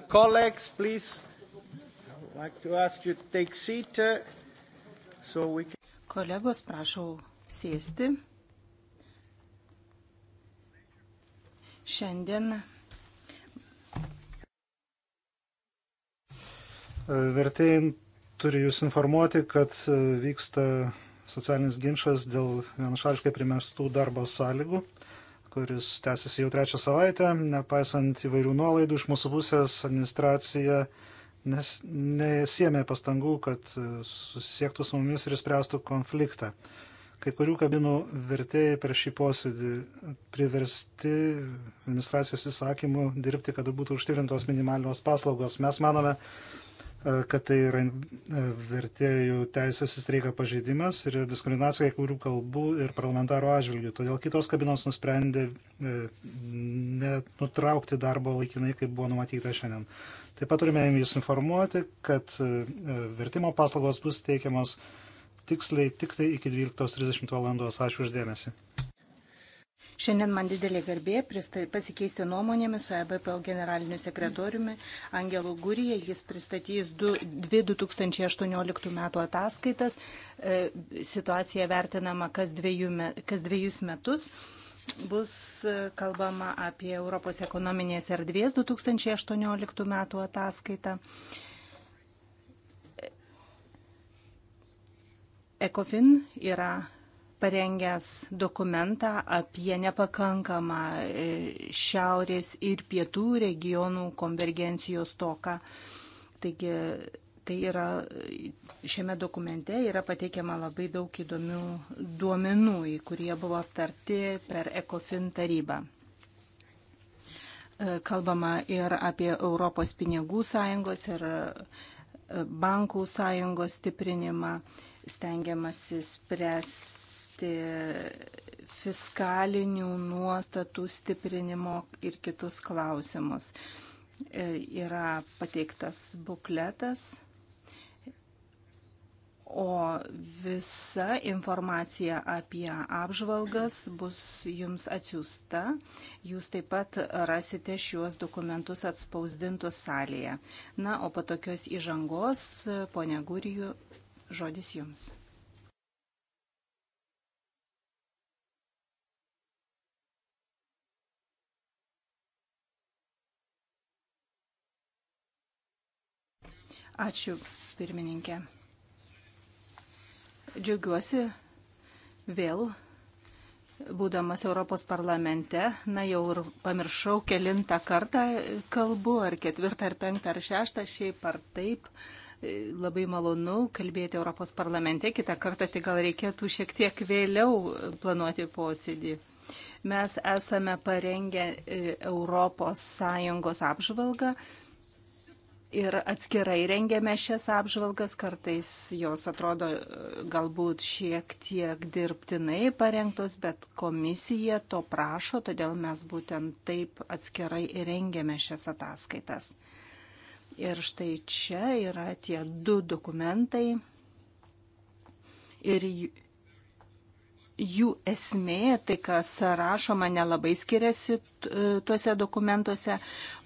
Dear uh, colleagues, please, I'd like to ask you to take seat uh, so we can... Kolegos, prašau sėsti. Šiandien uh, Vertėjai turi jūs informuoti, kad vyksta socialinis ginčas dėl vienašališkai primestų darbo sąlygų kuris tęsiasi jau trečią savaitę, nepaisant įvairių nuolaidų iš mūsų pusės, administracija nes, nesiemė pastangų, kad susiektų su mumis ir spręstų konfliktą. Kai kurių kabinų vertėjai per šį posėdį priversti administracijos įsakymų dirbti, kad būtų užtikrintos minimalios paslaugos. Mes manome, kad tai yra e, vertėjų teisės į streiką pažeidimas ir diskriminacija kai kurių kalbų ir parlamentarų atžvilgių. Todėl kitos kabinos nusprendė e, nenutraukti darbo laikinai, kaip buvo numatyta šiandien. Taip pat turime jūs informuoti, kad e, vertimo paslaugos bus teikiamos tiksliai tik tai iki 12.30 valandos. Ačiū uždėmesi. Šiandien man didelė garbė pasikeisti nuomonėmis su EBPO generaliniu sekretoriumi Angelu Gurija. Jis pristatys du, dvi 2018 metų ataskaitas. E, situacija vertinama kas, dviejų, kas dviejus metus bus e, kalbama apie Europos ekonominės erdvės 2018 metų ataskaitą. E, ECOFIN yra parengęs dokumentą apie nepakankamą e, šiaurės ir pietų regionų konvergencijos toką. Taigi tai yra, šiame dokumente yra pateikiama labai daug įdomių duomenų, kurie buvo aptarti per ECOFIN tarybą. E, kalbama ir apie Europos pinigų sąjungos ir e, bankų sąjungos stiprinimą, stengiamasi spręsti svarstė fiskalinių nuostatų stiprinimo ir kitus klausimus. E, yra pateiktas bukletas, o visa informacija apie apžvalgas bus jums atsiųsta. Jūs taip pat rasite šiuos dokumentus atspausdintus salėje. Na, o po tokios įžangos, ponia Gurijų, žodis jums. Ačiū, pirmininkė. Džiaugiuosi vėl būdamas Europos parlamente, na jau ir pamiršau kelintą kartą kalbu, ar ketvirtą, ar penktą, ar šeštą, šiaip ar taip. Labai malonu kalbėti Europos parlamente, kitą kartą tai gal reikėtų šiek tiek vėliau planuoti posėdį. Mes esame parengę e, Europos Sąjungos apžvalgą ir atskirai rengiame šias apžvalgas, kartais jos atrodo e, galbūt šiek tiek dirbtinai parengtos, bet komisija to prašo, todėl mes būtent taip atskirai rengiame šias ataskaitas. Ir štai čia yra tie du dokumentai ir jų esmė, tai kas rašoma, nelabai skiriasi tuose dokumentuose,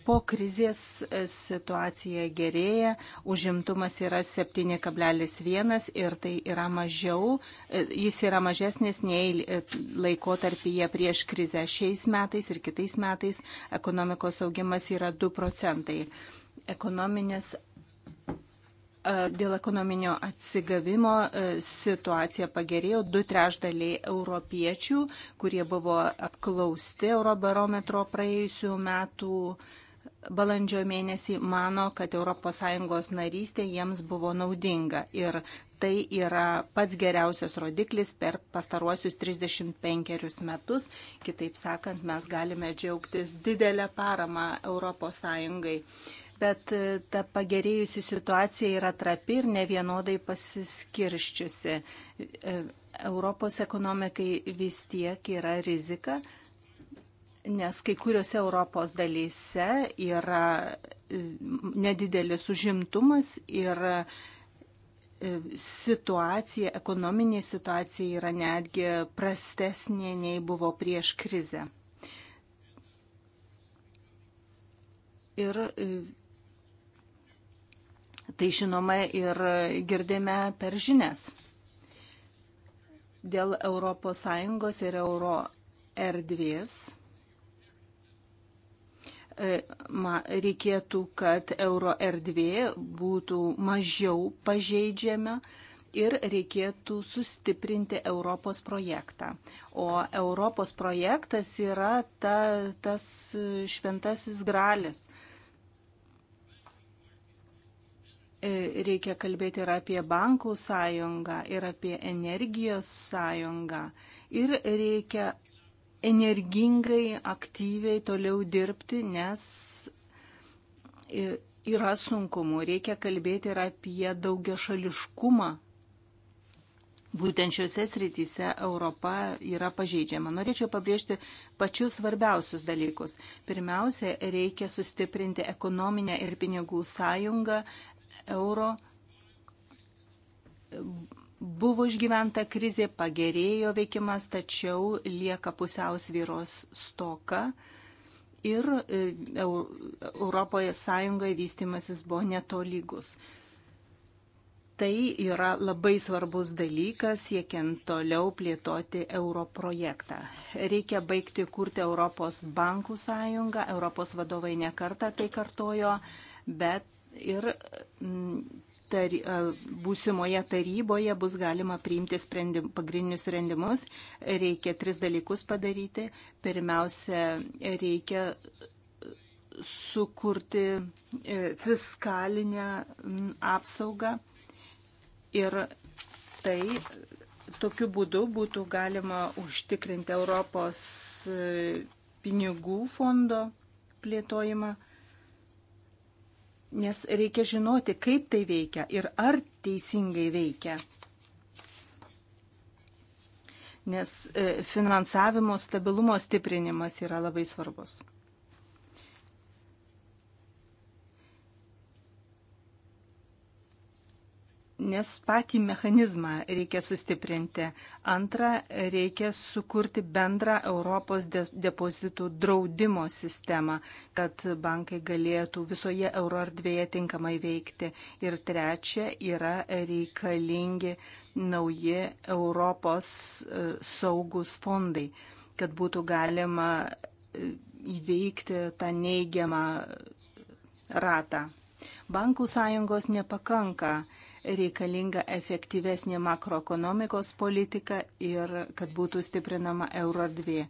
Po krizės e, situacija gerėja, užimtumas yra 7,1 ir tai yra mažiau, e, jis yra mažesnis nei e, laikotarpyje prieš krizę. Šiais metais ir kitais metais ekonomikos augimas yra 2 procentai. Ekonominės Dėl ekonominio atsigavimo situacija pagerėjo. Du trešdaliai europiečių, kurie buvo apklausti Eurobarometro praėjusių metų balandžio mėnesį mano, kad ES narystė jiems buvo naudinga ir tai yra pats geriausias rodiklis per pastaruosius 35 metus. Kitaip sakant, mes galime džiaugtis didelę paramą ES. Bet e, ta pagerėjusi situacija yra trapi ir nevienodai pasiskirščiusi. E, Europos ekonomikai vis tiek yra rizika, nes kai kuriuose Europos dalyse yra e, nedidelis užimtumas ir e, situacija, ekonominė situacija yra netgi prastesnė nei buvo prieš krizę. Ir e, tai žinoma ir girdime per žinias. Dėl ES ir euro erdvės E, reikėtų, kad euro erdvė būtų mažiau pažeidžiama ir reikėtų sustiprinti Europos projektą. O Europos projektas yra ta, tas šventasis gralis. E, reikia kalbėti ir apie bankų sąjungą, ir apie energijos sąjungą. Ir reikia energingai, aktyviai toliau dirbti, nes yra sunkumų. Reikia kalbėti ir apie daugia šališkumą. Būtent šiuose srityse Europa yra pažeidžiama. Norėčiau pabrėžti pačius svarbiausius dalykus. Pirmiausia, reikia sustiprinti ekonominę ir pinigų sąjungą, euro buvo išgyventa krizė, pagerėjo veikimas, tačiau lieka pusiausvyros stoka ir e, Europoje sąjungoje vystimasis buvo netolygus. Tai yra labai svarbus dalykas, siekiant toliau plėtoti euro projektą. Reikia baigti kurti Europos bankų sąjungą, Europos vadovai nekarta tai kartojo, bet ir tari, e, būsimoje taryboje bus galima priimti sprendim, pagrindinius sprendimus, reikia tris dalykus padaryti. Pirmiausia, reikia e, sukurti e, fiskalinę apsaugą ir tai tokiu būdu būtų galima užtikrinti Europos pinigų fondo plėtojimą nes reikia žinoti, kaip tai veikia ir ar teisingai veikia. Nes e, finansavimo stabilumo stiprinimas yra labai svarbus. nes patį mechanizmą reikia sustiprinti. Antra, reikia sukurti bendrą Europos depozitų draudimo sistemą, kad bankai galėtų visoje euroardvėje tinkamai veikti. Ir trečia, yra reikalingi nauji Europos e, saugus fondai, kad būtų galima e, įveikti tą neigiamą ratą. Bankų sąjungos nepakanka reikalinga efektyvesnė makroekonomikos politika ir kad būtų stiprinama eurodvė.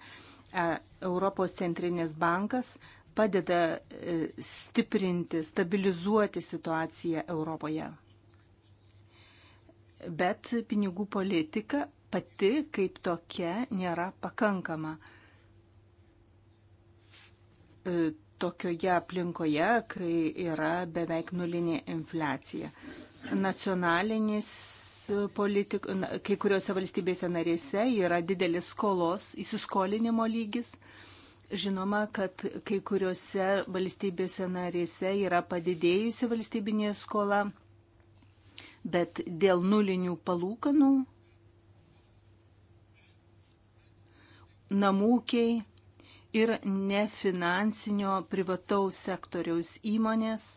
E, Europos centrinis bankas padeda e, stiprinti, stabilizuoti situaciją Europoje. Bet pinigų politika pati kaip tokia nėra pakankama e, tokioje aplinkoje, kai yra beveik nulinė infliacija nacionalinis e, politik, kai kuriuose valstybėse narėse yra didelis skolos įsiskolinimo lygis. Žinoma, kad kai kuriuose valstybėse narėse yra padidėjusi valstybinė skola, bet dėl nulinių palūkanų namūkiai ir nefinansinio privataus sektoriaus įmonės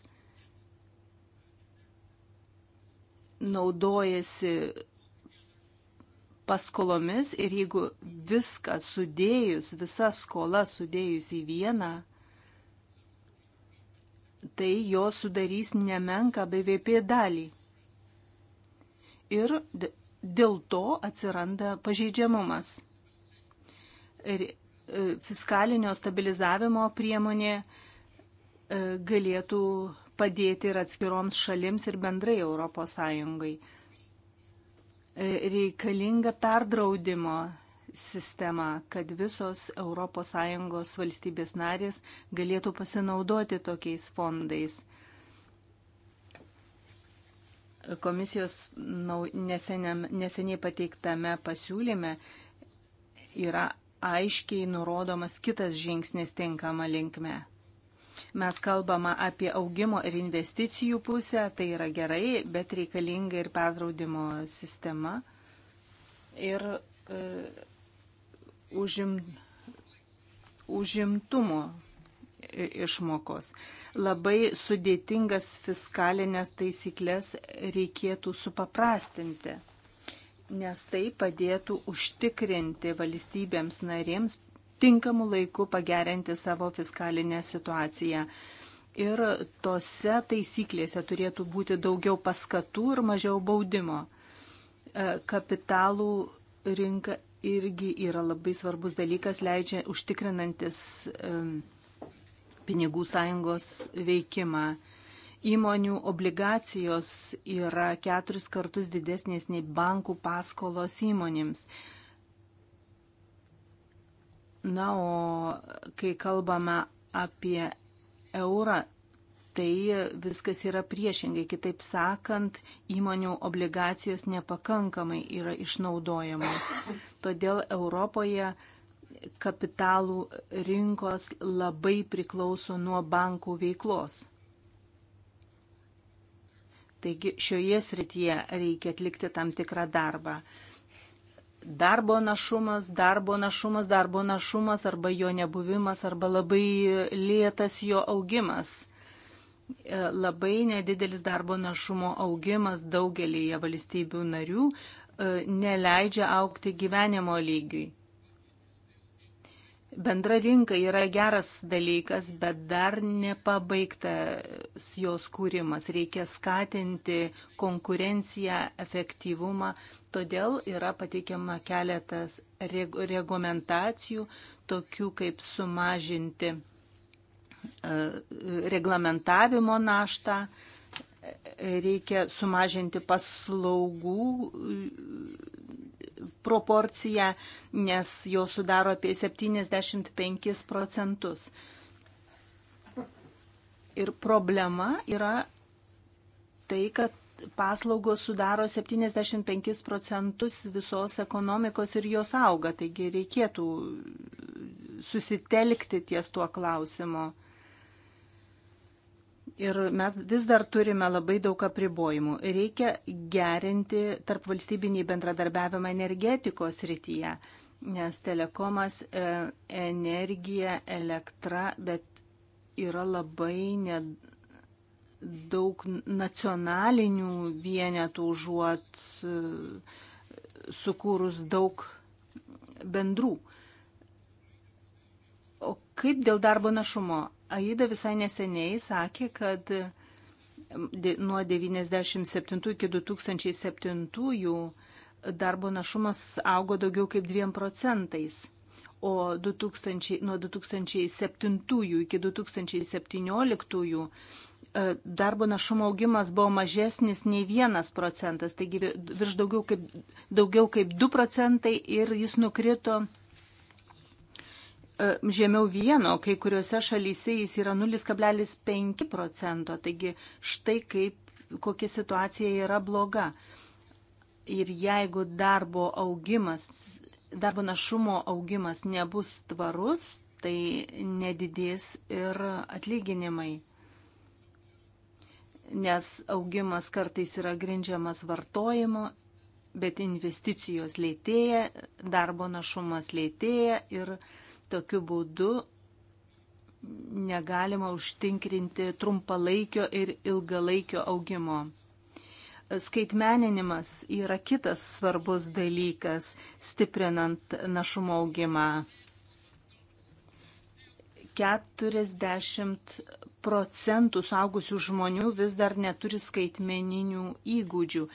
naudojasi paskolomis ir jeigu viską sudėjus, visa skola sudėjus į vieną, tai jo sudarys nemenka BVP dalį. Ir dėl to atsiranda pažeidžiamumas. Ir e, fiskalinio stabilizavimo priemonė e, galėtų padėti ir atskiroms šalims ir bendrai Europos Sąjungai. E, reikalinga perdraudimo sistema, kad visos ES valstybės narės galėtų pasinaudoti tokiais fondais. Komisijos neseniai pateiktame pasiūlyme yra aiškiai nurodomas kitas žingsnis tinkama linkme. Mes kalbame apie augimo ir investicijų pusę, tai yra gerai, bet reikalinga ir perdraudimo sistema. Ir e, užim, užimtumo išmokos. Labai sudėtingas fiskalinės taisyklės reikėtų supaprastinti, nes tai padėtų užtikrinti valstybėms narėms tinkamu laiku pagerinti savo fiskalinę situaciją. Ir tose taisyklėse turėtų būti daugiau paskatų ir mažiau baudimo. E, kapitalų rinka irgi yra labai svarbus dalykas, leidžia užtikrinantis e, pinigų sąjungos veikimą. Įmonių obligacijos yra keturis kartus didesnės nei bankų paskolos įmonėms. Na, o kai kalbame apie eurą, tai viskas yra priešingai. Kitaip sakant, įmonių obligacijos nepakankamai yra išnaudojamos. Todėl Europoje kapitalų rinkos labai priklauso nuo bankų veiklos. Taigi šioje srityje reikia atlikti tam tikrą darbą darbo našumas, darbo našumas, darbo našumas arba jo nebuvimas arba labai lėtas jo augimas. E, labai nedidelis darbo našumo augimas daugelįje valstybių narių e, neleidžia aukti gyvenimo lygiui. Bendra rinka yra geras dalykas, bet dar nepabaigtas jos kūrimas. Reikia skatinti konkurenciją, efektyvumą. Todėl yra pateikiama keletas reglamentacijų, tokių kaip sumažinti e, reglamentavimo naštą, e, reikia sumažinti paslaugų proporciją, nes jo sudaro apie 75 procentus. Ir problema yra tai, kad paslaugos sudaro 75 procentus visos ekonomikos ir jos auga, taigi reikėtų susitelkti ties tuo klausimu. Ir mes vis dar turime labai daug apribojimų. Reikia gerinti tarp valstybinį bendradarbiavimą energetikos rytyje, nes telekomas, e, energija, elektra, bet yra labai nedaug nacionalinių vienetų užuot e, sukūrus daug bendrų. O kaip dėl darbo našumo? Aida visai neseniai sakė, kad nuo 1997 iki 2007 darbo našumas augo daugiau kaip 2 procentais, o 2000, nuo 2007 iki 2017 e, darbo našumo augimas buvo mažesnis nei 1 procentas, taigi virš daugiau kaip, daugiau kaip 2 procentai ir jis nukrito E, žemiau vieno, kai kuriuose šalyse jis yra 0,5 procento. Taigi štai kaip, kokia situacija yra bloga. Ir jeigu darbo augimas, darbo našumo augimas nebus tvarus, tai nedidės ir atlyginimai. Nes augimas kartais yra grindžiamas vartojimu, bet investicijos lėtėja, darbo našumas lėtėja ir uh, Tokiu būdu negalima užtinkrinti trumpalaikio ir ilgalaikio augimo. Skaitmeninimas yra kitas svarbus dalykas, stiprinant našumo augimą. 40 procentų saugusių žmonių vis dar neturi skaitmeninių įgūdžių.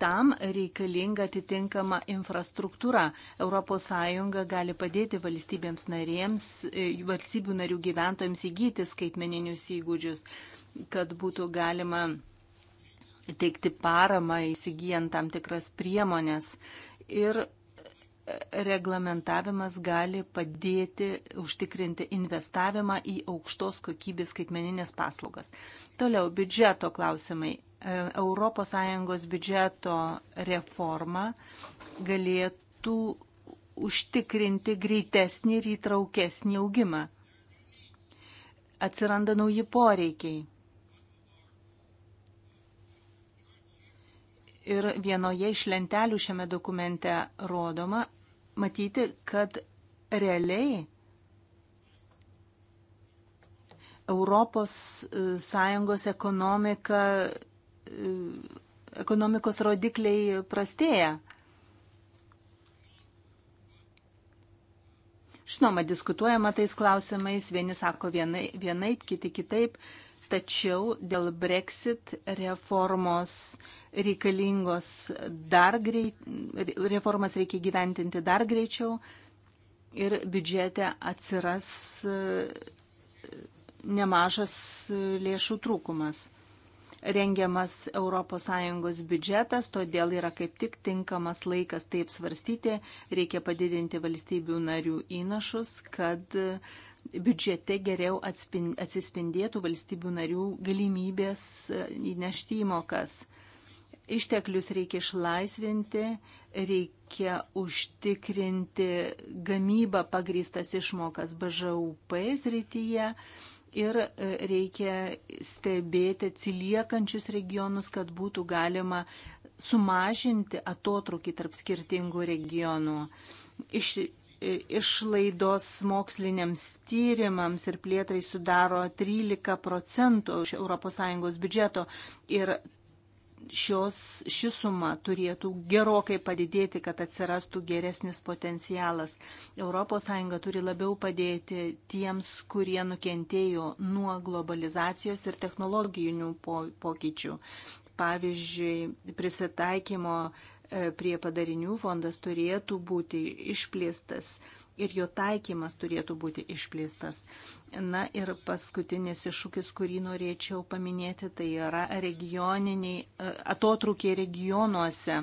Tam reikalinga atitinkama infrastruktūra. ES gali padėti valstybėms narėms, e, valstybių narių gyventojams įgyti skaitmeninius įgūdžius, kad būtų galima teikti paramą įsigijant tam tikras priemonės. Ir e, reglamentavimas gali padėti užtikrinti investavimą į aukštos kokybės skaitmeninės paslaugas. Toliau biudžeto klausimai. ES biudžeto reforma galėtų užtikrinti greitesnį ir įtraukesnį augimą. Atsiranda nauji poreikiai. Ir vienoje iš lentelių šiame dokumente rodoma, matyti, kad realiai Europos Sąjungos ekonomika E, ekonomikos rodikliai prastėja. Žinoma, diskutuojama tais klausimais, vieni sako vienai, vienaip, kiti kitaip, tačiau dėl Brexit reformos reikalingos dar greit, reformas reikia gyventinti dar greičiau ir biudžete atsiras e, nemažas lėšų trūkumas rengiamas ES biudžetas, todėl yra kaip tik tinkamas laikas taip svarstyti, reikia padidinti valstybių narių įnašus, kad biudžete geriau atsispindėtų valstybių narių galimybės e, įnešti įmokas. Išteklius reikia išlaisvinti, reikia užtikrinti gamybą pagrįstas išmokas BŽUP srityje ir e, reikia stebėti atsiliekančius regionus, kad būtų galima sumažinti atotrukį tarp skirtingų regionų. Iš, e, išlaidos moksliniams tyrimams ir plėtrai sudaro 13 procentų ES biudžeto ir šios, ši suma turėtų gerokai padidėti, kad atsirastų geresnis potencialas. ES turi labiau padėti tiems, kurie nukentėjo nuo globalizacijos ir technologijų pokyčių. Pavyzdžiui, prisitaikymo e, prie padarinių fondas turėtų būti išplėstas ir jo taikymas turėtų būti išplėstas. Na ir paskutinis iššūkis, kurį norėčiau paminėti, tai yra regioniniai e, atotrukiai regionuose,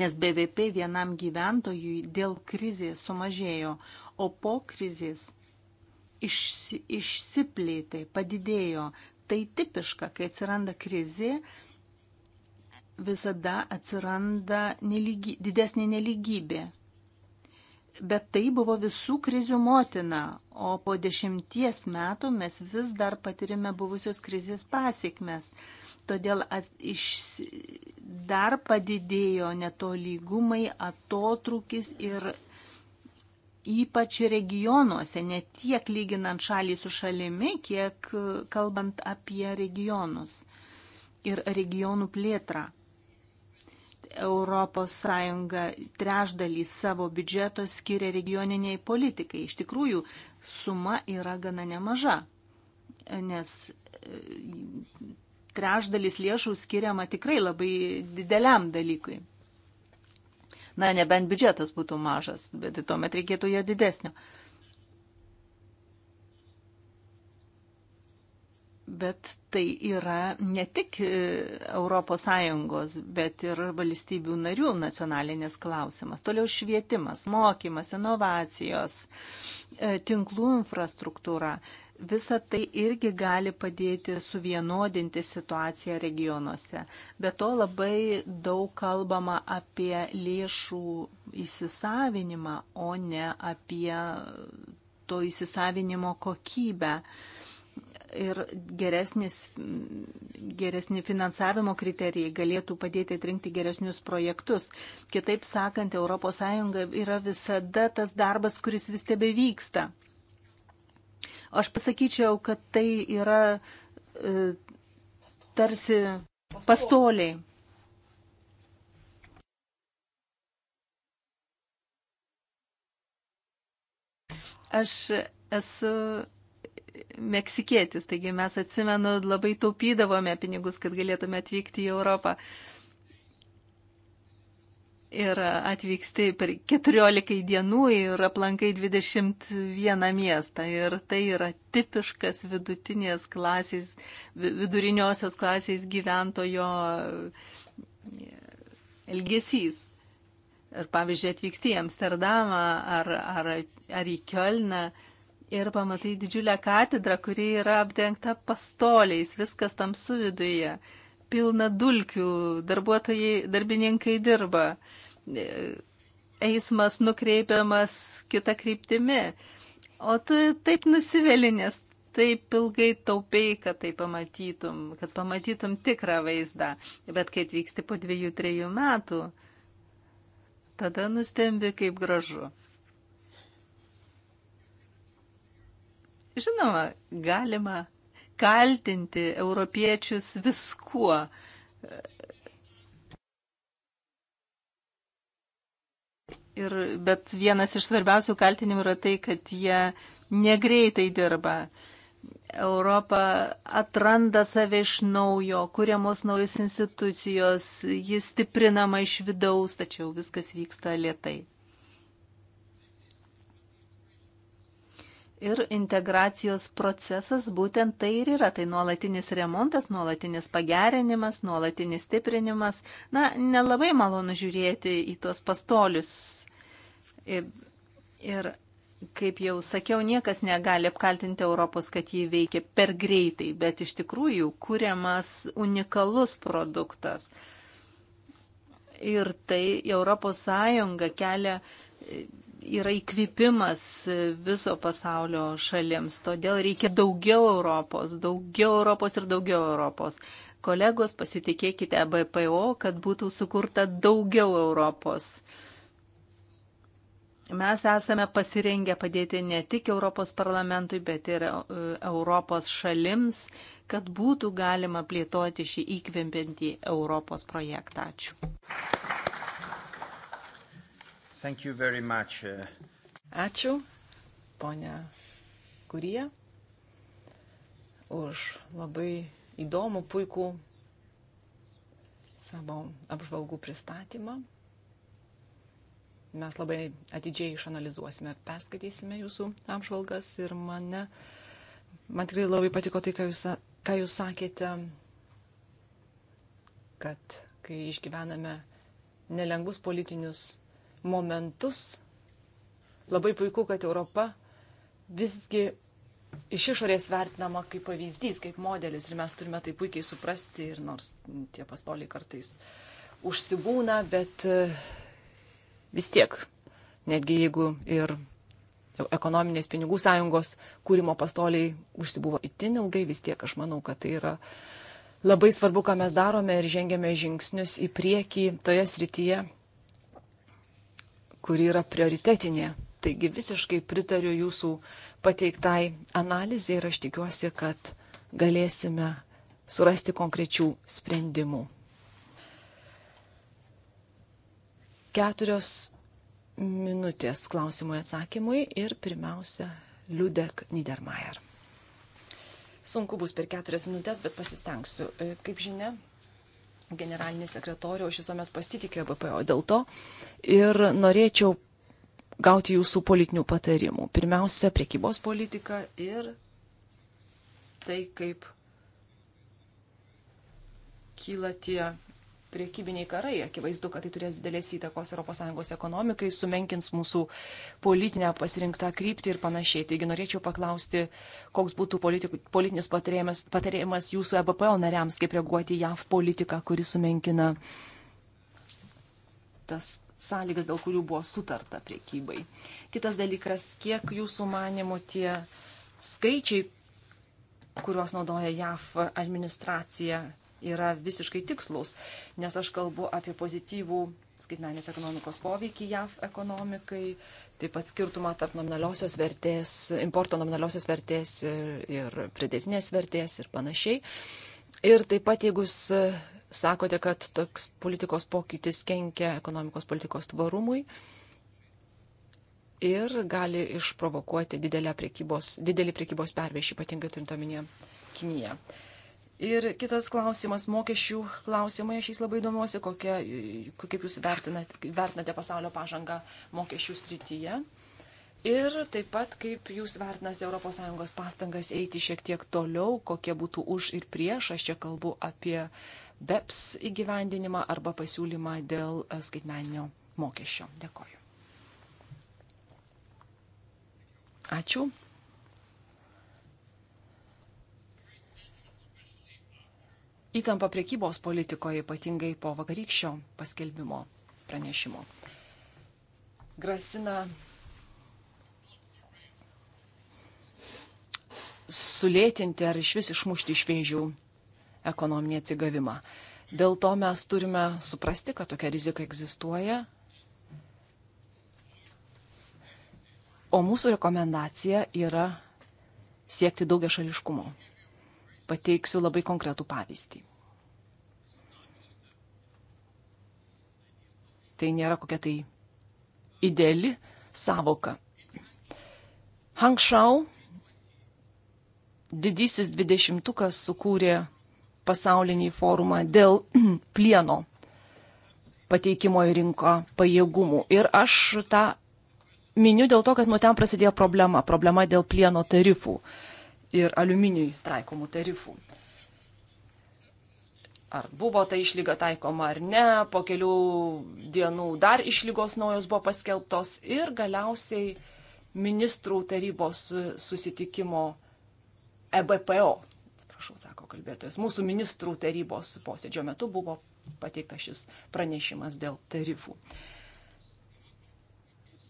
nes BVP vienam gyventojui dėl krizės sumažėjo, o po krizės iš, išsiplėtė, padidėjo. Tai tipiška, kai atsiranda krizė, visada atsiranda nelygy, didesnė neligybė. Bet tai buvo visų krizių motina, o po dešimties metų mes vis dar patirime buvusios krizės pasiekmes. Todėl at, iš, dar padidėjo netolygumai, atotrukis ir ypač regionuose, ne tiek lyginant šalį su šalimi, kiek kalbant apie regionus ir regionų plėtrą. Europos Sąjunga trešdalį savo biudžeto skiria regioniniai politikai. Iš tikrųjų, suma yra gana nemaža, nes e, trešdalis lėšų skiriama tikrai labai dideliam dalykui. Na, nebent biudžetas būtų mažas, bet tuomet reikėtų jo didesnio. Uh, Bet tai yra ne tik ES, bet ir valstybių narių nacionalinės klausimas. Toliau švietimas, mokymas, inovacijos, e, tinklų infrastruktūra. Visa tai irgi gali padėti suvienodinti situaciją regionuose. Be to labai daug kalbama apie lėšų įsisavinimą, o ne apie to įsisavinimo kokybę. Uh, ir geresnis, geresni finansavimo kriterijai galėtų padėti atrinkti geresnius projektus. Kitaip sakant, ES yra visada tas darbas, kuris vis tebe vyksta. Aš pasakyčiau, kad tai yra e, tarsi pastoliai. Aš esu meksikietis, taigi mes atsimenu labai taupydavome pinigus, kad galėtume atvykti į Europą. Ir atvyksti per 14 dienų ir aplankai 21 miestą. Ir tai yra tipiškas vidutinės klasės, viduriniosios klasės gyventojo elgesys. Ir pavyzdžiui, atvyksti į Amsterdamą ar, ar, ar į Kielną, ir pamatai didžiulę katedrą, kuri yra apdengta pastoliais, viskas tamsu viduje, pilna dulkių, darbuotojai, darbininkai dirba, eismas nukreipiamas kita kryptimi, o tu taip nusivelinės, taip ilgai taupiai, kad tai pamatytum, kad pamatytum tikrą vaizdą, bet kai atvyksti po dviejų, trejų metų, tada nustembi kaip gražu. Žinoma, galima kaltinti europiečius viskuo. Ir, bet vienas iš svarbiausių kaltinimų yra tai, kad jie negreitai dirba. Europa atranda save iš naujo, kuriamos naujos institucijos, jis stiprinama iš vidaus, tačiau viskas vyksta lietai. ir integracijos procesas būtent tai ir yra. Tai nuolatinis remontas, nuolatinis pagerinimas, nuolatinis stiprinimas. Na, nelabai malonu žiūrėti į tuos pastolius. Ir, ir kaip jau sakiau, niekas negali apkaltinti Europos, kad jį veikia per greitai, bet iš tikrųjų kūriamas unikalus produktas. Ir tai Europos Sąjunga kelia yra įkvėpimas viso pasaulio šalims. Todėl reikia daugiau Europos, daugiau Europos ir daugiau Europos. Kolegos, pasitikėkite BPO, kad būtų sukurta daugiau Europos. Mes esame pasirengę padėti ne tik Europos parlamentui, bet ir e, Europos šalims, kad būtų galima plėtoti šį įkvėpintį Europos projektą. Ačiū. Thank you very much. Uh, Ačiū, ponia Kurija, už labai įdomų, puikų savo apžvalgų pristatymą. Mes labai atidžiai išanalizuosime, perskaitysime jūsų apžvalgas ir mane, man tikrai labai patiko tai, ką jūs, ką jūs sakėte, kad kai išgyvename nelengvus politinius momentus. Labai puiku, kad Europa visgi iš išorės vertinama kaip pavyzdys, kaip modelis ir mes turime tai puikiai suprasti ir nors tie pastoliai kartais užsibūna, bet e, vis tiek, netgi jeigu ir ekonominės pinigų sąjungos kūrimo pastoliai užsibuvo itin ilgai, vis tiek aš manau, kad tai yra labai svarbu, ką mes darome ir žengėme žingsnius į priekį toje srityje, kuri yra prioritetinė. Taigi visiškai pritariu jūsų pateiktai analizai ir aš tikiuosi, kad galėsime surasti konkrečių sprendimų. Keturios minutės klausimui atsakymui ir pirmiausia Liudek Niedermayer. Sunku bus per keturias minutės, bet pasistengsiu. E, kaip žinia, generalinį sekretorių, aš visuomet pasitikėjau BPO dėl to ir norėčiau gauti jūsų politinių patarimų. Pirmiausia, priekybos politika ir tai, kaip kyla tie priekybiniai karai, akivaizdu, kad tai turės didelės įtakos ES ekonomikai, sumenkins mūsų politinę pasirinktą kryptį ir panašiai. Taigi norėčiau paklausti, koks būtų politikų, politinis patarėjimas, patarėjimas jūsų EBPO nariams, kaip reaguoti į JAV politiką, kuri sumenkina tas sąlygas, dėl kurių buvo sutarta priekybai. Kitas dalykas, kiek jūsų manimo tie skaičiai, kuriuos naudoja JAV administracija yra visiškai tikslus, nes aš kalbu apie pozityvų skaitmenės ekonomikos poveikį JAV ekonomikai, taip pat skirtumą tarp nominaliosios vertės, importo nominaliosios vertės ir pridėtinės vertės ir panašiai. Ir taip pat, jeigu jūs sakote, kad toks politikos pokytis kenkia ekonomikos politikos tvarumui ir gali išprovokuoti didelį priekybos, didelį priekybos pervešį, ypatingai turint omenyje Kiniją. Uh, Ir kitas klausimas, mokesčių klausimai, aš jais labai įdomiuosi, kokia, kaip jūs vertinate, vertinate pasaulio pažangą mokesčių srityje. Ir taip pat, kaip jūs vertinate ES pastangas eiti šiek tiek toliau, kokie būtų už ir prieš, aš čia kalbu apie BEPS įgyvendinimą arba pasiūlymą dėl e, skaitmeninio mokesčio. Dėkoju. Ačiū. įtampa priekybos politikoje, ypatingai po vakarykščio paskelbimo pranešimo. Grasina sulėtinti ar iš vis išmušti iš vėžių ekonominį atsigavimą. Dėl to mes turime suprasti, kad tokia rizika egzistuoja. O mūsų rekomendacija yra siekti daugia šališkumo. Pateiksiu labai konkretų pavyzdį. Tai nėra kokia tai ideali savoka. Hangšau didysis dvidešimtukas sukūrė pasaulinį forumą dėl plieno pateikimo į rinką pajėgumų. Ir aš tą miniu dėl to, kad nuo ten prasidėjo problema. Problema dėl plieno tarifų ir aliuminiui taikomų tarifų. Ar buvo ta išlyga taikoma ar ne, po kelių dienų dar išlygos naujos buvo paskelbtos ir galiausiai ministrų tarybos susitikimo EBPO, atsiprašau, sako kalbėtojas, mūsų ministrų tarybos posėdžio metu buvo pateiktas šis pranešimas dėl tarifų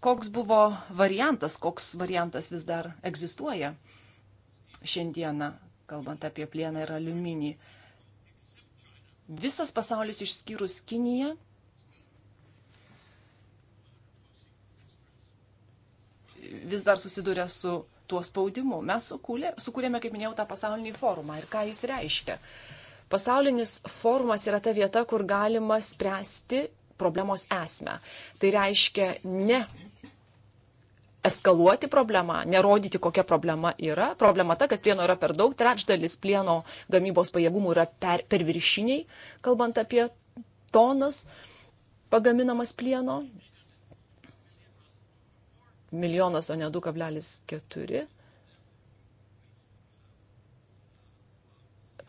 koks buvo variantas, koks variantas vis dar egzistuoja šiandieną, kalbant apie plieną ir aliuminį. Visas pasaulis išskyrus Kiniją vis dar susiduria su tuo spaudimu. Mes sukūlė, sukūrėme, kaip minėjau, tą pasaulinį forumą ir ką jis reiškia. Pasaulinis forumas yra ta vieta, kur galima spręsti problemos esmę. Tai reiškia ne eskaluoti problemą, nerodyti, kokia problema yra. Problema ta, kad plieno yra per daug, trečdalis plieno gamybos pajėgumų yra per, per viršiniai, kalbant apie tonas pagaminamas plieno. Milijonas, o ne 2,4.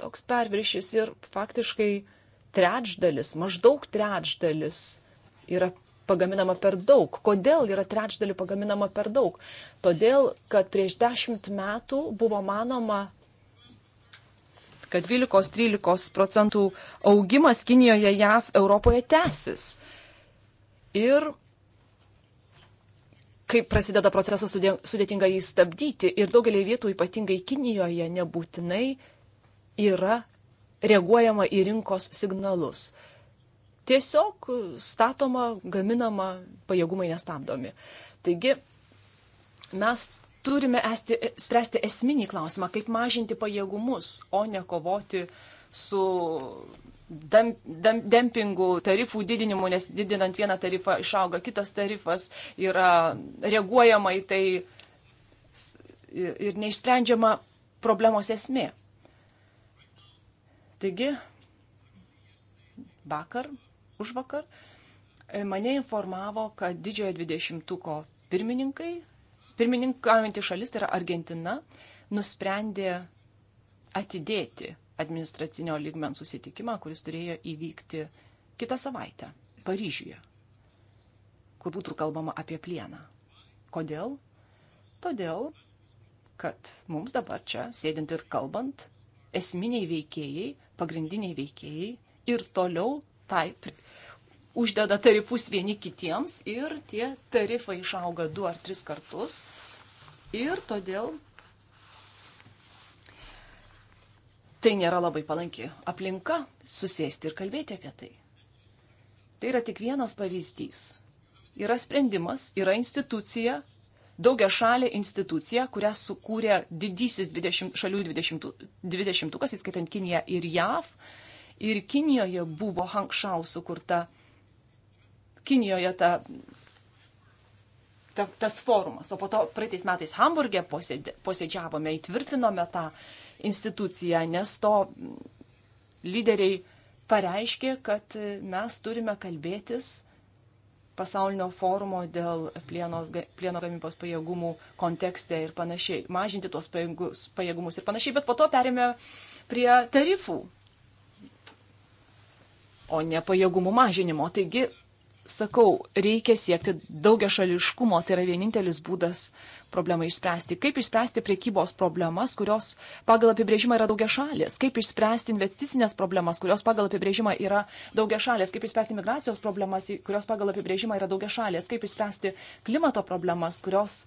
Toks perviršys ir faktiškai trečdalis, maždaug trečdalis yra pagaminama per daug. Kodėl yra trečdalių pagaminama per daug? Todėl, kad prieš dešimt metų buvo manoma, kad 12-13 procentų augimas Kinijoje, JAV, Europoje tęsis. Ir kaip prasideda procesas sudėtinga jį stabdyti ir daugelį vietų, ypatingai Kinijoje, nebūtinai yra reaguojama į rinkos signalus tiesiog statoma, gaminama, pajėgumai nestabdomi. Taigi mes turime esti, spręsti esminį klausimą, kaip mažinti pajėgumus, o ne kovoti su dam, dam, dempingų tarifų didinimu, nes didinant vieną tarifą išauga kitas tarifas, yra reaguojama į tai ir neišsprendžiama problemos esmė. Taigi, vakar užvakar, e, mane informavo, kad didžiojo dvidešimtuko pirmininkai, pirmininkaujantį šalis, tai yra Argentina, nusprendė atidėti administracinio lygmens susitikimą, kuris turėjo įvykti kitą savaitę Paryžiuje, kur būtų kalbama apie plieną. Kodėl? Todėl, kad mums dabar čia, sėdint ir kalbant, esminiai veikėjai, pagrindiniai veikėjai ir toliau tai, uždeda tarifus vieni kitiems ir tie tarifai išauga du ar tris kartus. Ir todėl tai nėra labai palanki aplinka susėsti ir kalbėti apie tai. Tai yra tik vienas pavyzdys. Yra sprendimas, yra institucija, daugia šalė institucija, kurią sukūrė didysis 20, šalių 20, 20 įskaitant Kiniją ir JAV. Ir Kinijoje buvo Hankšau sukurta institucija Kinijoje ta, ta, tas forumas. O po to praeitais metais Hamburgė posėdė, posėdžiavome, įtvirtinome tą instituciją, nes to lyderiai pareiškė, kad mes turime kalbėtis pasaulinio forumo dėl plienos, plieno gamybos pajėgumų kontekste ir panašiai, mažinti tuos pajėgus, pajėgumus ir panašiai, bet po to perėmė prie tarifų, o ne pajėgumų mažinimo. Taigi sakau, reikia siekti daugia šališkumo, tai yra vienintelis būdas problemą išspręsti. Kaip išspręsti priekybos problemas, kurios pagal apibrėžimą yra daugia šalės, kaip išspręsti investicinės problemas, kurios pagal apibrėžimą yra daugia šalės, kaip išspręsti migracijos problemas, kurios pagal apibrėžimą yra daugia šalės, kaip išspręsti klimato problemas, kurios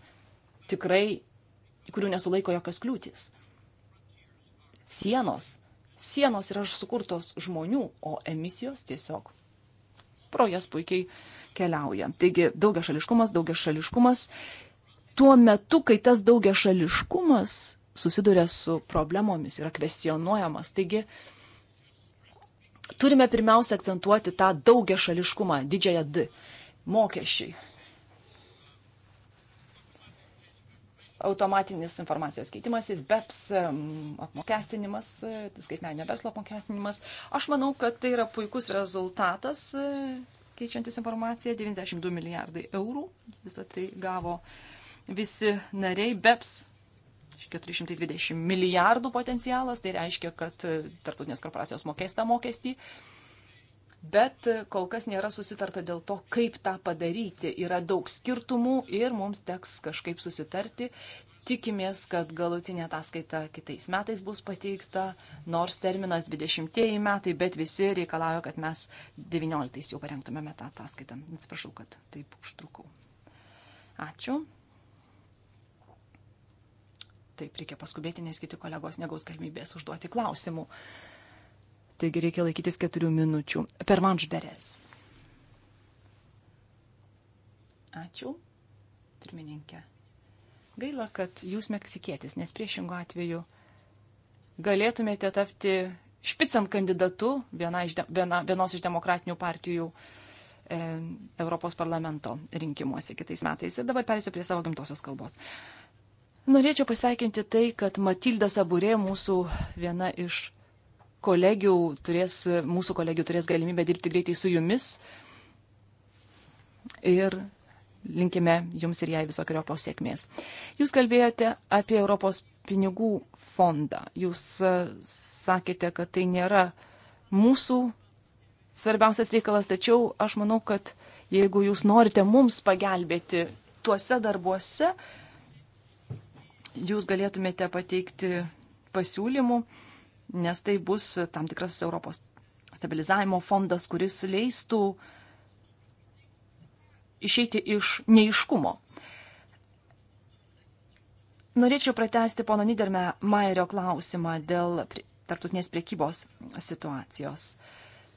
tikrai, kurių nesulaiko jokios kliūtis. Sienos. Sienos yra sukurtos žmonių, o emisijos tiesiog pro jas puikiai keliauja. Taigi daugia šališkumas, daugia šališkumas. Tuo metu, kai tas daugia šališkumas susiduria su problemomis, yra kvestionuojamas. Taigi turime pirmiausia akcentuoti tą daugia šališkumą, didžiąją D. Mokesčiai automatinis informacijos keitimasis, BEPS apmokestinimas, e, skaitmeninio verslo apmokestinimas. Aš manau, kad tai yra puikus rezultatas e, keičiantis informaciją - 92 milijardai eurų. Visą tai gavo visi nariai BEPS. 420 milijardų potencialas, tai reiškia, kad e, tarptautinės korporacijos mokės tą mokestį. mokestį bet kol kas nėra susitarta dėl to, kaip tą padaryti. Yra daug skirtumų ir mums teks kažkaip susitarti. Tikimės, kad galutinė ataskaita kitais metais bus pateikta, nors terminas 20 metai, bet visi reikalauja, kad mes 19 jau parengtumėme tą ataskaitą. Atsiprašau, kad taip užtrukau. Ačiū. Taip, reikia paskubėti, nes kiti kolegos negaus galimybės užduoti klausimų. Uh, Taigi reikia laikytis keturių minučių. Per manžberės. Ačiū, pirmininkė. Gaila, kad jūs meksikietis, nes priešingų atveju galėtumėte tapti špicant kandidatu viena iš de, viena, vienos iš demokratinių partijų e, Europos parlamento rinkimuose kitais metais. Ir dabar perėsiu prie savo gimtosios kalbos. Norėčiau pasveikinti tai, kad Matilda Saburė, mūsų viena iš kolegių turės, mūsų kolegių turės galimybę dirbti greitai su jumis. Ir linkime jums ir jai visokiojo pasiekmės. Jūs kalbėjote apie Europos pinigų fondą. Jūs e, sakėte, kad tai nėra mūsų svarbiausias reikalas, tačiau aš manau, kad jeigu jūs norite mums pagelbėti tuose darbuose, jūs galėtumėte pateikti pasiūlymų nes tai bus tam tikras Europos stabilizavimo fondas, kuris leistų išeiti iš neiškumo. Norėčiau pratesti pono Niderme Mairio klausimą dėl tarptautinės priekybos situacijos.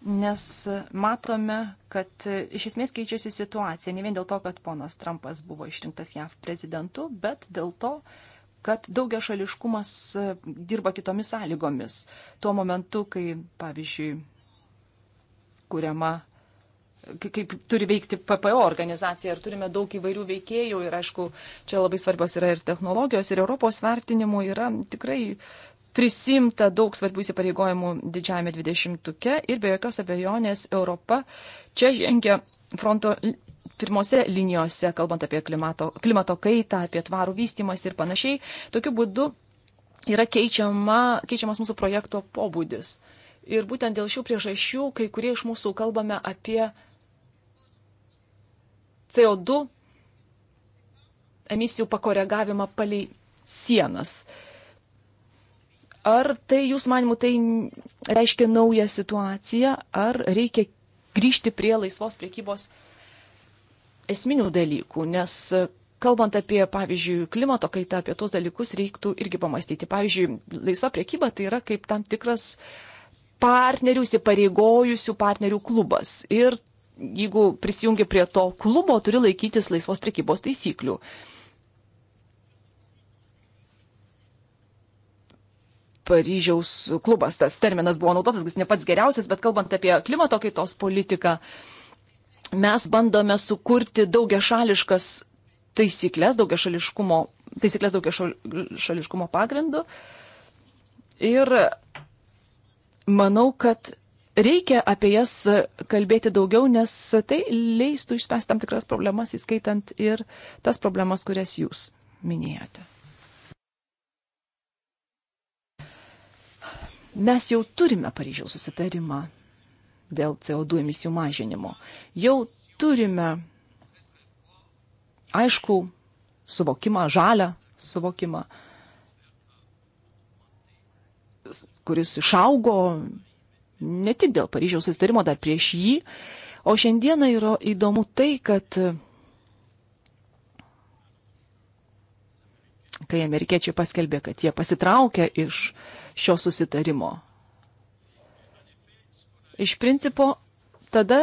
Nes matome, kad iš esmės keičiasi situacija ne vien dėl to, kad ponas Trumpas buvo išrinktas JAV prezidentu, bet dėl to, kad kad daugia šališkumas e, dirba kitomis sąlygomis. Tuo momentu, kai, pavyzdžiui, kuriama, kaip turi veikti PPO organizacija ir turime daug įvairių veikėjų ir, aišku, čia labai svarbios yra ir technologijos, ir Europos vertinimų yra tikrai prisimta daug svarbių įsipareigojimų didžiajame dvidešimtuke ir be jokios abejonės Europa čia žengia fronto pirmose linijose, kalbant apie klimato, klimato kaitą, apie tvarų vystimas ir panašiai. Tokiu būdu yra keičiama, keičiamas mūsų projekto pobūdis. Ir būtent dėl šių priežasčių kai kurie iš mūsų kalbame apie CO2 emisijų pakoregavimą palei sienas. Ar tai, jūs manimų, tai reiškia naują situaciją, ar reikia grįžti prie laisvos priekybos esminių dalykų, nes e, kalbant apie, pavyzdžiui, klimato kaitą, apie tuos dalykus reiktų irgi pamastyti. Pavyzdžiui, laisva priekyba tai yra kaip tam tikras partnerių, įsipareigojusių partnerių klubas. Ir jeigu prisijungi prie to klubo, turi laikytis laisvos priekybos taisyklių. Paryžiaus klubas, tas terminas buvo naudotas, jis ne pats geriausias, bet kalbant apie klimato kaitos politiką, uh, mes bandome sukurti daugiašališkas taisyklės, daugiašališkumo, taisyklės daugiašališkumo pagrindu. Ir manau, kad reikia apie jas kalbėti daugiau, nes tai leistų išspręsti tam tikras problemas, įskaitant ir tas problemas, kurias jūs minėjote. Mes jau turime Paryžiaus susitarimą dėl CO2 emisijų mažinimo. Jau turime aišku suvokimą, žalę suvokimą, kuris išaugo ne tik dėl Paryžiaus susitarimo, dar prieš jį. O šiandieną yra įdomu tai, kad kai amerikiečiai paskelbė, kad jie pasitraukia iš šio susitarimo, Iš principo, tada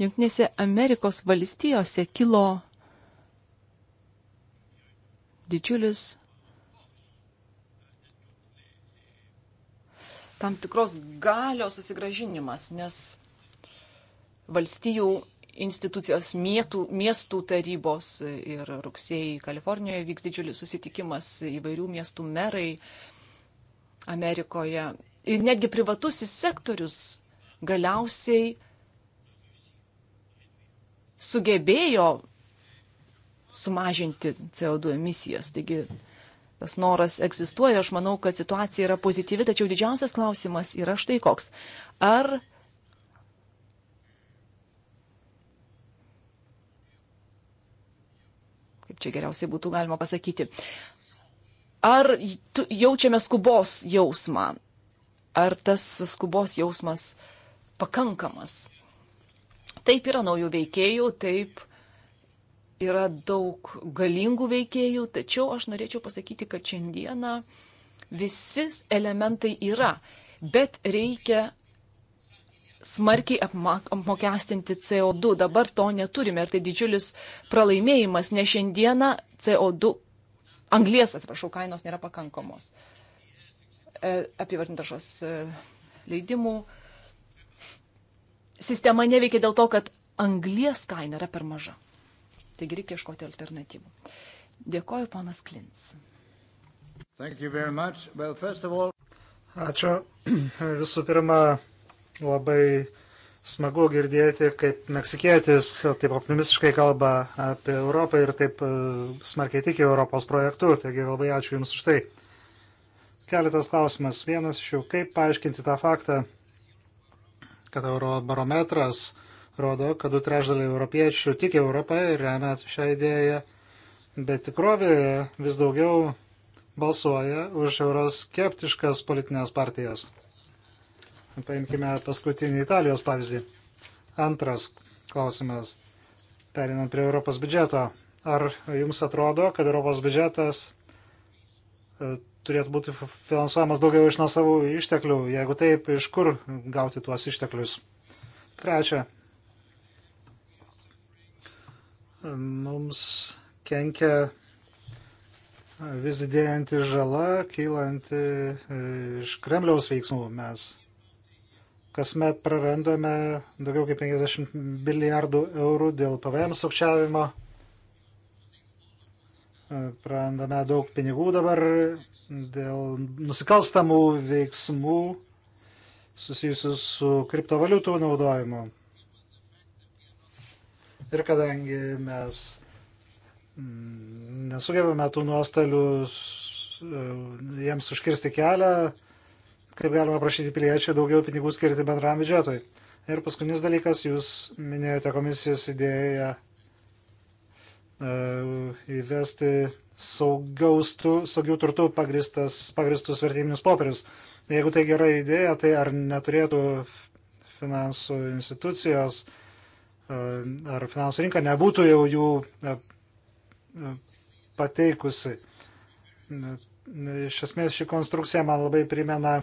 Junktinėse Amerikos valstijose kilo didžiulis tam tikros galios susigražinimas, nes valstijų institucijos mietų, miestų tarybos ir rugsėjai Kalifornijoje vyks didžiulis susitikimas įvairių miestų merai Amerikoje ir netgi privatusis sektorius galiausiai sugebėjo sumažinti CO2 emisijas. Taigi tas noras egzistuoja, aš manau, kad situacija yra pozityvi, tačiau didžiausias klausimas yra štai koks. Ar kaip čia geriausiai būtų galima pasakyti, ar jaučiame skubos jausmą, ar tas skubos jausmas pakankamas. Taip yra naujų veikėjų, taip yra daug galingų veikėjų, tačiau aš norėčiau pasakyti, kad šiandieną visi elementai yra, bet reikia smarkiai apmokestinti CO2. Dabar to neturime ir tai didžiulis pralaimėjimas, nes šiandieną CO2, anglės, atsiprašau, kainos nėra pakankamos. Uh, E, apivartintašos e, leidimų sistema neveikia dėl to, kad anglies kaina yra per maža. Taigi reikia ieškoti alternatyvų. Dėkoju, panas Klins. Well, all... Ačiū. Visų pirma, labai smagu girdėti, kaip meksikietis taip optimistiškai kalba apie Europą ir taip e, smarkiai tiki Europos projektu. Taigi labai ačiū Jums už tai. Keletas klausimas. Vienas iš jų, kaip paaiškinti tą faktą, kad Eurobarometras rodo, kad du trešdaliai europiečių tik Europą ir remia šią idėją, bet tikrovėje vis daugiau balsuoja už euroskeptiškas politinės partijas. Paimkime paskutinį Italijos pavyzdį. Antras klausimas. Perinant prie Europos biudžeto. Ar jums atrodo, kad Europos biudžetas turėtų būti finansuojamas daugiau iš nuosavų išteklių. Jeigu taip, iš kur gauti tuos išteklius? Trečia. Mums kenkia e, vis didėjanti žala, kylanti e, iš Kremliaus veiksmų. Mes kasmet prarandame daugiau kaip 50 milijardų eurų dėl PVM sukčiavimo prarandame daug pinigų dabar dėl nusikalstamų veiksmų susijusių su kriptovaliutų naudojimu. Ir kadangi mes nesugebame tų nuostolių jiems užkirsti kelią, kaip galima prašyti piliečių daugiau pinigų skirti bendram biudžetui. Ir paskutinis dalykas, jūs minėjote komisijos idėją E, įvesti saugiaustų, saugių turtų pagristus vertybinius popierius. Jeigu tai gera idėja, tai ar neturėtų finansų institucijos e, ar finansų rinka nebūtų jau jų e, pateikusi. Iš esmės ši konstrukcija man labai primena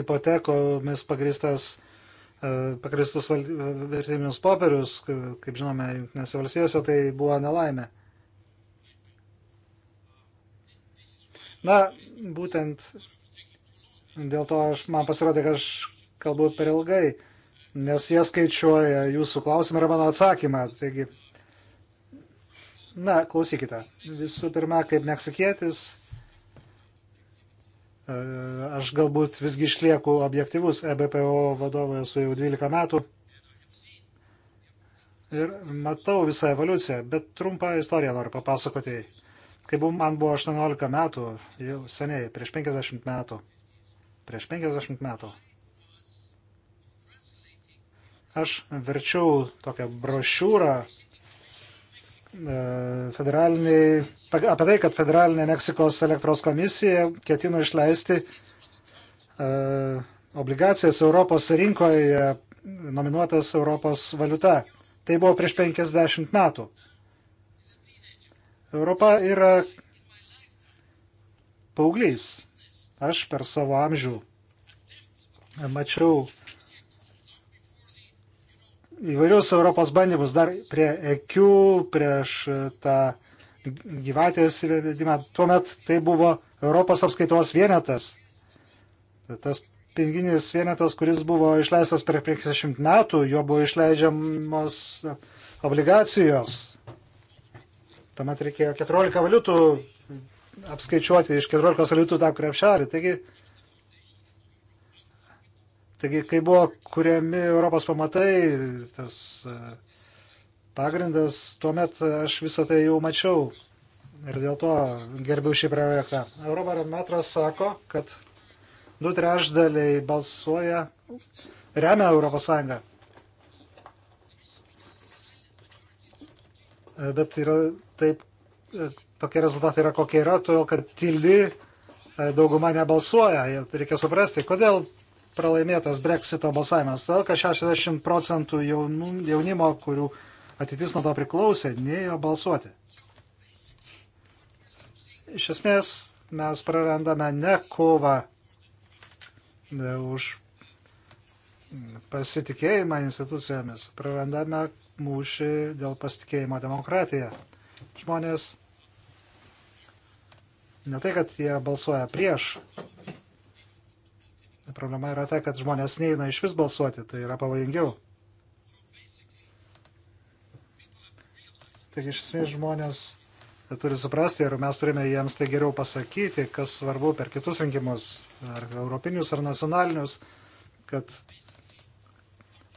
hipotekomis pagristas pakristus vertybinius popierius, kaip žinome, Junktinėse valstijose tai buvo nelaimė. Na, būtent dėl to aš, man pasirodė, kad aš kalbu per ilgai, nes jie skaičiuoja jūsų klausimą ir mano atsakymą. Taigi, na, klausykite. Visų pirma, kaip meksikietis, Aš galbūt visgi išlieku objektivus, EBPO vadovui esu jau 12 metų ir matau visą evoliuciją, bet trumpą istoriją noriu papasakoti. Kai man buvo 18 metų, jau seniai, prieš 50 metų, prieš 50 metų, aš verčiau tokią brošiūrą E, federaliniai, apie tai, kad federalinė Meksikos elektros komisija ketino išleisti uh, obligacijas Europos rinkoje nominuotas Europos valiuta. Tai buvo prieš 50 metų. Europa yra paauglys. Aš per savo amžių mačiau įvairius Europos bandymus dar prie ekių, prieš e, tą gyvatės įvedimą. Tuomet tai buvo Europos apskaitos vienetas. Tas pinginis vienetas, kuris buvo išleistas per 50 metų, jo buvo išleidžiamos obligacijos. Tuomet reikėjo 14 valiutų apskaičiuoti iš 14 valiutų tą krepšelį. Taigi Taigi, kai buvo kuriami Europos pamatai, tas e, pagrindas, tuomet aš visą tai jau mačiau ir dėl to gerbiu šį projektą. Eurobarometras sako, kad du trešdaliai balsuoja, remia Europos Sąjungą. E, bet yra taip, e, tokie rezultatai yra kokie yra, todėl kad tyli dauguma nebalsuoja. Reikia suprasti, kodėl pralaimėtas Brexito balsavimas, todėl kad 60 procentų jaunimo, kurių ateitis nuo to priklausė, neėjo balsuoti. Iš esmės, mes prarandame ne kovą ne už pasitikėjimą institucijomis, prarandame mūšį dėl pasitikėjimo demokratiją. Žmonės ne tai, kad jie balsuoja prieš, problema yra ta, kad žmonės neina iš vis balsuoti, tai yra pavojingiau. Taigi iš esmės žmonės turi suprasti ir mes turime jiems tai geriau pasakyti, kas svarbu per kitus rinkimus, ar europinius, ar nacionalinius, kad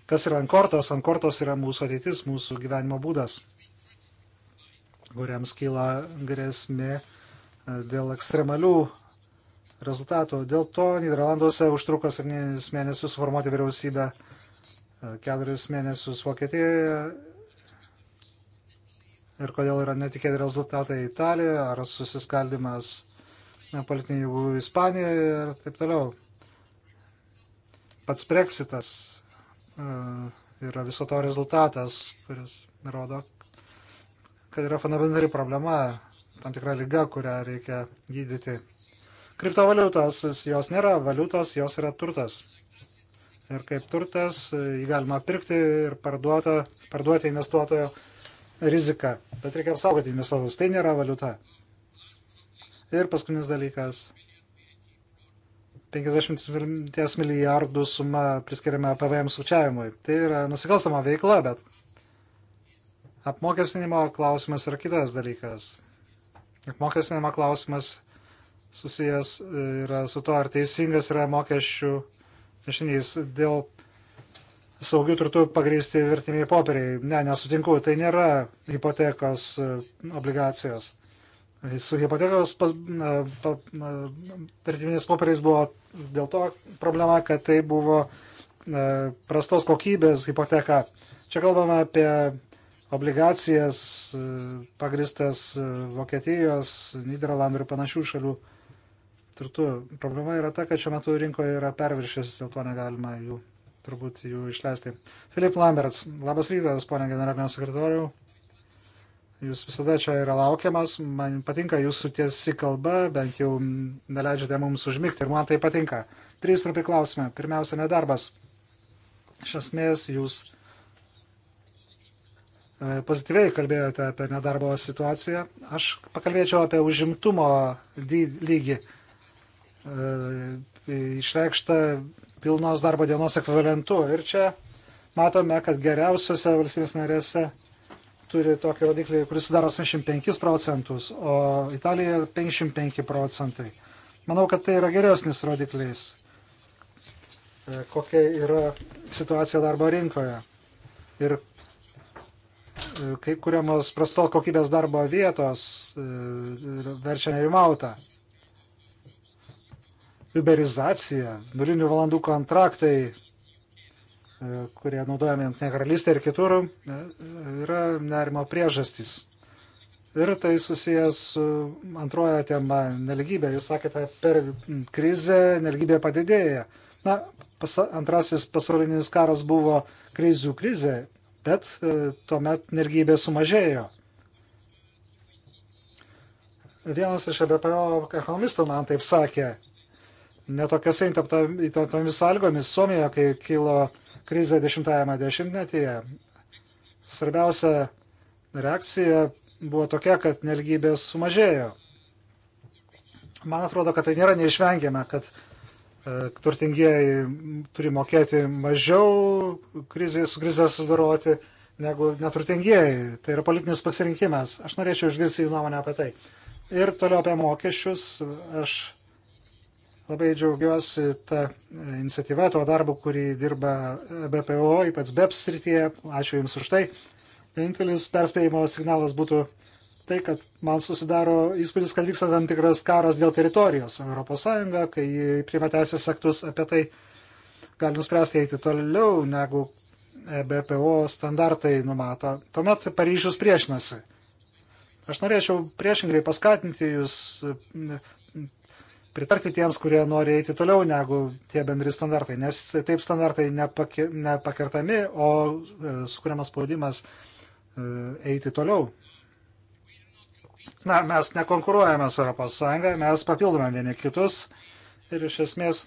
kas yra ant kortos, ant kortos yra mūsų ateitis, mūsų gyvenimo būdas, kuriams kyla grėsmė e, dėl ekstremalių rezultatų. Dėl to Niderlanduose užtruko 7 mėnesius suformuoti vyriausybę, 4 e, mėnesius Vokietijoje. Ir kodėl yra netikėti rezultatai Italijoje, ar susiskaldimas e, politinių jėgų Ispanijoje ir taip toliau. Pats Brexitas e, yra viso to rezultatas, kuris rodo, kad yra fundamentali problema, tam tikra lyga, kurią reikia gydyti. Kriptovaliutos jos nėra valiutos, jos yra turtas. Ir kaip turtas, jį galima pirkti ir parduota, parduoti investuotojo riziką. Bet reikia apsaugoti investuotojus. Tai nėra valiuta. Ir paskutinis dalykas. 50 milijardų suma priskiriama PVM sukčiavimui. Tai yra nusikalstama veikla, bet apmokestinimo klausimas yra kitas dalykas. Apmokestinimo klausimas yra susijęs e, yra su to, ar teisingas yra mokesčių mišinys dėl saugių turtų pagrįsti vertimiai popieriai. Ne, nesutinku, tai nėra hipotekos e, obligacijos. Su hipotekos vertiminiais popieriais buvo dėl to problema, kad tai buvo e, prastos kokybės hipoteka. Čia kalbame apie obligacijas pagristas Vokietijos, Niderlandų ir panašių šalių turtu. Problema yra ta, kad šiuo metu rinkoje yra perviršis, dėl to negalima jų turbūt jų išleisti. Filip Lamberts, labas rytas, ponė generalinio sekretoriau. Jūs visada čia yra laukiamas, man patinka jūsų tiesi kalba, bent jau neleidžiate mums užmigti ir man tai patinka. Trys trupi klausimai. Pirmiausia, nedarbas. Iš esmės, jūs e, pozityviai kalbėjote apie nedarbo situaciją. Aš pakalbėčiau apie užimtumo lygį. E, išreikšta pilnos darbo dienos ekvivalentu. Ir čia matome, kad geriausiose valstybės narėse turi tokį rodiklį, kuris sudaro 85 procentus, o Italijoje 55 procentai. Manau, kad tai yra geresnis rodiklis, e, kokia yra situacija darbo rinkoje ir e, kai kuriamos prastos kokybės darbo vietos verčia nerimautą uberizacija, nulinių valandų kontraktai, e, kurie naudojami Junktinė karalystė ir kitur, e, yra nerimo priežastys. Ir tai susijęs su antroja tema - neligybė. Jūs sakėte, per krizę neligybė padidėja. Na, pasa, antrasis pasaulinis karas buvo krizių krizė, bet e, tuomet neligybė sumažėjo. Vienas iš ABPO ekonomistų man taip sakė, netokiose įtemptomis sąlygomis Suomijoje, kai kilo krizė 10-ame dešimtmetyje. Svarbiausia reakcija buvo tokia, kad nelgybės sumažėjo. Man atrodo, kad tai nėra neišvengiama, kad e, turtingieji turi mokėti mažiau krizės, su krize sudaroti negu neturtingieji. Tai yra politinis pasirinkimas. Aš norėčiau išgirsti jų nuomonę apie tai. Ir toliau apie mokesčius. Aš Labai džiaugiuosi tą iniciatyvą, tuo darbu, kurį dirba BPO, ypač BEPS srityje. Ačiū Jums už tai. Vienintelis perspėjimo signalas būtų tai, kad man susidaro įspūdis, kad vyksta tam tikras karas dėl teritorijos. ES, kai priima teisės aktus apie tai, gali nuspręsti eiti toliau, negu e BPO standartai numato. Tuomet Paryžius priešinasi. Aš norėčiau priešingai paskatinti jūs pritarti tiems, kurie nori eiti toliau negu tie bendri standartai, nes taip standartai nepake, nepakertami, o e, sukuriamas spaudimas e, eiti toliau. Na, mes nekonkuruojame su ES, mes papildome vieni kitus ir iš esmės,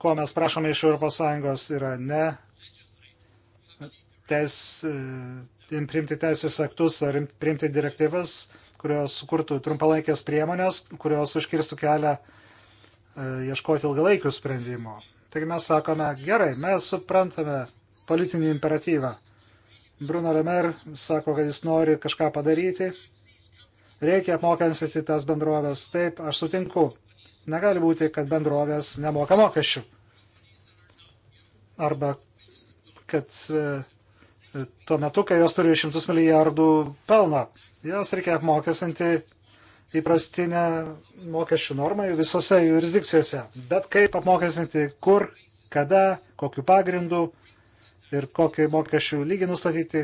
ko mes prašome iš ES yra ne teis, e, priimti teisės aktus ar priimti direktyvas, kurios sukurtų trumpalaikės priemonės, kurios užkirstų kelią e, ieškoti ilgalaikių sprendimų. Taigi mes sakome, gerai, mes suprantame politinį imperatyvą. Bruno Lemer sako, kad jis nori kažką padaryti, reikia apmokestinti tas bendrovės. Taip, aš sutinku. Negali būti, kad bendrovės nemoka mokesčių. Arba kad e, tuo metu, kai jos turi šimtus milijardų pelno. Jas reikia apmokestinti įprastinę mokesčių normą visose jurisdikcijose. Bet kaip apmokestinti, kur, kada, kokiu pagrindu ir kokį mokesčių lygį nustatyti,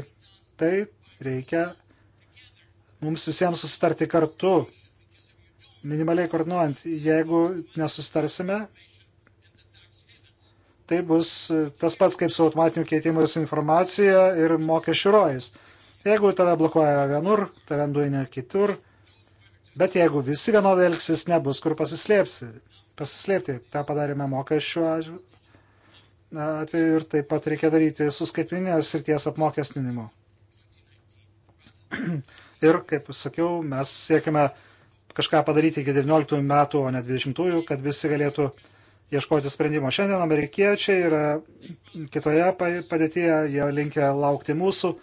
tai reikia mums visiems susitarti kartu, minimaliai koordinuojant. Jeigu nesusitarsime, tai bus tas pats kaip su automatiniu keitimus informacija ir mokesčių rojais. Jeigu tave blokuoja vienur, tave duina kitur, bet jeigu visi vienodai elgsis, nebus kur pasislėpsi. pasislėpti. Ta padarėme mokesčių atveju ir taip pat reikia daryti su skaitminės srities apmokestinimo. ir, kaip sakiau, mes siekime kažką padaryti iki 19 metų, o ne 20, kad visi galėtų ieškoti sprendimo. Šiandien amerikiečiai yra kitoje padėtyje, jie linkia laukti mūsų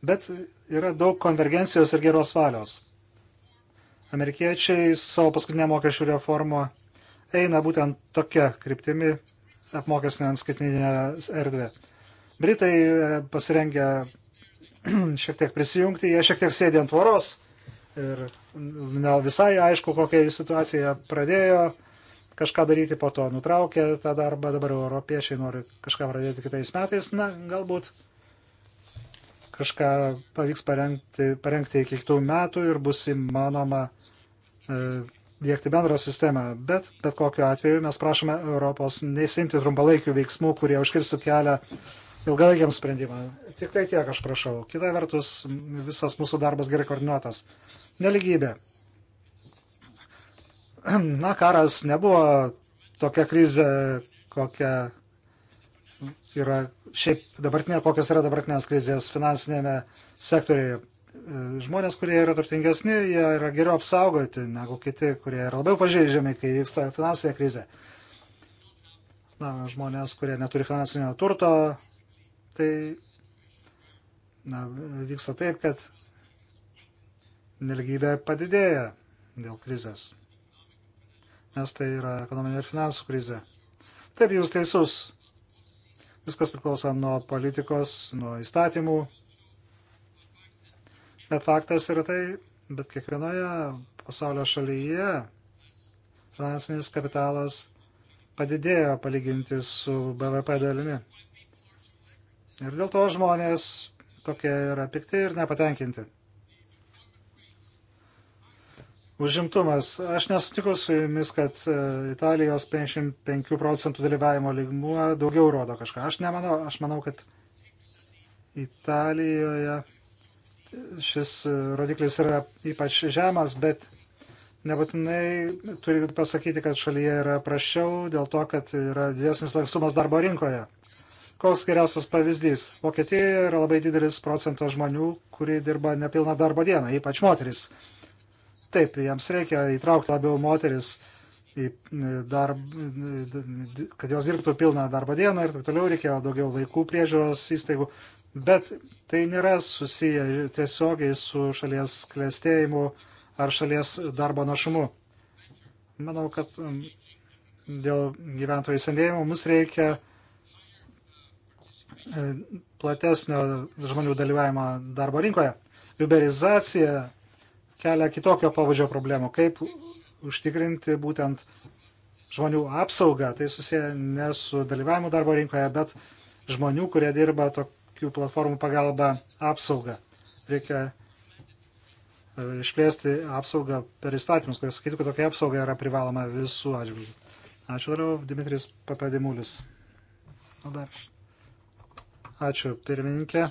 Bet yra daug konvergencijos ir geros valios. Amerikiečiai su savo paskutinė mokesčių reforma eina būtent tokia kryptimi, apmokestinant skaitinę erdvę. Britai e, pasirengę šiek tiek prisijungti, jie šiek tiek sėdė ant tvoros ir ne visai aišku, kokia jų situacija pradėjo kažką daryti, po to nutraukė tą darbą, dabar europiečiai nori kažką pradėti kitais metais, na, galbūt kažką pavyks parengti, parengti iki kitų metų ir bus įmanoma e, dėkti bendrą sistemą. Bet bet kokiu atveju mes prašome Europos neįsimti trumpalaikių veiksmų, kurie užkirstų kelią ilgalaikiam sprendimam. Tik tai tiek aš prašau. Kita vertus, visas mūsų darbas gerai koordinuotas. Neligybė. Na, karas nebuvo tokia krizė, kokia yra šiaip dabartinė, kokios yra dabartinės krizės finansinėme sektorijoje. E, žmonės, kurie yra turtingesni, jie yra geriau apsaugoti negu kiti, kurie yra labiau pažeidžiami, kai vyksta finansinė krizė. Na, žmonės, kurie neturi finansinio turto, tai na, vyksta taip, kad nelgybė padidėja dėl krizės. Nes tai yra ekonominė ir finansų krizė. Taip, jūs teisus Viskas priklauso nuo politikos, nuo įstatymų. Bet faktas yra tai, bet kiekvienoje pasaulio šalyje finansinis kapitalas padidėjo palyginti su BVP dalimi. Ir dėl to žmonės tokie yra pikti ir nepatenkinti. Užimtumas. Aš nesutiku su jumis, kad e, Italijos 55 procentų dalyvavimo lygmuo daugiau rodo kažką. Aš nemanau, aš manau, kad Italijoje šis rodiklis yra ypač žemas, bet nebūtinai turi pasakyti, kad šalyje yra prašiau dėl to, kad yra didesnis lankstumas darbo rinkoje. Koks geriausias pavyzdys? Vokietijoje yra labai didelis procentas žmonių, kurie dirba nepilną darbo dieną, ypač moteris. Taip, jiems reikia įtraukti labiau moteris, į e, darb, e, kad jos dirbtų pilną darbo dieną ir taip toliau reikėjo daugiau vaikų priežiūros įstaigų, bet tai nėra susiję tiesiogiai su šalies klėstėjimu ar šalies darbo našumu. Manau, kad dėl gyventojų senėjimo mums reikia e, platesnio žmonių dalyvavimo darbo rinkoje. Uberizacija kelia kitokio pavadžio problemų. Kaip užtikrinti būtent žmonių apsaugą, tai susiję ne su dalyvavimu darbo rinkoje, bet žmonių, kurie dirba tokių platformų pagalba apsaugą. Reikia e, išplėsti apsaugą per įstatymus, kurie sakytų, kad tokia apsauga yra privaloma visų atžvilgių. Ačiū toliau, Dimitris Papadimulis. O dar aš. Ačiū, pirmininkė. E,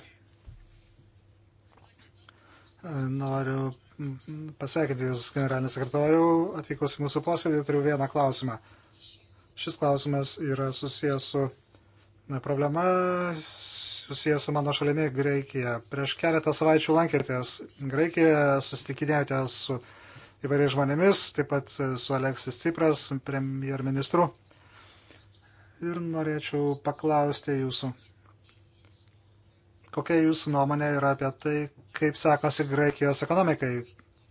noriu pasveikinti Jūs, generalinį sekretorių, atvykus į mūsų posėdį, turiu vieną klausimą. Šis klausimas yra susijęs su na, problema, susijęs su mano šalimi Graikija. Prieš keletą savaičių lankėtės Graikijoje, susitikinėjote su įvairiais žmonėmis, taip pat su Aleksis Cipras, premjerministru. Ir norėčiau paklausti Jūsų. Kokia jūsų nuomonė yra apie tai, kaip sekasi Graikijos ekonomikai.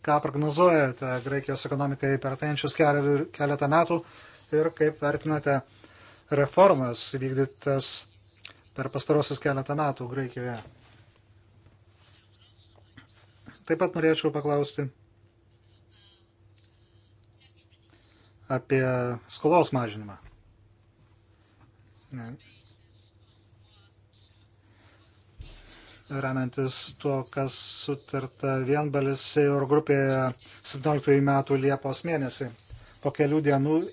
Ką prognozuojate Graikijos ekonomikai per ateinčius keletą metų ir kaip vertinate reformas vykdytas per pastarosius keletą metų Graikijoje. Taip pat norėčiau paklausti apie skolos mažinimą. Ne. remiantis tuo, kas sutarta vienbalis Euro grupėje 17 metų Liepos mėnesį. Po kelių dienų e,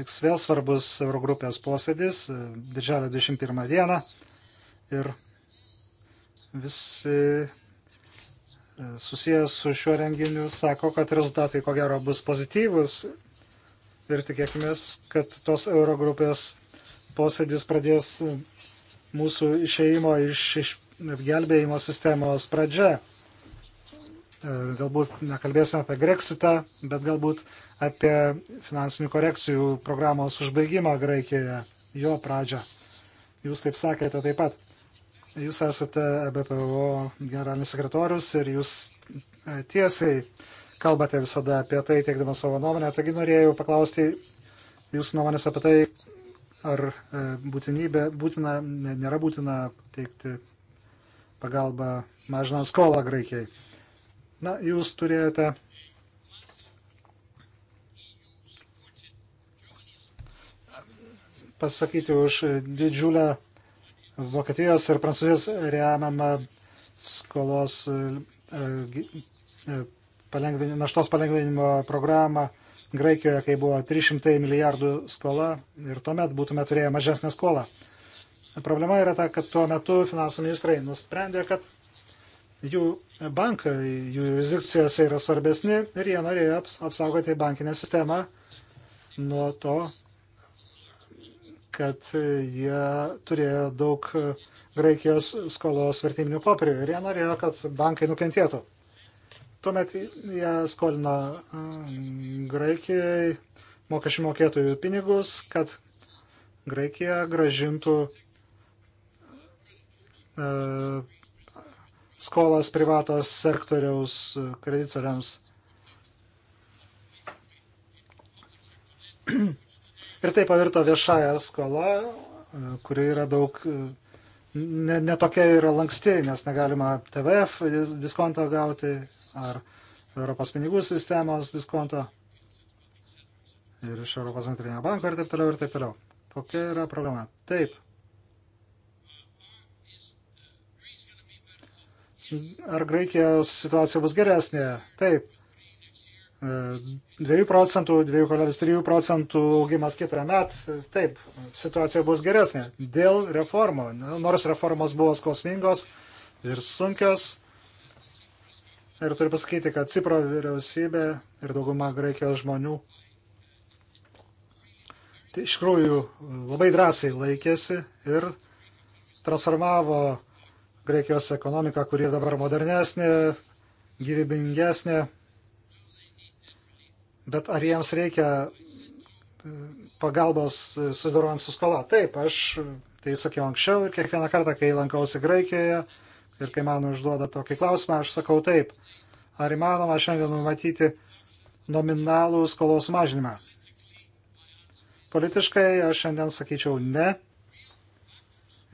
vyks vėl svarbus Euro grupės posėdis, dirželio e, 21 dieną. Ir visi e, susijęs su šiuo renginiu sako, kad rezultatai ko gero bus pozityvus. Ir tikėkime, kad tos Euro grupės posėdis pradės mūsų išeimo iš, iš gelbėjimo sistemos pradžia. E, galbūt nekalbėsime apie Grexitą, bet galbūt apie finansinių korekcijų programos užbaigimą Graikijoje, jo pradžią. Jūs taip sakėte taip pat. Jūs esate e BPO generalinis sekretorius ir jūs e, tiesiai kalbate visada apie tai, teikdama savo nuomonę. Taigi norėjau paklausti jūsų nuomonės apie tai, ar būtinybė būtina, nėra būtina teikti pagalba mažinant skolą Graikijai. Na, jūs turėjote pasakyti už didžiulę Vokietijos ir Prancūzijos remiamą skolos e, e, palengvinimo, naštos palengvinimo programą Graikijoje, kai buvo 300 milijardų skola ir tuomet būtume turėję mažesnę skolą. Problema yra ta, kad tuo metu finansų ministrai nusprendė, kad jų bankai, jų jurisdikcijose yra svarbesni ir jie norėjo apsaugoti bankinę sistemą nuo to, kad jie turėjo daug Graikijos skolos vertybinių popierių ir jie norėjo, kad bankai nukentėtų. Tuomet jie skolino mm, Graikijai mokesčių mokėtojų pinigus, kad Graikija gražintų E, skolas privatos sektoriaus e, kreditoriams. Ir tai pavirto viešąją skolą, e, kuri yra daug, ne, ne tokia yra lanksti, nes negalima TVF diskonto gauti ar Europos pinigų sistemos diskonto ir iš Europos centrinio banko ir taip toliau ir taip toliau. Kokia yra problema? Taip, Ar Graikijos situacija bus geresnė? Taip. 2 e, procentų, 2,3 procentų augimas kitą metą, taip, situacija bus geresnė dėl reformų. Nors reformos buvo skausmingos ir sunkios, ir turiu pasakyti, kad Cipro vyriausybė ir dauguma Graikijos žmonių tai iš tikrųjų labai drąsiai laikėsi ir transformavo Graikijos ekonomika, kuri dabar modernesnė, gyvybingesnė, bet ar jiems reikia e, pagalbos e, susidorojant su skola? Taip, aš tai sakiau anksčiau ir kiekvieną kartą, kai lankausi Graikijoje ir kai man užduoda tokį klausimą, aš sakau taip. Ar įmanoma šiandien numatyti nominalų skolos mažinimą? Politiškai aš šiandien sakyčiau ne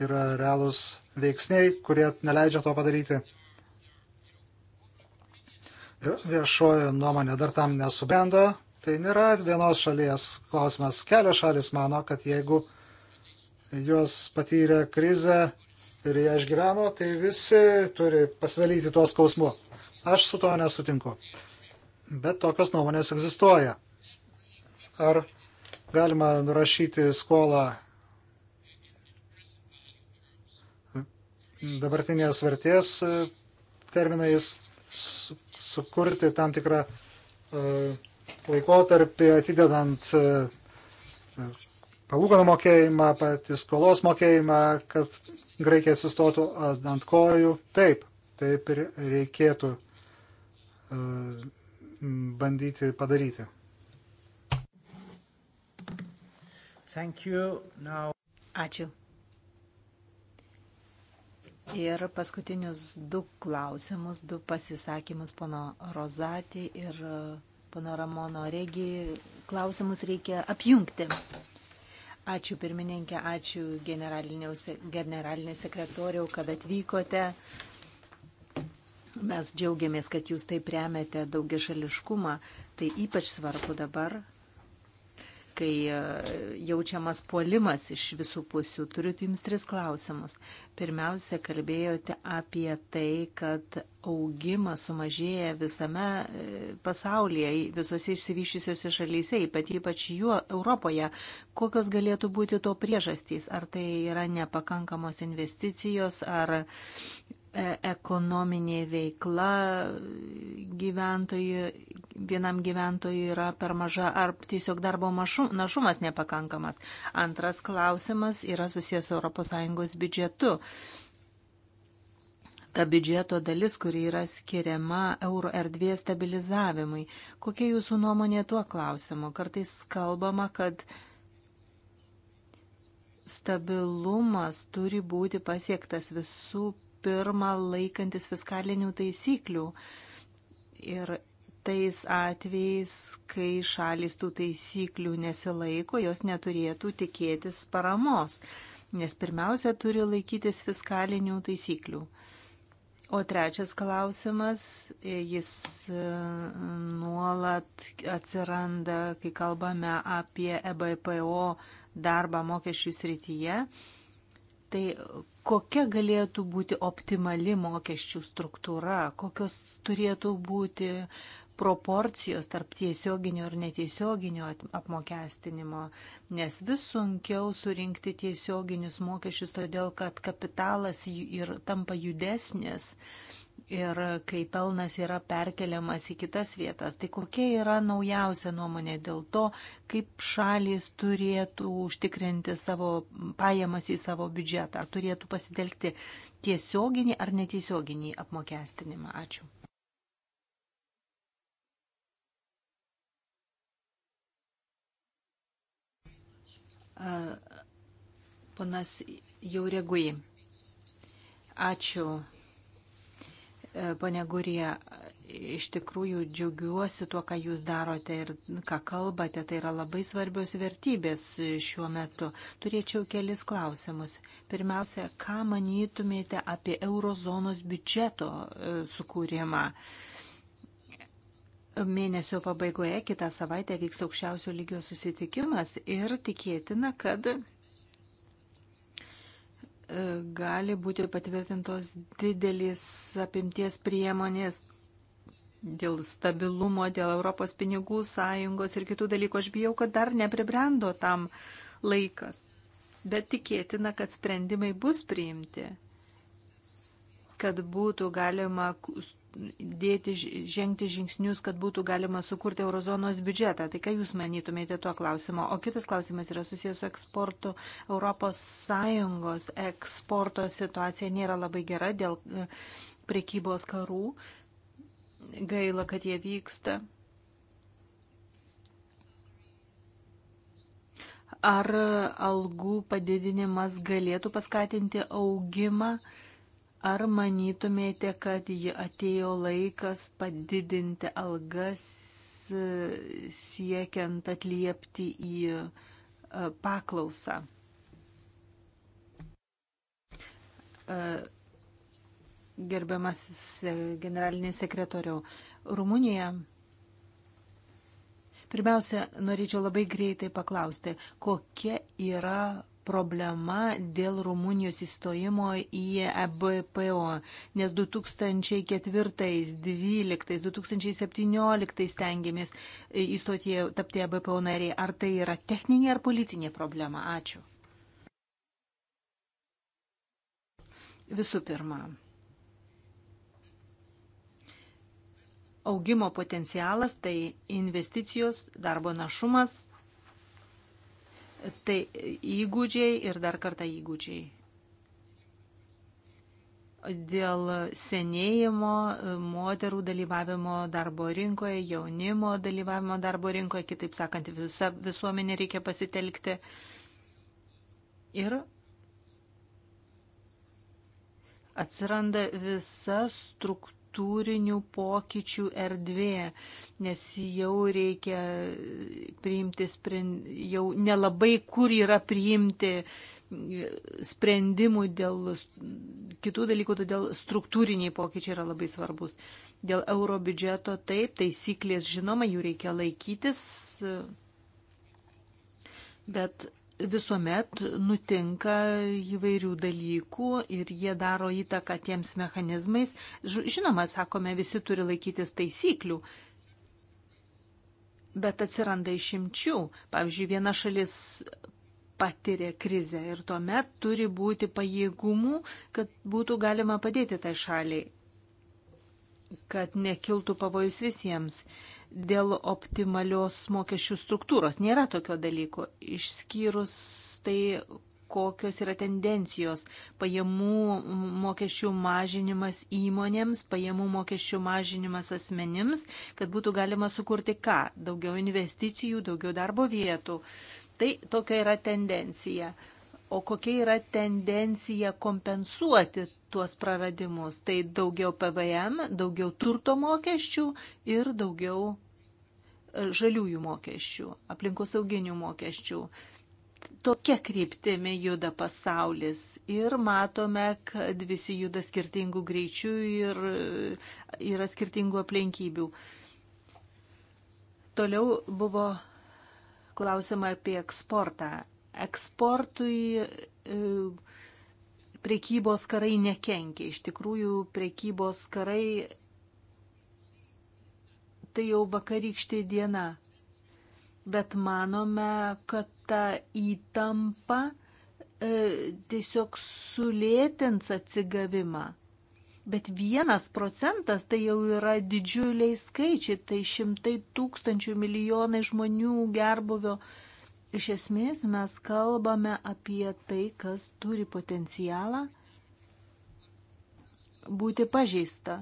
yra realūs veiksniai, kurie neleidžia to padaryti. Viešojo nuomonė dar tam nesubrendo. Tai nėra vienos šalies klausimas. Kelios šalis mano, kad jeigu juos patyrė krizę ir ją išgyveno, tai visi turi pasidalyti tuo skausmu. Aš su to nesutinku. Bet tokios nuomonės egzistuoja. Ar galima nurašyti skolą dabartinės vertės e, terminais su, sukurti tam tikrą e, laikotarpį atidedant e, palūkanų mokėjimą, patį skolos mokėjimą, kad Graikija atsistotų ant kojų. Taip, taip ir reikėtų bandyti padaryti. Now... Ačiū. Ir paskutinius du klausimus, du pasisakymus pono Rozatį ir e, pono Ramono Regi klausimus reikia apjungti. Ačiū pirmininkė, ačiū generalinė sekretoriau, kad atvykote. Mes džiaugiamės, kad jūs taip remiate daugiašališkumą. Tai ypač svarbu dabar, kai e, jaučiamas puolimas iš visų pusių. Turiu jums tris klausimus. Pirmiausia, kalbėjote apie tai, kad augimas sumažėja visame e, pasaulyje, visose išsivyščiusiose šalyse, ypač ypač juo Europoje. Kokios galėtų būti to priežastys? Ar tai yra nepakankamos investicijos, ar E, ekonominė veikla gyventojų, vienam gyventojui yra per maža ar tiesiog darbo mašum, našumas nepakankamas. Antras klausimas yra susijęs su ES biudžetu. Ta biudžeto dalis, kuri yra skiriama euro erdvės stabilizavimui. Kokia jūsų nuomonė tuo klausimu? Kartais kalbama, kad stabilumas turi būti pasiektas visų pirma laikantis fiskalinių taisyklių. Ir tais atvejais, kai šalis tų taisyklių nesilaiko, jos neturėtų tikėtis paramos, nes pirmiausia turi laikytis fiskalinių taisyklių. O trečias klausimas, jis e, nuolat atsiranda, kai kalbame apie EBPO darbą mokesčių srityje tai kokia galėtų būti optimali mokesčių struktūra, kokios turėtų būti proporcijos tarp tiesioginio ir netiesioginio apmokestinimo, nes vis sunkiau surinkti tiesioginius mokesčius, todėl kad kapitalas ir tampa judesnis. Uh, ir kai pelnas yra perkeliamas į kitas vietas. Tai kokia yra naujausia nuomonė dėl to, kaip šalis turėtų užtikrinti savo pajamas į savo biudžetą, ar turėtų pasitelkti tiesioginį ar netiesioginį apmokestinimą. Ačiū. Panas jau reagui. Ačiū Pane Gurija, iš tikrųjų džiaugiuosi tuo, ką jūs darote ir ką kalbate. Tai yra labai svarbios vertybės šiuo metu. Turėčiau kelis klausimus. Pirmiausia, ką manytumėte apie eurozonos biudžeto e, sukūrimą? Mėnesio pabaigoje kitą savaitę vyks aukščiausio lygio susitikimas ir tikėtina, kad gali būti patvirtintos didelis apimties priemonės dėl stabilumo, dėl Europos pinigų sąjungos ir kitų dalykų. Aš bijau, kad dar nepribrendo tam laikas, bet tikėtina, kad sprendimai bus priimti, kad būtų galima dėti, žengti žingsnius, kad būtų galima sukurti eurozonos biudžetą. Tai ką Jūs manytumėte tuo klausimu? O kitas klausimas yra susijęs su eksportu. ES eksporto situacija nėra labai gera dėl e, prekybos karų. Gaila, kad jie vyksta. Ar algų padidinimas galėtų paskatinti augimą? Uh, Ar manytumėte, kad atėjo laikas padidinti algas e, siekiant atliepti į e, paklausą? E, Gerbiamas generalinis sekretoriau, Rumunija. Pirmiausia, norėčiau labai greitai paklausti, kokia yra problema dėl Rumunijos įstojimo į EBPO, nes 2004-2012-2017 stengiamės e, įstoti tapti EBPO nariai. Ar tai yra techninė ar politinė problema? Ačiū. Visų pirma, augimo potencialas tai investicijos, darbo našumas – Tai įgūdžiai ir dar kartą įgūdžiai. Dėl senėjimo, moterų dalyvavimo darbo rinkoje, jaunimo dalyvavimo darbo rinkoje, kitaip sakant, visą visuomenę reikia pasitelkti. Ir atsiranda visa struktūra kultūrinių pokyčių erdvė, nes jau reikia priimti, sprend... jau nelabai kur yra priimti sprendimų dėl kitų dalykų, todėl struktūriniai pokyčiai yra labai svarbus. Dėl euro biudžeto taip, taisyklės žinoma, jų reikia laikytis, bet visuomet nutinka įvairių dalykų ir jie daro įtaką tiems mechanizmais. Žinoma, sakome, visi turi laikytis taisyklių, bet atsiranda išimčių. Pavyzdžiui, viena šalis patiria krizę ir tuomet turi būti pajėgumų, kad būtų galima padėti tai šaliai, kad nekiltų pavojus visiems dėl optimalios mokesčių struktūros. Nėra tokio dalyko, išskyrus tai, kokios yra tendencijos. Pajamų mokesčių mažinimas įmonėms, pajamų mokesčių mažinimas asmenims, kad būtų galima sukurti ką? Daugiau investicijų, daugiau darbo vietų. Tai tokia yra tendencija. O kokia yra tendencija kompensuoti tuos praradimus. Tai daugiau PVM, daugiau turto mokesčių ir daugiau e, žaliųjų mokesčių, aplinkosauginių mokesčių. Tokia kryptimi juda pasaulis ir matome, kad visi juda skirtingų greičių ir e, yra skirtingų aplinkybių. Toliau buvo klausima apie eksportą. Eksportui e, prekybos karai nekenkia. Iš tikrųjų, prekybos karai tai jau vakarykštė diena. Bet manome, kad ta įtampa e, tiesiog sulėtins atsigavimą. Bet vienas procentas tai jau yra didžiuliai skaičiai, tai šimtai tūkstančių milijonai žmonių gerbuvio e, Iš esmės mes kalbame apie tai, kas turi potencialą būti pažeista.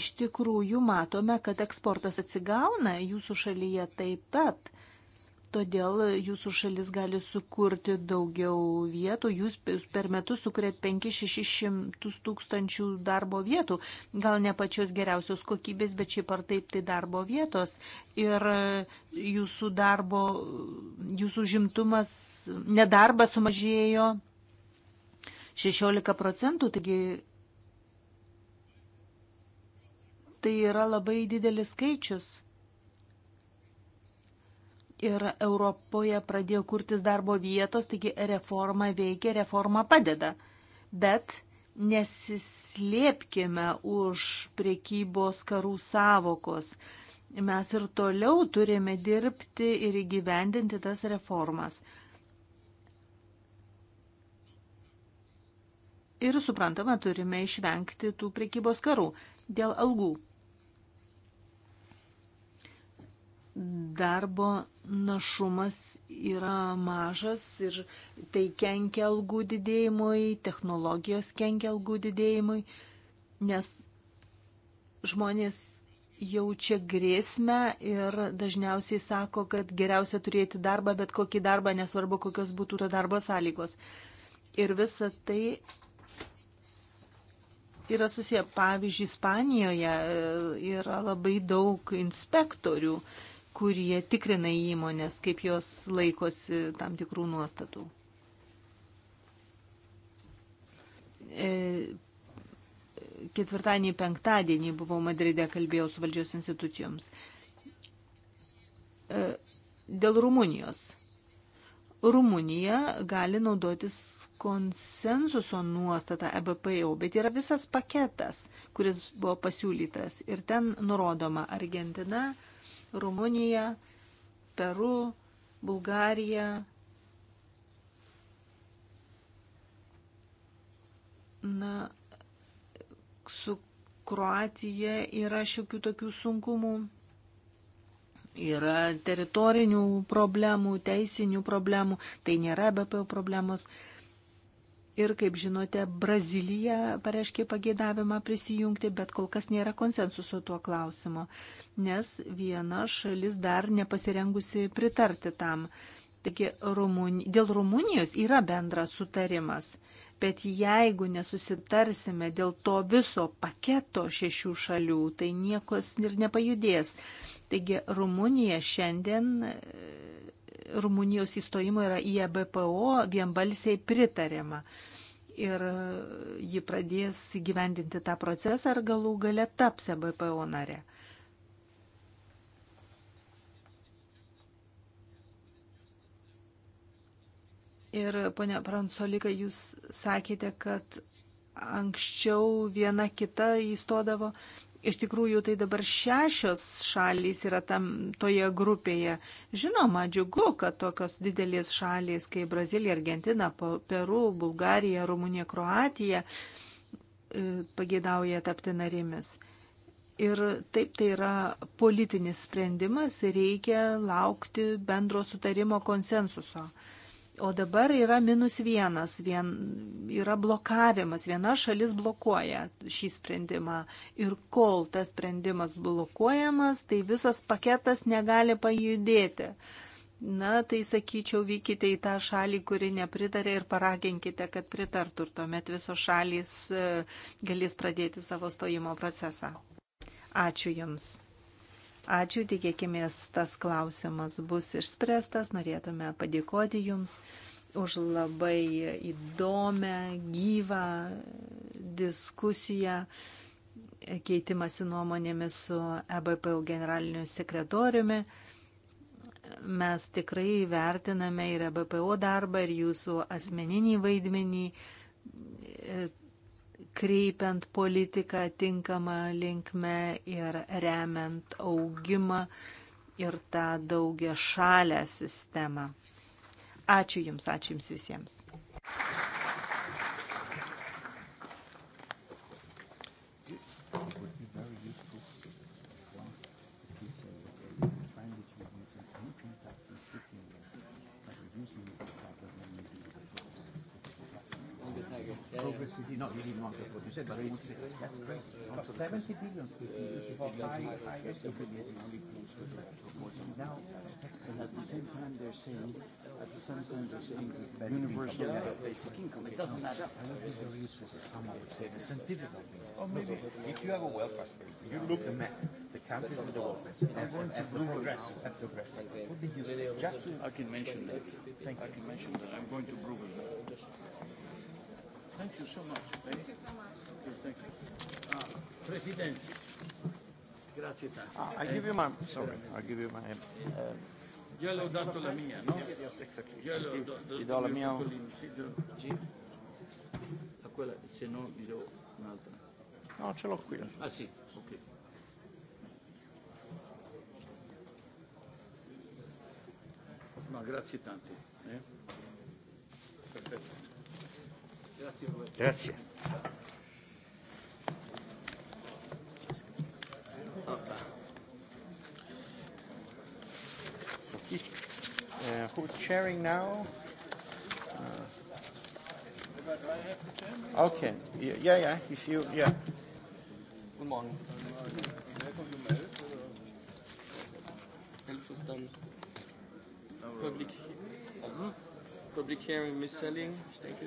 Iš tikrųjų matome, kad eksportas atsigauna jūsų šalyje taip pat todėl jūsų šalis gali sukurti daugiau vietų. Jūs per metus sukuriat 5-600 tūkstančių darbo vietų. Gal ne pačios geriausios kokybės, bet šiaip ar taip tai darbo vietos. Ir jūsų darbo, jūsų žimtumas, nedarbas sumažėjo 16 procentų, taigi tai yra labai didelis skaičius ir Europoje pradėjo kurtis darbo vietos, taigi reforma veikia, reforma padeda. Bet nesislėpkime už priekybos karų savokos. Mes ir toliau turime dirbti ir įgyvendinti tas reformas. Ir suprantama, turime išvengti tų priekybos karų dėl algų. darbo našumas yra mažas ir tai kenkia algų didėjimui, technologijos kenkia algų didėjimui, nes žmonės jaučia grėsmę ir dažniausiai sako, kad geriausia turėti darbą, bet kokį darbą, nesvarbu, kokios būtų to darbo sąlygos. Ir visa tai yra susiję. Pavyzdžiui, Ispanijoje e, yra labai daug inspektorių kurie tikrina įmonės, kaip jos laikosi tam tikrų nuostatų. E, ketvirtadienį, penktadienį buvau Madride, kalbėjau su valdžios institucijoms. E, dėl Rumunijos. Rumunija gali naudotis konsensuso nuostata EBPO, bet yra visas paketas, kuris buvo pasiūlytas. Ir ten nurodoma Argentina, Rumunija, Peru, Bulgarija. Na, su Kroatija yra šiokių tokių sunkumų yra teritorinių problemų, teisinių problemų, tai nėra BPO problemos ir, kaip žinote, Brazilija pareiškė pageidavimą prisijungti, bet kol kas nėra konsensuso tuo klausimu, nes viena šalis dar nepasirengusi pritarti tam. Taigi Rumun... dėl Rumunijos yra bendras sutarimas, bet jeigu nesusitarsime dėl to viso paketo šešių šalių, tai niekas ir nepajudės. Taigi Rumunija šiandien Rumunijos įstojimo yra į EBPO vienbalsiai pritarima. Ir ji pradės gyvendinti tą procesą ar galų gale taps EBPO nare. Ir ponia Pransolika, jūs sakėte, kad anksčiau viena kita įstodavo, Iš tikrųjų, tai dabar šešios šalys yra tam toje grupėje. Žinoma, džiugu, kad tokios didelės šalys kaip Brazilija, Argentina, Peru, Bulgarija, Rumunija, Kroatija e, pagėdauja tapti narėmis. Ir taip tai yra politinis sprendimas, reikia laukti bendro sutarimo konsensuso. O dabar yra minus vienas, vien, yra blokavimas, viena šalis blokuoja šį sprendimą. Ir kol tas sprendimas blokuojamas, tai visas paketas negali pajudėti. Na, tai sakyčiau, vykite į tą šalį, kuri nepritarė ir paraginkite, kad pritartų ir tuomet visos šalys e, galės pradėti savo stojimo procesą. Ačiū Jums. Ačiū, tikėkime, tas klausimas bus išspręstas. Norėtume padėkoti Jums už labai įdomią, gyvą diskusiją, keitimąsi nuomonėmis su EBPU generaliniu sekretoriumi. Mes tikrai vertiname ir EBPO darbą, ir jūsų asmeninį vaidmenį kreipiant politiką tinkamą linkme ir remiant augimą ir tą daugia šalę sistemą. Ačiū Jums, ačiū Jums visiems. Thank you. you know, you didn't want to put you said, but it would say, that's crazy. Not 70 billion people use for high, high affiliates only Now, and at the same time they're saying, at the same time they're saying that universal yeah. basic income, it doesn't add up. I love these very useful examples, the scientific things. Or maybe, if you have a welfare state, you look at the map, the countries with the welfare state, everyone will progress and progress. Would be useful. Just to, I can mention that. Thank you. I can mention that. I'm going to Google that. Thank you so much. Thank you so much. Okay, thank you. Ah, President. Grazie tanto. Ah, I give you my, sorry, I give you my... Uh, Io le ho dato la mia, no? Yes, yes, exactly. Io le ho dato, ti do la mia... Sì, sì. A quella, se no gli do un'altra. No, ce l'ho qui. Ah sì, ok. Ma grazie tante. Eh? Perfetto. Grazie. Uh, who's sharing now? Uh, okay. Yeah, yeah. If you, yeah. Guten Morgen. Elf ist dann Public, uh, Public Hearing, Mis-Selling, ich denke.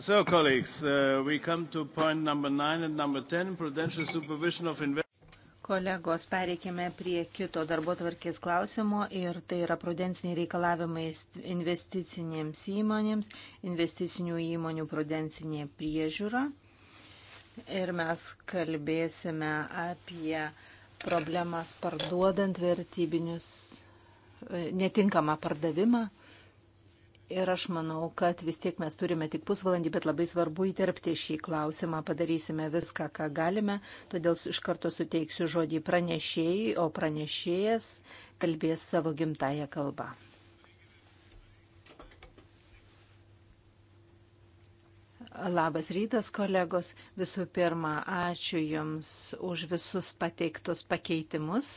So, colleagues, uh, we come to point number 9 and number 10, prudential supervision of investment. Kolegos, pereikime prie kito darbo tvarkės klausimo ir tai yra prudenciniai reikalavimai investicinėms įmonėms, investicinių įmonių prudencinė priežiūra. Ir mes kalbėsime apie problemas parduodant vertybinius, e, netinkamą pardavimą Ir aš manau, kad vis tiek mes turime tik pusvalandį, bet labai svarbu įterpti šį klausimą. Padarysime viską, ką galime, todėl iš karto suteiksiu žodį pranešėjai, o pranešėjas kalbės savo gimtają kalbą. Labas rytas, kolegos. Visų pirma, ačiū Jums už visus pateiktus pakeitimus.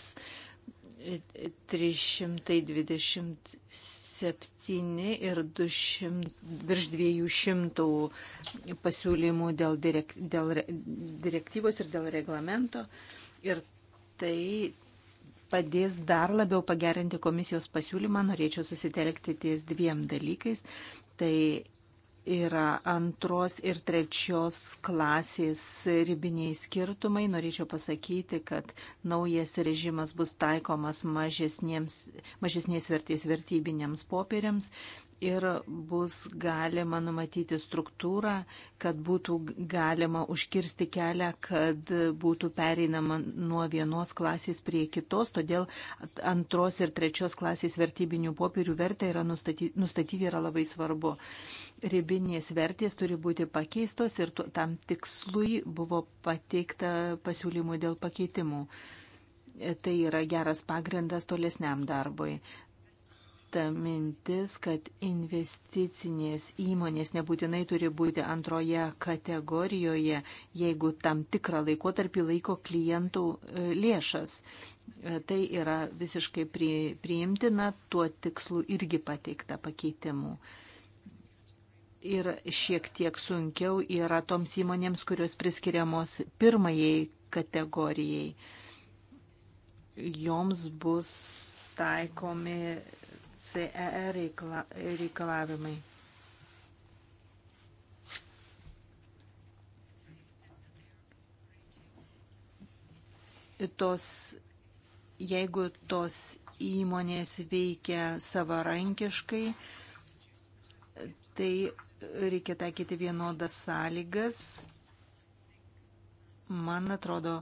327 7 ir 200, virš 200 pasiūlymų dėl, direk, dėl direktyvos ir dėl reglamento. Ir tai padės dar labiau pagerinti komisijos pasiūlymą. Norėčiau susitelkti ties dviem dalykais. Tai yra antros ir trečios klasės ribiniai skirtumai. Norėčiau pasakyti, kad naujas režimas bus taikomas mažesnės vertės vertybiniams popieriams ir bus galima numatyti struktūrą, kad būtų galima užkirsti kelią, kad būtų pereinama nuo vienos klasės prie kitos, todėl antros ir trečios klasės vertybinių popierių vertę yra nustatyti, nustatyti yra labai svarbu. Ribinės vertės turi būti pakeistos ir tam tikslui buvo pateikta pasiūlymų dėl pakeitimų e, tai yra geras pagrindas tolesniam darbui ta mintis, kad investicinės įmonės nebūtinai turi būti antroje kategorijoje, jeigu tam tikrą laikotarpį laiko klientų e, lėšas. E, tai yra visiškai priimtina, tuo tikslu irgi pateikta pakeitimų. Ir šiek tiek sunkiau yra toms įmonėms, kurios priskiriamos pirmajai kategorijai. Joms bus taikomi CEE reikala, reikalavimai. Tos, jeigu tos įmonės veikia savarankiškai, tai reikia taikyti vienodas sąlygas. Man atrodo,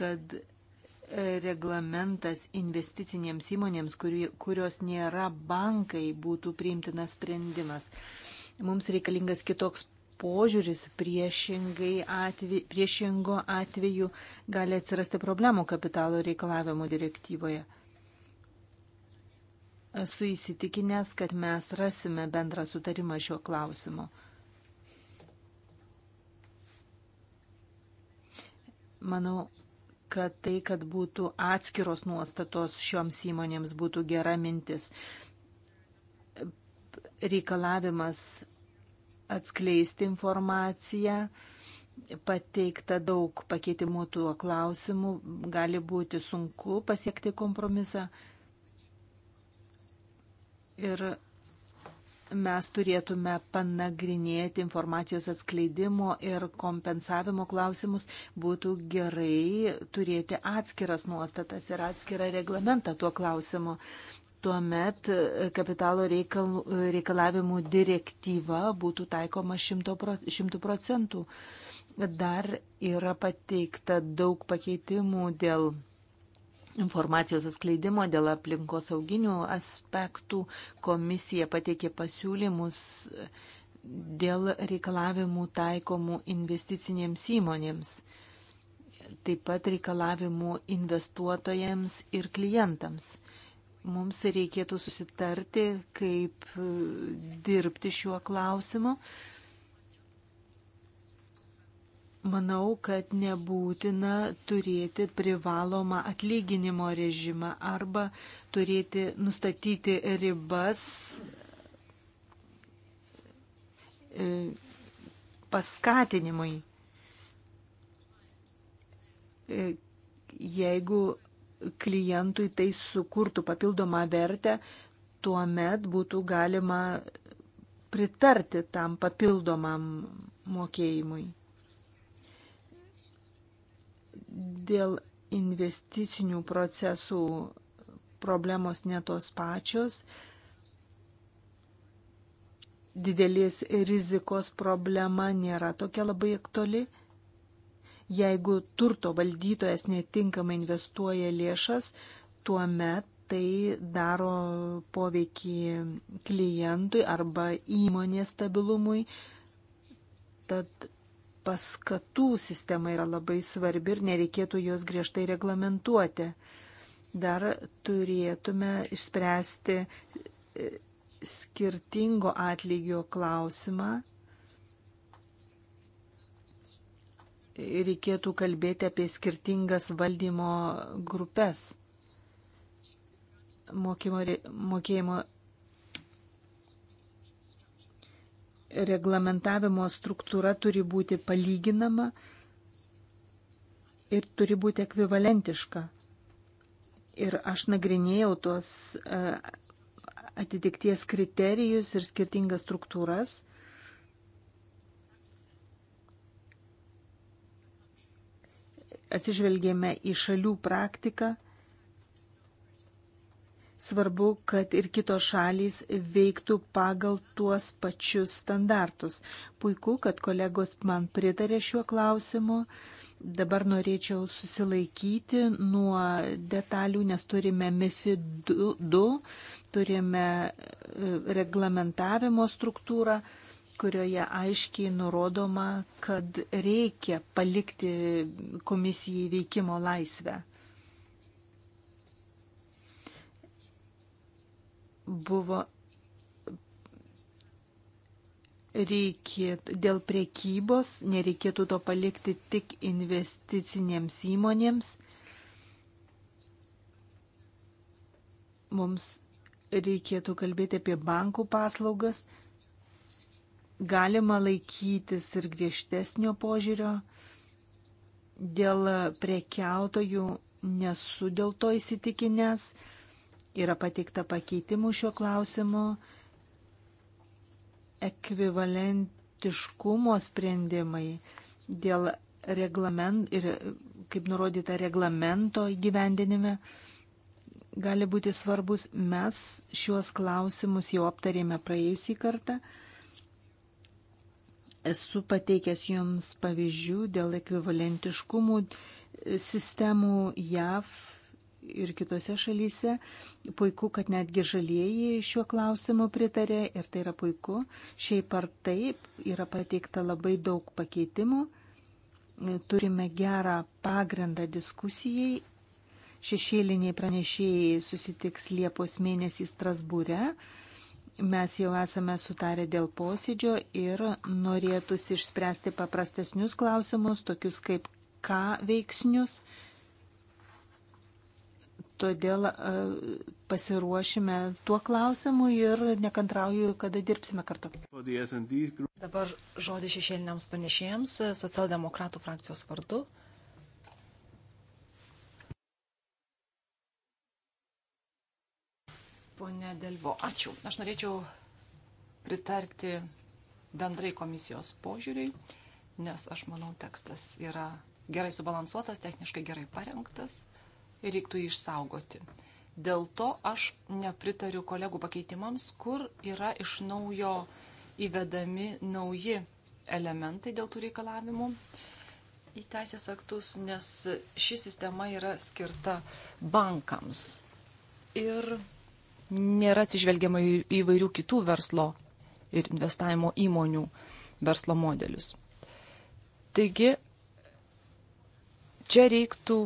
kad reglamentas investicinėms įmonėms, kurios nėra bankai, būtų priimtinas sprendimas. Mums reikalingas kitoks požiūris atve, priešingo atveju gali atsirasti problemų kapitalo reikalavimo direktyvoje. Esu įsitikinęs, kad mes rasime bendrą sutarimą šiuo klausimu. Manau, kad tai, kad būtų atskiros nuostatos šioms įmonėms būtų gera mintis. Reikalavimas atskleisti informaciją, pateikta daug pakeitimų tuo klausimu, gali būti sunku pasiekti kompromisą. Ir mes turėtume panagrinėti informacijos atskleidimo ir kompensavimo klausimus, būtų gerai turėti atskiras nuostatas ir atskirą reglamentą tuo klausimu. Tuomet kapitalo reikal, reikalavimų direktyva būtų taikoma 100 procentų. Dar yra pateikta daug pakeitimų dėl informacijos atskleidimo dėl aplinkosauginių aspektų komisija pateikė pasiūlymus dėl reikalavimų taikomų investicinėms įmonėms, taip pat reikalavimų investuotojams ir klientams mums reikėtų susitarti, kaip dirbti šiuo klausimu, Manau, kad nebūtina turėti privalomą atlyginimo režimą arba turėti nustatyti ribas e, paskatinimui. E, jeigu klientui tai sukurtų papildomą vertę, tuomet būtų galima pritarti tam papildomam mokėjimui. Dėl investicinių procesų problemos netos pačios, didelės rizikos problema nėra tokia labai aktuali. Jeigu turto valdytojas netinkamai investuoja lėšas, tuo met tai daro poveikį klientui arba įmonės stabilumui. Tad paskatų sistema yra labai svarbi ir nereikėtų jos griežtai reglamentuoti. Dar turėtume išspręsti e, skirtingo atlygio klausimą. Reikėtų kalbėti apie skirtingas valdymo grupės. Mokymo, mokėjimo reglamentavimo struktūra turi būti palyginama ir turi būti ekvivalentiška. Ir aš nagrinėjau tuos e, atitikties kriterijus ir skirtingas struktūras. Atsižvelgėme į šalių praktiką Svarbu, kad ir kitos šalys veiktų pagal tuos pačius standartus. Puiku, kad kolegos man pritarė šiuo klausimu. Dabar norėčiau susilaikyti nuo detalių, nes turime MIFID 2, turime e, reglamentavimo struktūrą kurioje aiškiai nurodoma, kad reikia palikti komisijai veikimo laisvę. buvo reikėtų, dėl priekybos nereikėtų to palikti tik investicinėms įmonėms. Mums reikėtų kalbėti apie bankų paslaugas. Galima laikytis ir griežtesnio požiūrio. Dėl prekiautojų nesu dėl to įsitikinęs. Yra pateikta pakeitimų šiuo klausimu ekvivalentiškumo sprendimai dėl reglament ir kaip nurodyta reglamento įgyvendinime gali būti svarbus. Mes šiuos klausimus jau aptarėme praėjusį kartą. Esu pateikęs jums pavyzdžių dėl ekvivalentiškumų sistemų JAV ir kitose šalyse. Puiku, kad netgi žalieji šiuo klausimu pritarė ir tai yra puiku. Šiaip ar taip yra pateikta labai daug pakeitimų. Turime gerą pagrindą diskusijai. Šešėliniai pranešėjai susitiks Liepos mėnesį Strasbūre mes jau esame sutarę dėl posėdžio ir norėtųsi išspręsti paprastesnius klausimus, tokius kaip ką veiksnius, todėl e, pasiruošime tuo klausimu ir nekantrauju, kada dirbsime kartu. Dabar žodį šešėliniams panešėjams socialdemokratų frakcijos vardu. Pone Delvo, ačiū. Aš norėčiau pritarti bendrai komisijos požiūriui, nes aš manau, tekstas yra gerai subalansuotas, techniškai gerai parengtas reiktų jį išsaugoti. Dėl to aš nepritariu kolegų pakeitimams, kur yra iš naujo įvedami nauji elementai dėl tų reikalavimų į teisės aktus, nes ši sistema yra skirta bankams. Ir nėra atsižvelgiama į įvairių kitų verslo ir investavimo įmonių verslo modelius. Taigi, čia reiktų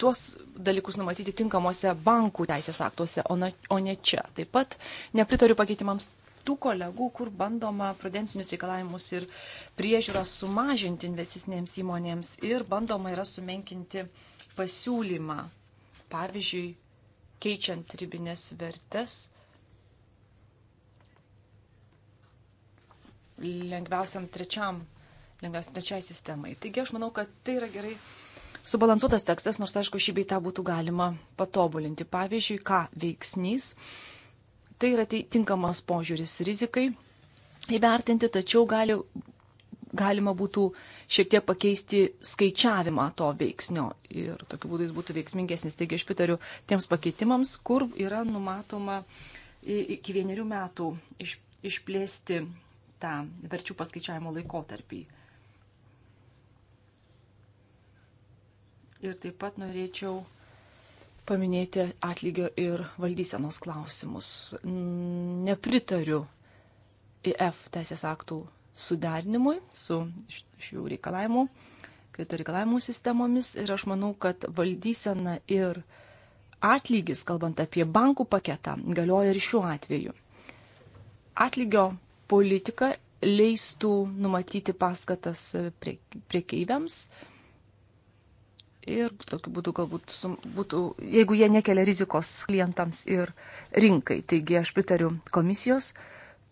tuos dalykus numatyti tinkamuose bankų teisės aktuose, o, na, o ne čia. Taip pat nepritariu pakeitimams tų kolegų, kur bandoma prudencinius reikalavimus ir priežiūrą sumažinti investicinėms įmonėms ir bandoma yra sumenkinti pasiūlymą. Pavyzdžiui, keičiant ribinės vertes lengviausiam trečiam, lengviausiam trečiai sistemai. Taigi aš manau, kad tai yra gerai subalansuotas tekstas, nors aišku, šį beitą būtų galima patobulinti. Pavyzdžiui, ką veiksnys, tai yra tai tinkamas požiūris rizikai įvertinti, tačiau gali, galima būtų šiek tiek pakeisti skaičiavimą to veiksnio ir tokiu būdu jis būtų veiksmingesnis. Taigi aš pritariu tiems pakeitimams, kur yra numatoma iki vienerių metų iš, išplėsti tą verčių paskaičiavimo laikotarpį. ir taip pat norėčiau paminėti atlygio ir valdysenos klausimus. Nepritariu IF teisės aktų sudarinimui su šių reikalavimų, kredito reikalavimų sistemomis ir aš manau, kad valdysena ir atlygis, kalbant apie bankų paketą, galioja ir šiuo atveju. Atlygio politika leistų numatyti paskatas priekeiviams. Prie ir tokiu būdu galbūt sum, būtų, jeigu jie nekelia rizikos klientams ir rinkai. Taigi aš pritariu komisijos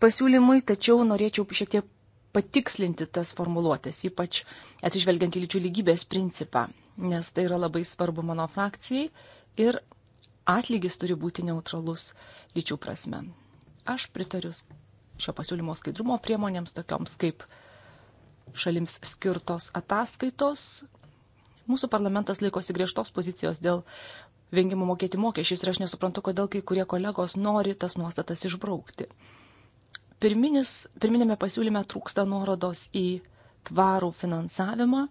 pasiūlymui, tačiau norėčiau šiek tiek patikslinti tas formuluotės, ypač atsižvelgiant į lyčių lygybės principą, nes tai yra labai svarbu mano frakcijai ir atlygis turi būti neutralus lyčių prasme. Aš pritariu šio pasiūlymo skaidrumo priemonėms, tokioms kaip šalims skirtos ataskaitos, Mūsų parlamentas laikosi griežtos pozicijos dėl vengimo mokėti mokesčiais ir aš nesuprantu, kodėl kai kurie kolegos nori tas nuostatas išbraukti. Pirminis, pirminėme pasiūlyme trūksta nuorodos į tvarų finansavimą,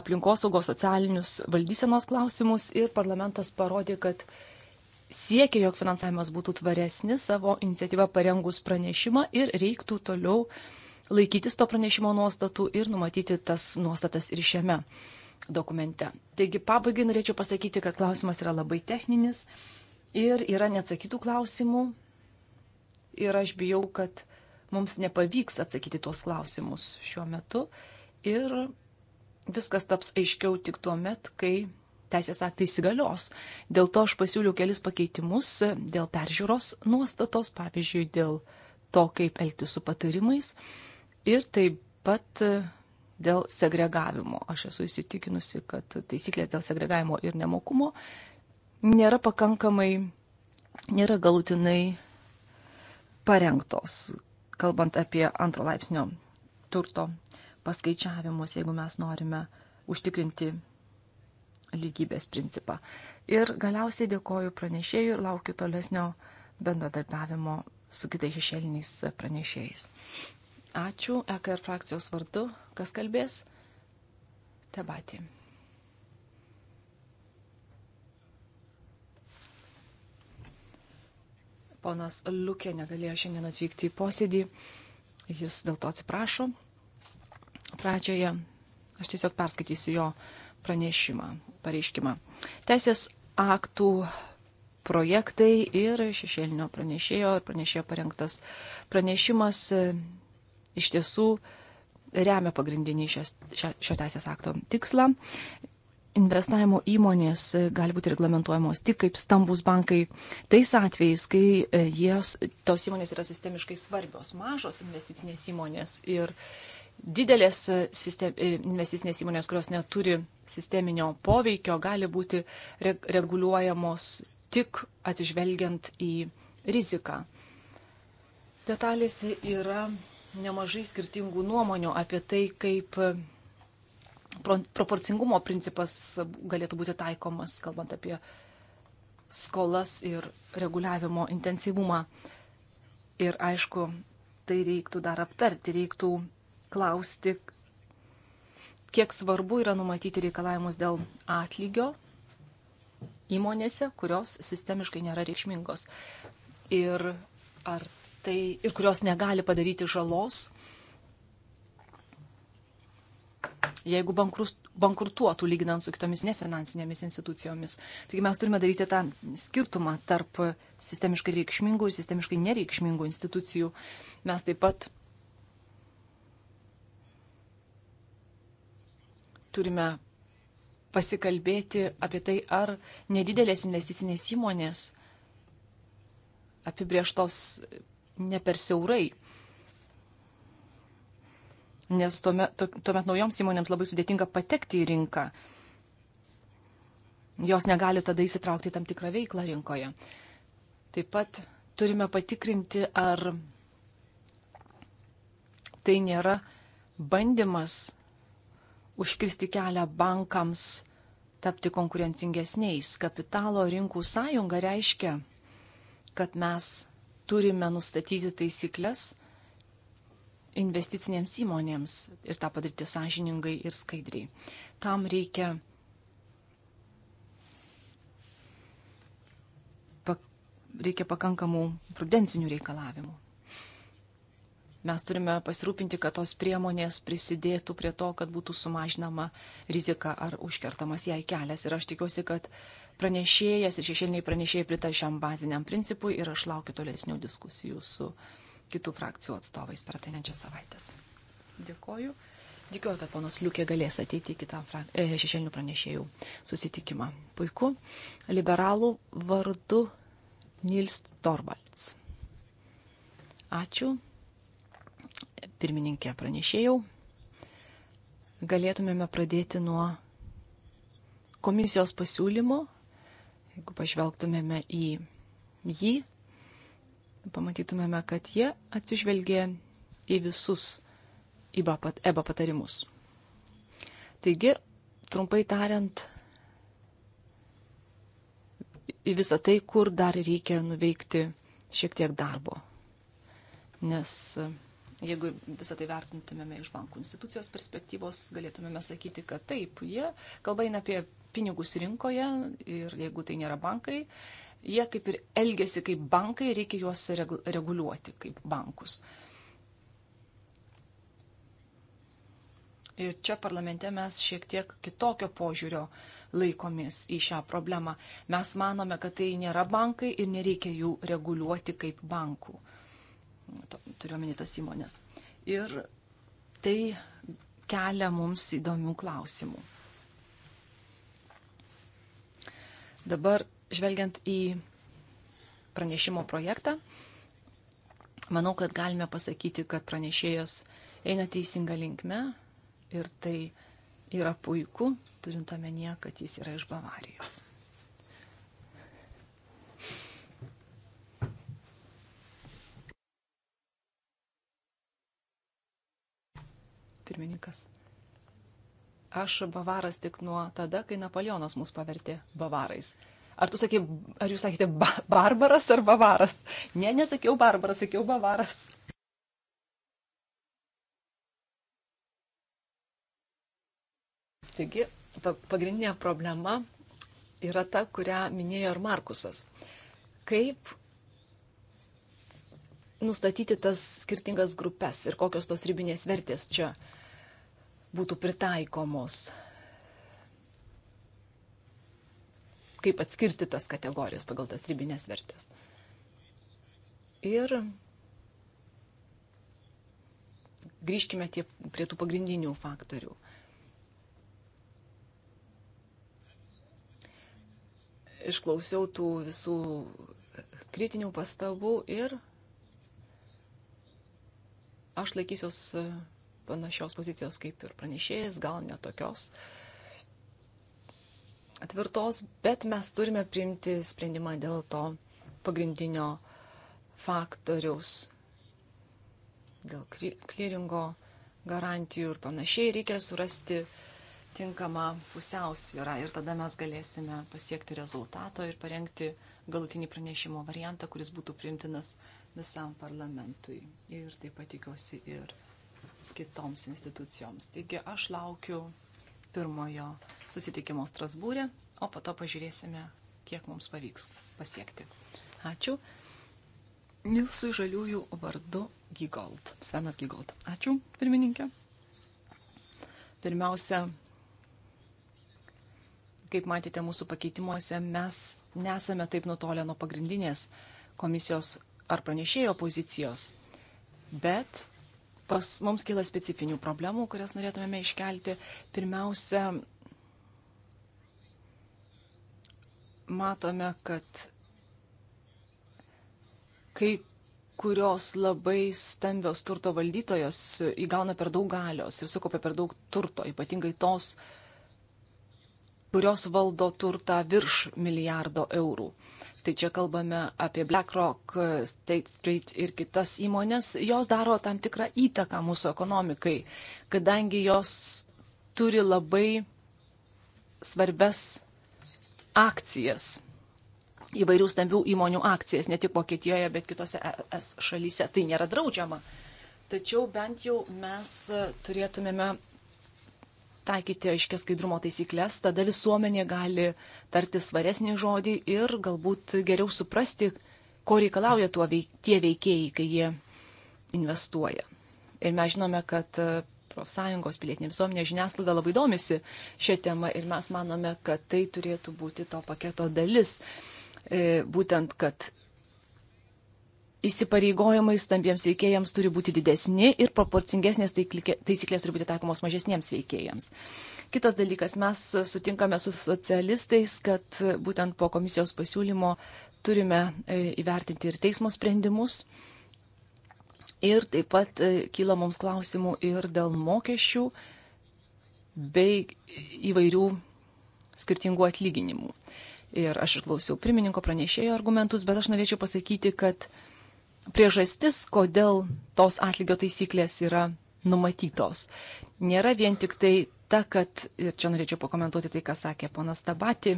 aplinkosaugos socialinius valdysenos klausimus ir parlamentas parodė, kad siekia, jog finansavimas būtų tvaresnis savo iniciatyvą parengus pranešimą ir reiktų toliau uh, laikytis to pranešimo nuostatų ir numatyti tas nuostatas ir šiame dokumente. Taigi pabaigai norėčiau pasakyti, kad klausimas yra labai techninis ir yra neatsakytų klausimų ir aš bijau, kad mums nepavyks atsakyti tuos klausimus šiuo metu ir viskas taps aiškiau tik tuo met, kai teisės aktai įsigalios. Dėl to aš pasiūliau kelis pakeitimus dėl peržiūros nuostatos, pavyzdžiui, dėl to, kaip elgtis su patarimais ir taip pat e, dėl segregavimo. Aš esu įsitikinusi, kad taisyklės dėl segregavimo ir nemokumo nėra pakankamai, nėra galutinai parengtos, kalbant apie antro laipsnio turto paskaičiavimus, jeigu mes norime užtikrinti lygybės principą. Ir galiausiai dėkoju pranešėjui ir laukiu tolesnio bendradarbiavimo su kitais šešėliniais pranešėjais. Ačiū. EKR frakcijos vardu. Kas kalbės? Tebatė. Ponas Liukė negalėjo šiandien atvykti į posėdį. Jis dėl to atsiprašo. Pradžioje aš tiesiog perskaitysiu jo pranešimą, pareiškimą. Teisės aktų projektai ir šešėlinio pranešėjo ir pranešėjo parengtas pranešimas iš tiesų remia pagrindinį šios, šio, šio teisės akto tikslą. Investavimo įmonės e, gali būti reglamentuojamos tik kaip stambus bankai tais atvejais, kai e, jies, tos įmonės yra sistemiškai svarbios, mažos investicinės įmonės ir didelės e, sistem, investicinės įmonės, kurios neturi sisteminio poveikio, gali būti reguliuojamos tik atsižvelgiant į riziką. Detalėse yra nemažai skirtingų nuomonių apie tai, kaip e, proporcingumo principas galėtų būti taikomas, kalbant apie skolas ir reguliavimo intensyvumą. Ir aišku, tai reiktų dar aptarti, reiktų klausti, kiek svarbu yra numatyti reikalavimus dėl atlygio įmonėse, kurios sistemiškai nėra reikšmingos. Ir ar tai, ir kurios negali padaryti žalos, jeigu bankrutuotų lyginant su kitomis nefinansinėmis institucijomis. Taigi mes turime daryti tą skirtumą tarp sistemiškai reikšmingų ir sistemiškai nereikšmingų institucijų. Mes taip pat turime pasikalbėti apie tai, ar nedidelės investicinės įmonės apibrieštos ne per siaurai. Nes tuomet, tu, tuomet naujoms įmonėms labai sudėtinga patekti į rinką. Jos negali tada įsitraukti į tam tikrą veiklą rinkoje. Taip pat turime patikrinti, ar tai nėra bandymas užkirsti kelią bankams tapti konkurencingesniais. Kapitalo rinkų sąjunga reiškia, kad mes turime nustatyti taisyklės investicinėms įmonėms ir tą padaryti sąžiningai ir skaidriai. Tam reikia reikia pakankamų prudencinių reikalavimų. Mes turime pasirūpinti, kad tos priemonės prisidėtų prie to, kad būtų sumažinama rizika ar užkertamas jai kelias. Ir aš tikiuosi, kad pranešėjas ir šešėliniai pranešėjai pritar šiam baziniam principui ir aš laukiu tolesnių diskusijų su kitų frakcijų atstovais per ateinančias savaitės. Dėkoju. Tikiuoju, kad ponas Liukė galės ateiti į kitą frak... e, šešėlinių pranešėjų susitikimą. Puiku. Liberalų vardu Nils Torvalds. Ačiū. Pirmininkė pranešėjau. Galėtumėme pradėti nuo komisijos pasiūlymo Jeigu pažvelgtumėme į jį, pamatytumėme, kad jie atsižvelgė į visus EBA patarimus. Taigi, trumpai tariant, į visą tai, kur dar reikia nuveikti šiek tiek darbo. Nes jeigu visą tai vertintumėme iš bankų institucijos perspektyvos, galėtumėme sakyti, kad taip, jie kalba eina apie pinigus rinkoje ir jeigu tai nėra bankai, jie kaip ir elgesi kaip bankai, reikia juos reguliuoti kaip bankus. Ir čia parlamente mes šiek tiek kitokio požiūrio laikomis į šią problemą. Mes manome, kad tai nėra bankai ir nereikia jų reguliuoti kaip bankų. Turiuomenį tas įmonės. Ir tai kelia mums įdomių klausimų. Dabar, žvelgiant į pranešimo projektą, manau, kad galime pasakyti, kad pranešėjas eina teisinga linkme ir tai yra puiku, turint omenyje, kad jis yra iš Bavarijos. Pirmininkas aš bavaras tik nuo tada, kai Napoleonas mus pavertė bavarais. Ar tu sakė, ar jūs sakėte ba barbaras ar bavaras? Ne, nesakiau barbaras, sakiau bavaras. Taigi, pagrindinė problema yra ta, kurią minėjo ir Markusas. Kaip nustatyti tas skirtingas grupės ir kokios tos ribinės vertės čia yra būtų pritaikomos. Kaip atskirti tas kategorijas pagal tas ribinės vertės. Ir grįžkime tie, prie tų pagrindinių faktorių. Išklausiau tų visų kritinių pastabų ir aš laikysiuos panašios pozicijos kaip ir pranešėjas, gal netokios tvirtos, bet mes turime priimti sprendimą dėl to pagrindinio faktoriaus, dėl klyringo garantijų ir panašiai. Reikia surasti tinkamą pusiausvyrą ir tada mes galėsime pasiekti rezultato ir parengti galutinį pranešimo variantą, kuris būtų priimtinas visam parlamentui. Ir taip pat tikiuosi ir kitoms institucijoms. Taigi aš laukiu pirmojo susitikimo Strasbūrė, o po to pažiūrėsime, kiek mums pavyks pasiekti. Ačiū. Jūsų žaliųjų vardu Gigold. Senas Gigold. Ačiū, pirmininkė. Pirmiausia, kaip matėte mūsų pakeitimuose, mes nesame taip nutolę nuo pagrindinės komisijos ar pranešėjo pozicijos, bet pas mums kyla specifinių problemų, kurias norėtumėme iškelti. Pirmiausia, matome, kad kai kurios labai stambios turto valdytojos įgauna per daug galios ir sukaupia per daug turto, ypatingai tos, kurios valdo turtą virš milijardo eurų tai čia kalbame apie BlackRock, State Street ir kitas įmonės, jos daro tam tikrą įtaką mūsų ekonomikai, kadangi jos turi labai svarbes akcijas įvairių stambių įmonių akcijas, ne tik Vokietijoje, bet kitose ES šalyse. Tai nėra draudžiama. Tačiau bent jau mes turėtumėme taikyti aiškės skaidrumo taisyklės, tada visuomenė gali tarti svaresnį žodį ir galbūt geriau suprasti, ko reikalauja veik, tie veikėjai, kai jie investuoja. Ir mes žinome, kad e, profsąjungos pilietinė visuomenė žiniasklaida labai domisi šią temą ir mes manome, kad tai turėtų būti to paketo dalis. E, būtent, kad įsipareigojimai stambiems veikėjams turi būti didesni ir proporcingesnės taisyklės turi būti taikomos mažesniems veikėjams. Kitas dalykas, mes sutinkame su socialistais, kad būtent po komisijos pasiūlymo turime e, įvertinti ir teismo sprendimus. Ir taip pat e, kyla mums klausimų ir dėl mokesčių bei įvairių skirtingų atlyginimų. Ir aš išklausiau pirmininko pranešėjo argumentus, bet aš norėčiau pasakyti, kad uh, priežastis, kodėl tos atlygio taisyklės yra numatytos. Nėra vien tik tai ta, kad, ir čia norėčiau pakomentuoti tai, ką sakė ponas Tabati,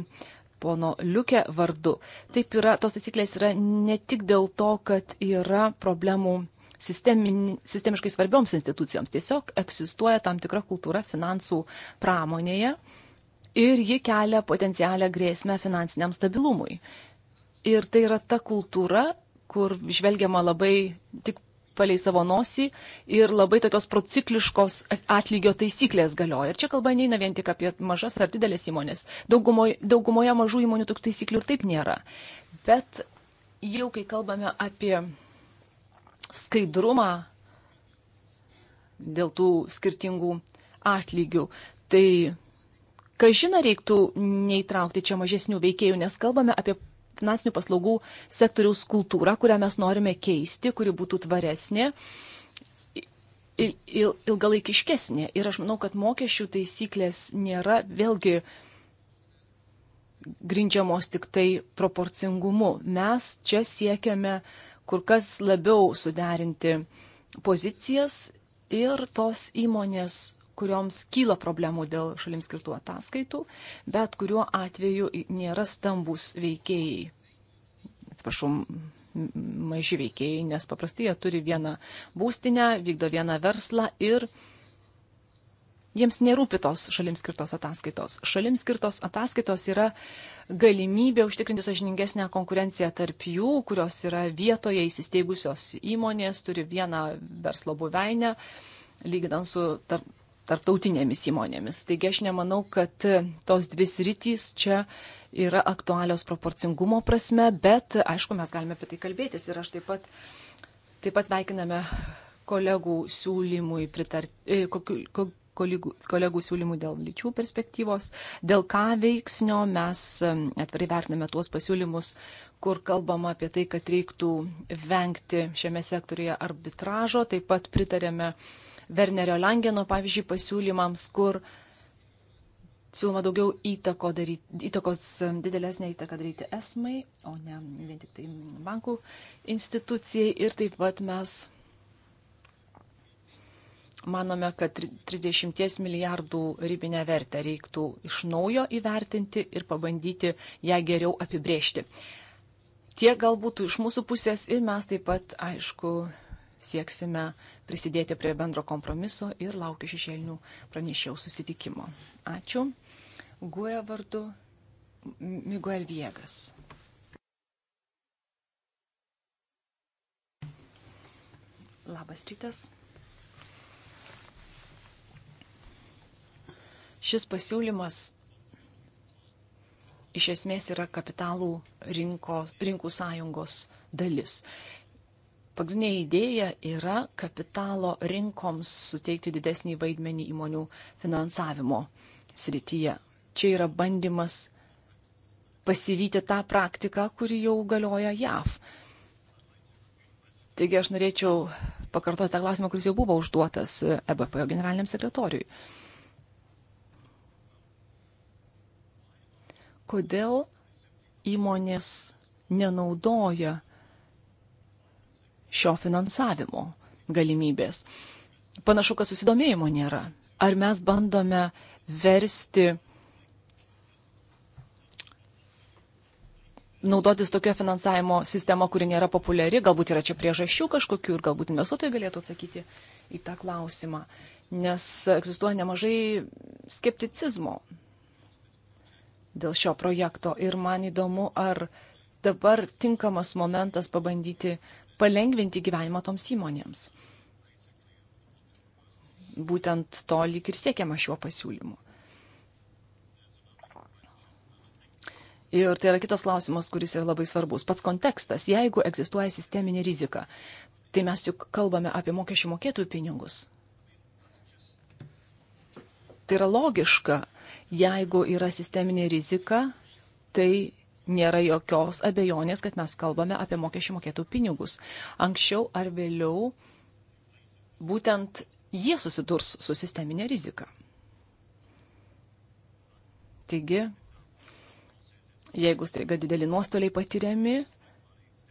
pono Liukė vardu. Taip yra, tos taisyklės yra ne tik dėl to, kad yra problemų sistemin, sistemiškai svarbioms institucijoms, tiesiog egzistuoja tam tikra kultūra finansų pramonėje ir ji kelia potencialią grėsmę finansiniam stabilumui. Ir tai yra ta kultūra, kur žvelgiama labai tik palei savo nosį ir labai tokios procikliškos atlygio taisyklės galioja. Ir čia kalba neina vien tik apie mažas ar didelės įmonės. Daugumoje, daugumoje mažų įmonių tokių taisyklių ir taip nėra. Bet jau kai kalbame apie skaidrumą dėl tų skirtingų atlygių, tai kažina reiktų neįtraukti čia mažesnių veikėjų, nes kalbame apie finansinių paslaugų sektoriaus kultūrą, kurią mes norime keisti, kuri būtų tvaresnė ir ilgalaikiškesnė. Ir aš manau, kad mokesčių taisyklės nėra vėlgi grindžiamos tik tai proporcingumu. Mes čia siekiame kur kas labiau suderinti pozicijas ir tos įmonės kurioms kyla problemų dėl šalims skirtų ataskaitų, bet kuriuo atveju nėra stambus veikėjai. Atsiprašau, maži veikėjai, nes paprastai jie turi vieną būstinę, vykdo vieną verslą ir jiems nerūpi tos šalims skirtos ataskaitos. Šalims skirtos ataskaitos yra galimybė užtikrinti sažiningesnę konkurenciją tarp jų, kurios yra vietoje įsisteigusios įmonės, turi vieną verslo buveinę, lyginant su tarp tarptautinėmis įmonėmis. Taigi aš nemanau, kad e, tos dvi sritys čia yra aktualios proporcingumo prasme, bet aišku, mes galime apie tai kalbėtis ir aš taip pat, taip pat veikiname kolegų siūlymui pritarti, e, kolegų, kolegų siūlymų dėl lyčių perspektyvos, dėl ką veiksnio mes e, atvirai vertiname tuos pasiūlymus, kur kalbama apie tai, kad reiktų vengti šiame sektorija arbitražo, taip pat pritarėme uh, Wernerio Langeno, pavyzdžiui, pasiūlymams, kur siūloma daugiau įtako daryti, įtakos didelesnė įtaka daryti esmai, o ne vien tik tai bankų institucijai. Ir taip pat mes manome, kad 30 milijardų ribinę vertę reiktų iš naujo įvertinti ir pabandyti ją geriau apibrėžti. Tiek gal būtų iš mūsų pusės ir mes taip pat, aišku, sieksime prisidėti prie bendro kompromiso ir laukiu šešėlinių pranešėjų susitikimo. Ačiū. Guoja vardu Miguel Viegas. Labas rytas. Šis pasiūlymas iš esmės yra kapitalų rinko, rinkų sąjungos dalis. Pagrindinė idėja yra kapitalo rinkoms suteikti didesnį vaidmenį įmonių finansavimo srityje. Čia yra bandymas pasivyti tą praktiką, kuri jau galioja JAV. Taigi aš norėčiau pakartoti tą klausimą, kuris jau buvo užduotas EBPO generaliniam sekretoriui. Kodėl įmonės nenaudoja šio finansavimo galimybės. Panašu, kad susidomėjimo nėra. Ar mes bandome versti, naudotis tokio finansavimo sistema, kuri nėra populiari, galbūt yra čia priežasčių kažkokių ir galbūt investuotojai galėtų atsakyti į tą klausimą, nes egzistuoja nemažai skepticizmo dėl šio projekto ir man įdomu, ar dabar tinkamas momentas pabandyti palengvinti gyvenimą toms įmonėms. Būtent to lyg ir siekiama šiuo pasiūlymu. Ir tai yra kitas klausimas, kuris yra labai svarbus. Pats kontekstas, jeigu egzistuoja sisteminė rizika, tai mes juk kalbame apie mokesčių mokėtojų pinigus. Tai yra logiška, jeigu yra sisteminė rizika, tai nėra jokios abejonės, kad mes kalbame apie mokesčių mokėtų pinigus. Anksčiau ar vėliau būtent jie susidurs su sisteminė rizika. Taigi, jeigu staiga dideli nuostoliai patiriami,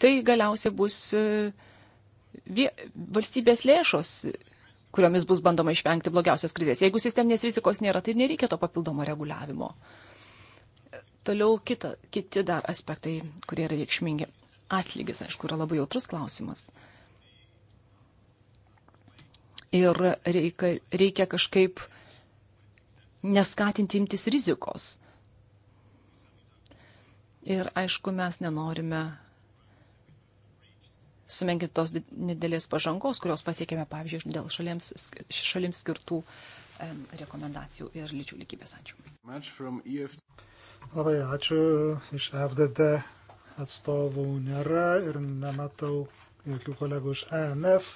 tai galiausiai bus e, vie, valstybės lėšos, kuriomis bus bandoma išvengti blogiausios krizės. Jeigu sisteminės rizikos nėra, tai nereikia to papildomo reguliavimo. Toliau kita, kiti dar aspektai, kurie yra reikšmingi. Atlygis, aišku, yra labai jautrus klausimas. Ir reikia, reikia kažkaip neskatinti imtis rizikos. Ir aišku, mes nenorime sumenkinti tos didelės pažangos, kurios pasiekėme, pavyzdžiui, dėl šalims, šalims skirtų rekomendacijų ir lyčių lygybės. Ačiū. Labai ačiū. Iš FDD atstovų nėra ir nematau jokių kolegų iš ENF.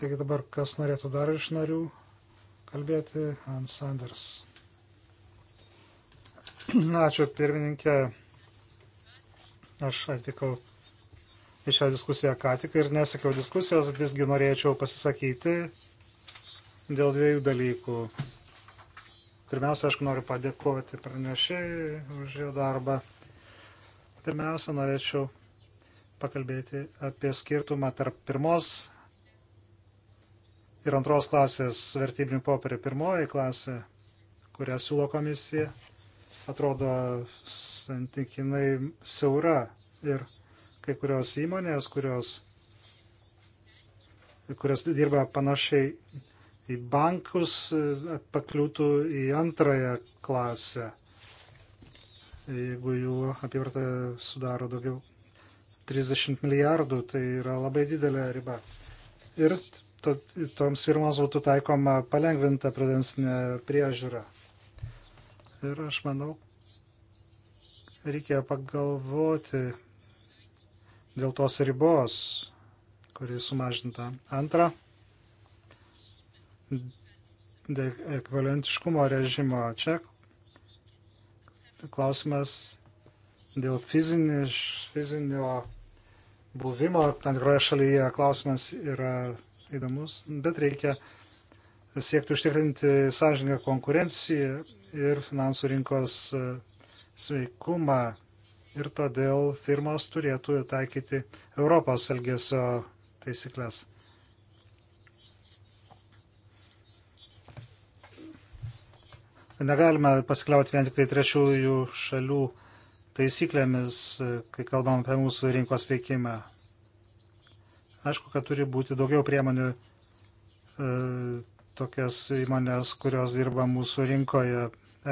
Taigi dabar kas norėtų dar iš narių kalbėti? Hans Sanders. Ačiū pirmininkė. Aš atvykau į šią diskusiją ką tik ir nesakiau diskusijos, visgi norėčiau pasisakyti dėl dviejų dalykų. Pirmiausia, aš noriu padėkoti pranešėjai už jo darbą. Pirmiausia, norėčiau pakalbėti apie skirtumą tarp pirmos ir antros klasės vertybinių popierių. Pirmoji klasė, kurią siūlo komisija, atrodo santykinai siaura ir kai kurios įmonės, kurios, kurios dirba panašiai į bankus eh, pakliūtų į antrąją klasę, jeigu jų apyvarta sudaro daugiau 30 milijardų, tai yra labai didelė riba. Ir to, toms firmoms būtų taikoma palengvinta prudensinė priežiūra. Ir aš manau, reikia pagalvoti dėl tos ribos, kuri sumažinta. Antra, ekvivalentiškumo režimo. Čia klausimas dėl fiziniš, fizinio buvimo tam tikroje šalyje klausimas yra įdomus, bet reikia siekti užtikrinti sąžininką konkurenciją ir finansų rinkos e, sveikumą ir todėl firmos turėtų taikyti Europos elgesio taisyklės. Negalime pasikliauti vien tik tai trečiųjų šalių taisyklėmis, e, kai kalbam apie mūsų rinkos veikimą. Aišku, kad turi būti daugiau priemonių e, tokias įmonės, kurios dirba mūsų rinkoje.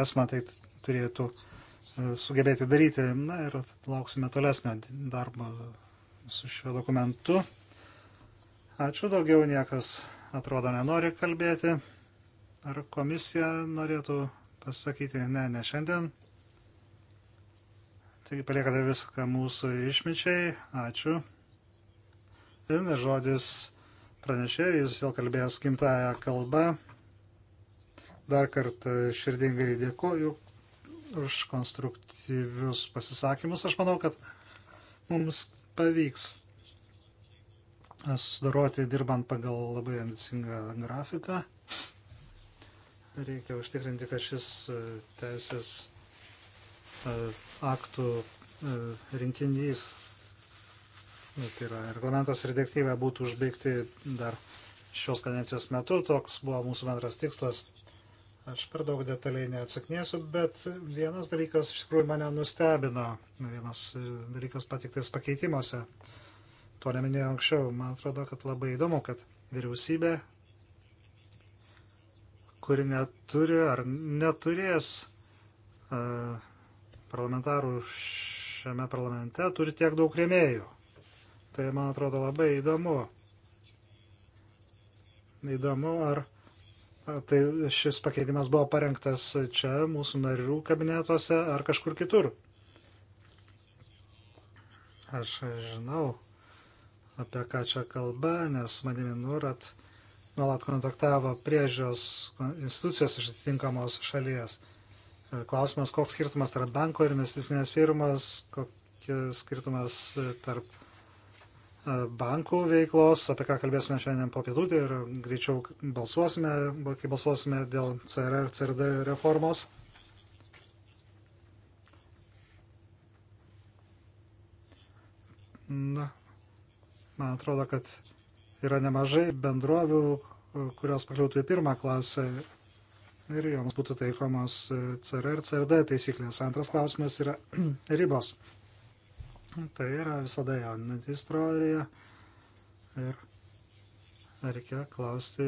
Esma tai turėtų e, sugebėti daryti. Na ir lauksime tolesnio darbo su šiuo dokumentu. Ačiū, daugiau niekas atrodo nenori kalbėti. Ar komisija norėtų pasakyti, ne, ne šiandien. Taigi paliekate viską mūsų išmičiai. Ačiū. Ir žodis pranešėjai, jūs vėl kalbėjęs gimtają kalbą. Dar kartą širdingai dėkoju už konstruktyvius pasisakymus. Aš manau, kad mums pavyks susidoroti dirbant pagal labai ambicingą grafiką. Reikia užtikrinti, kad šis eh, teisės eh, aktų eh, rinkinys, nu, tai yra reglamentas ir direktyva, būtų užbaigti dar šios kadencijos metu. Toks buvo mūsų bendras tikslas. Aš per daug detaliai neatsakinėsiu, bet vienas dalykas iš tikrųjų mane nustebino, vienas dalykas patiktas pakeitimuose. To neminėjau anksčiau, man atrodo, kad labai įdomu, kad vyriausybė kuri neturi ar neturės e, parlamentarų šiame parlamente, turi tiek daug rėmėjų. Tai, man atrodo, labai įdomu. Įdomu, ar tai šis pakeitimas buvo parengtas čia mūsų narių kabinetuose ar kažkur kitur. Aš žinau, apie ką čia kalba, nes manimi nurat nuolat kontaktavo priežios institucijos iš atitinkamos šalies. E, Klausimas, koks skirtumas tarp banko ir investicinės firmas, koks skirtumas tarp e, bankų veiklos, apie ką kalbėsime šiandien po pietų tai ir greičiau balsuosime, kai balsuosime dėl CRR ir CRD reformos. Na, man atrodo, kad yra nemažai bendrovių, kurios pakliūtų į pirmą klasę ir joms būtų taikomos CR ir CRD taisyklės. Antras klausimas yra ribos. Tai yra visada jauninanti istorija ir reikia klausti,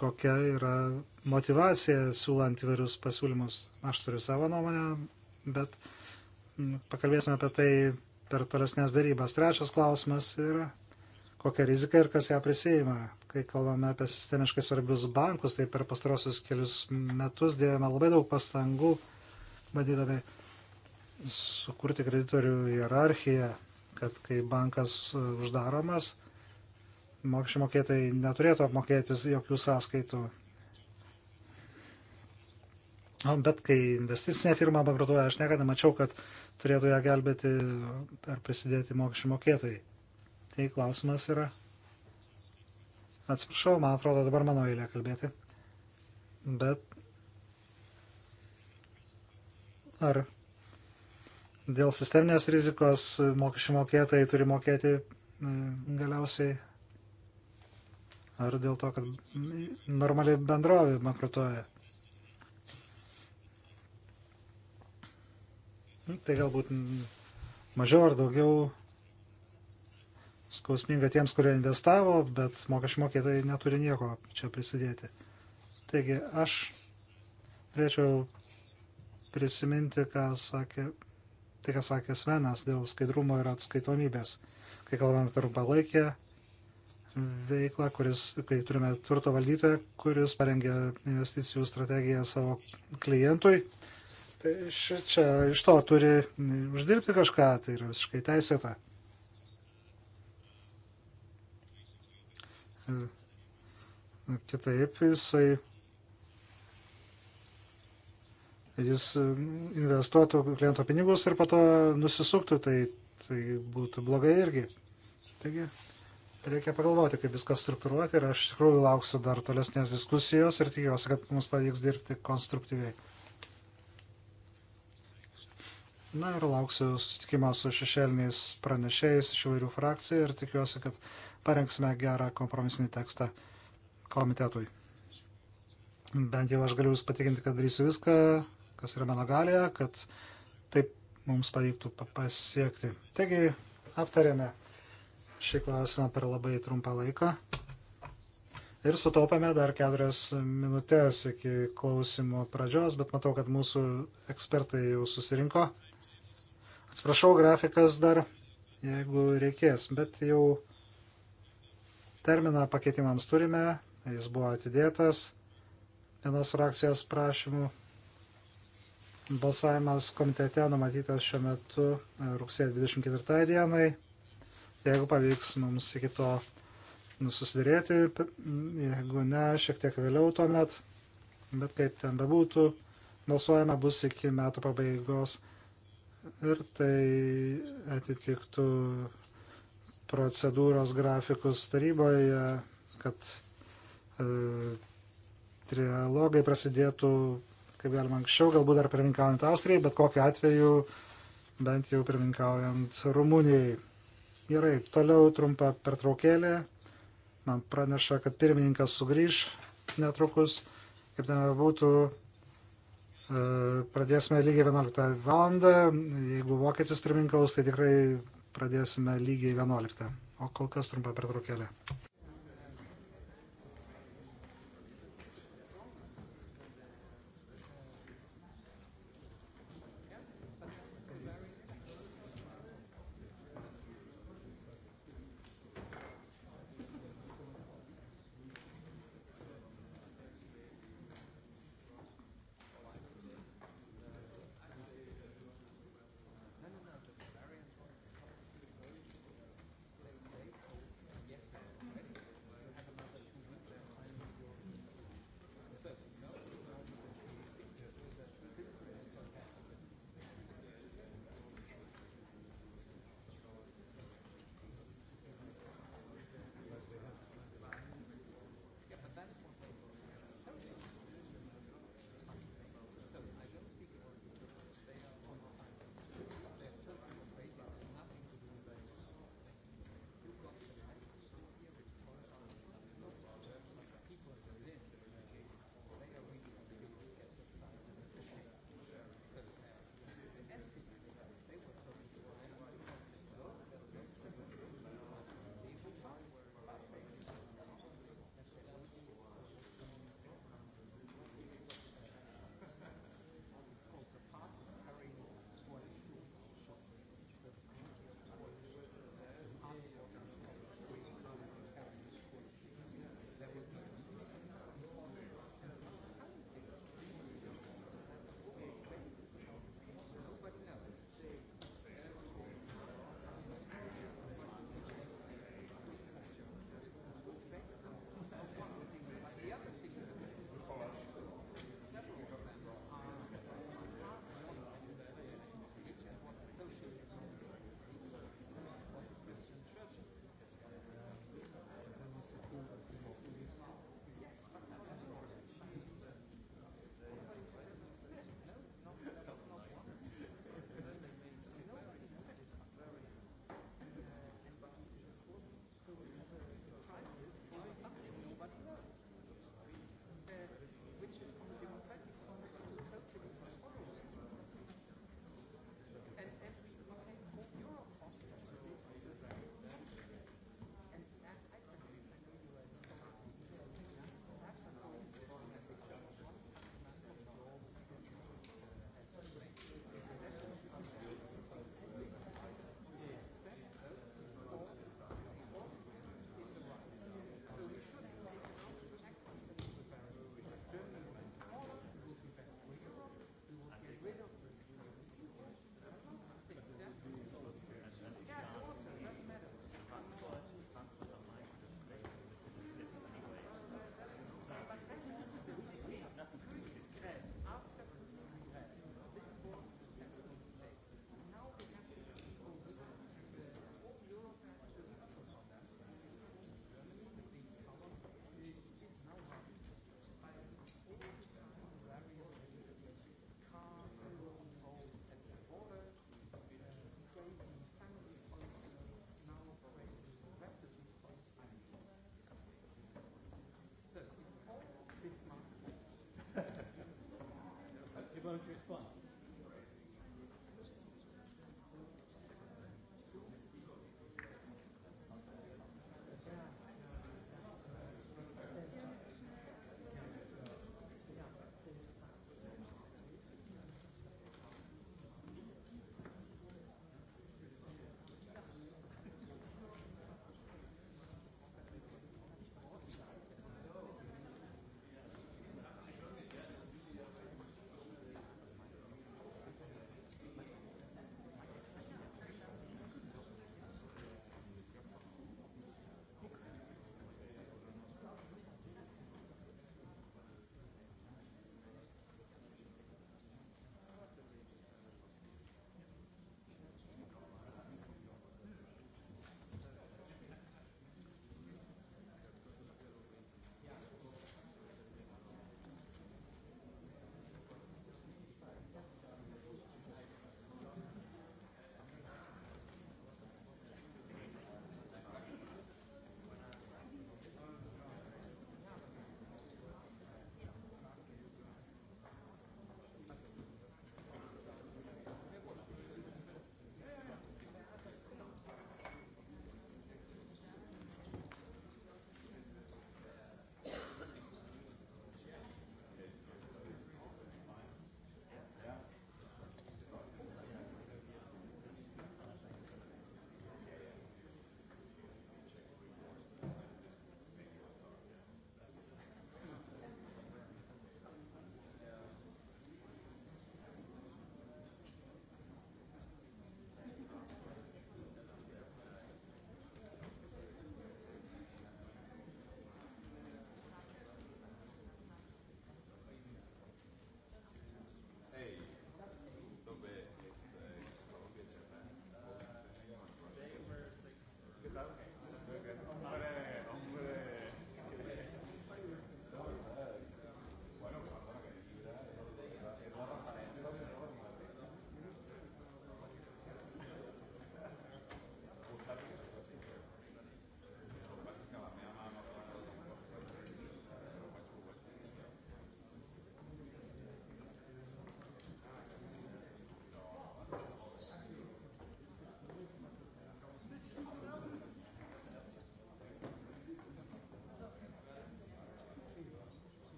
kokia yra motivacija siūlant įvairius pasiūlymus. Aš turiu savo nuomonę, bet mm, pakalbėsime apie tai per tolesnės darybas. Trečias klausimas yra kokia rizika ir kas ją prisėima. Kai kalbame apie sistemiškai svarbius bankus, tai per pastarosius kelius metus dėjome labai daug pastangų, bandydami sukurti kreditorių hierarchiją, kad kai bankas uždaromas, mokesčių mokėtojai neturėtų apmokėti jokių sąskaitų. Bet kai investicinė firma bankrutuoja, aš niekada mačiau, kad turėtų ją gelbėti ar prisidėti mokesčių mokėtojai. Tai klausimas yra. Atsiprašau, man atrodo dabar mano eilė kalbėti. Bet ar dėl sisteminės rizikos mokesčių mokėtojai turi mokėti e, galiausiai, ar dėl to, kad normaliai bendrovė bankrutuoja. Tai galbūt mažiau ar daugiau skausminga tiems, kurie investavo, bet mokesčių mokėtojai neturi nieko čia prisidėti. Taigi aš turėčiau prisiminti, ką sakė, tai, ką sakė Svenas dėl skaidrumo ir atskaitomybės. Kai kalbame tarpą laikę veiklą, kuris, kai turime turto valdytoją, kuris parengė investicijų strategiją savo klientui, tai ši, čia iš to turi uždirbti kažką, tai yra visiškai teisėta. Kitaip jisai jis investuotų kliento pinigus ir po to nusisuktų, tai, tai būtų blogai irgi. Taigi reikia pagalvoti, kaip viskas struktūruoti ir aš iš tikrųjų lauksiu dar tolesnės diskusijos ir tikiuosi, kad mums pavyks dirbti konstruktyviai. Na ir lauksiu susitikimo su šešėliniais pranešėjais iš įvairių frakcijų ir tikiuosi, kad parengsime gerą kompromisinį tekstą komitetui. Bent jau aš galiu Jūs patikinti, kad darysiu viską, kas yra mano galėje, kad taip mums pavyktų pasiekti. Taigi, aptarėme šį klausimą per labai trumpą laiką. Ir sutaupėme dar keturias minutės iki klausimo pradžios, bet matau, kad mūsų ekspertai jau susirinko. Atsiprašau, grafikas dar, jeigu reikės, bet jau Terminą pakeitimams turime, jis buvo atidėtas vienos frakcijos prašymų. Balsavimas komitete numatytas šiuo metu e, rugsėjo 24 dienai. Jeigu pavyks mums iki to susidėrėti, jeigu ne, šiek tiek vėliau tuomet, bet kaip ten bebūtų, balsuojama bus iki metų pabaigos ir tai atitiktų procedūros grafikus taryboje, kad e, trilogai prasidėtų kaip galima anksčiau, galbūt dar pirmininkaujant Austrijai, bet kokiu atveju bent jau pirmininkaujant Rumunijai. Gerai, toliau trumpa pertraukėlė. Man praneša, kad pirmininkas sugrįž netrukus. Kaip ten būtų, e, pradėsime lygiai 11 val. Jeigu vokietis pirmininkaus, tai tikrai pradėsime lygiai 11. O kol kas trumpa pertraukėlė.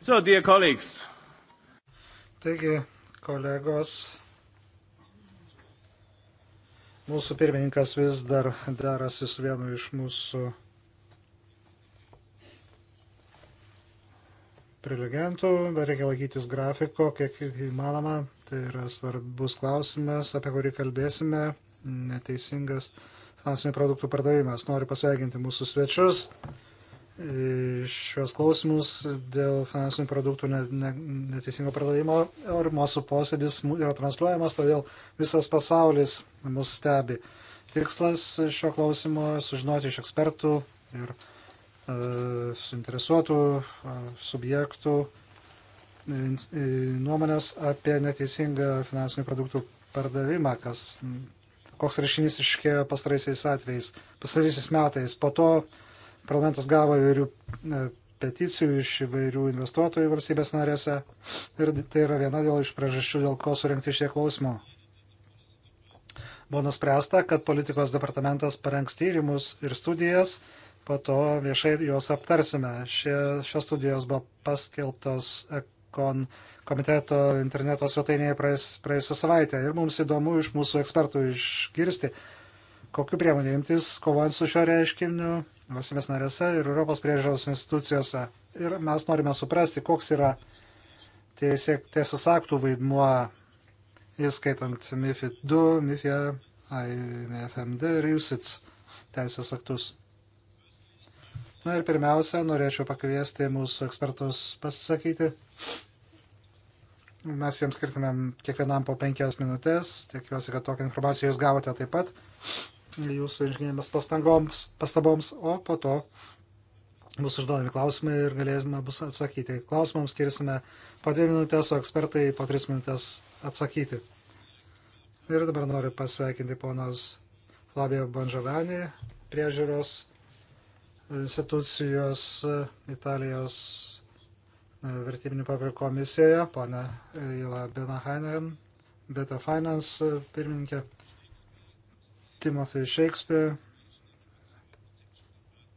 So, dear colleagues. Taigi, kolegos, mūsų pirmininkas vis dar derasi su vienu iš mūsų prelegentų, bet reikia laikytis grafiko, kiek įmanoma. Tai yra svarbus klausimas, apie kurį kalbėsime. Neteisingas finansinių produktų pardavimas. Noriu pasveikinti mūsų svečius šios klausimus dėl finansinių produktų neteisingo pardavimo ir mūsų posėdis yra transliuojamas, todėl visas pasaulis mus stebi. Tikslas šio klausimo - sužinoti iš ekspertų ir e, suinteresuotų e, subjektų e, e, nuomonės apie neteisingą finansinių produktų pardavimą, kas, koks rašinys iškėjo pastaraisiais atvejais, pastaraisiais metais. Po to Parlamentas gavo įvairių e, peticijų iš įvairių investuotojų valstybės narėse ir tai yra viena dėl iš priežasčių, dėl ko surinkti šie klausimų. Buvo nuspręsta, kad politikos departamentas parengs tyrimus ir studijas, po to viešai juos aptarsime. Šie, šios studijos buvo paskelbtos kon komiteto interneto svetainėje praėjus, praėjusią savaitę ir mums įdomu iš mūsų ekspertų išgirsti, kokiu priemonė imtis kovant su šio reiškiniu valstybės narėse ir Europos priežiūros institucijose. Ir mes norime suprasti, koks yra teisės aktų vaidmuo, įskaitant MIFID 2, MIFIA, IFMD ir USITS teisės aktus. Na ir pirmiausia, norėčiau pakviesti mūsų ekspertus pasisakyti mes jiems skirtumėm kiekvienam po penkias minutės. Tikiuosi, kad tokią informaciją jūs gavote taip pat jūsų inžinierėmis pastaboms, o po to bus užduodami klausimai ir galėsime bus atsakyti. Klausimams skirsime po dvi minutės, o ekspertai po tris minutės atsakyti. Ir dabar noriu pasveikinti ponos Flavio Banžavanį, priežiūros institucijos e, Italijos e, vertybinių papirų komisijoje, ponę Ila Benahainen, Beta Finance e, pirmininkė. Timothy Shakespeare,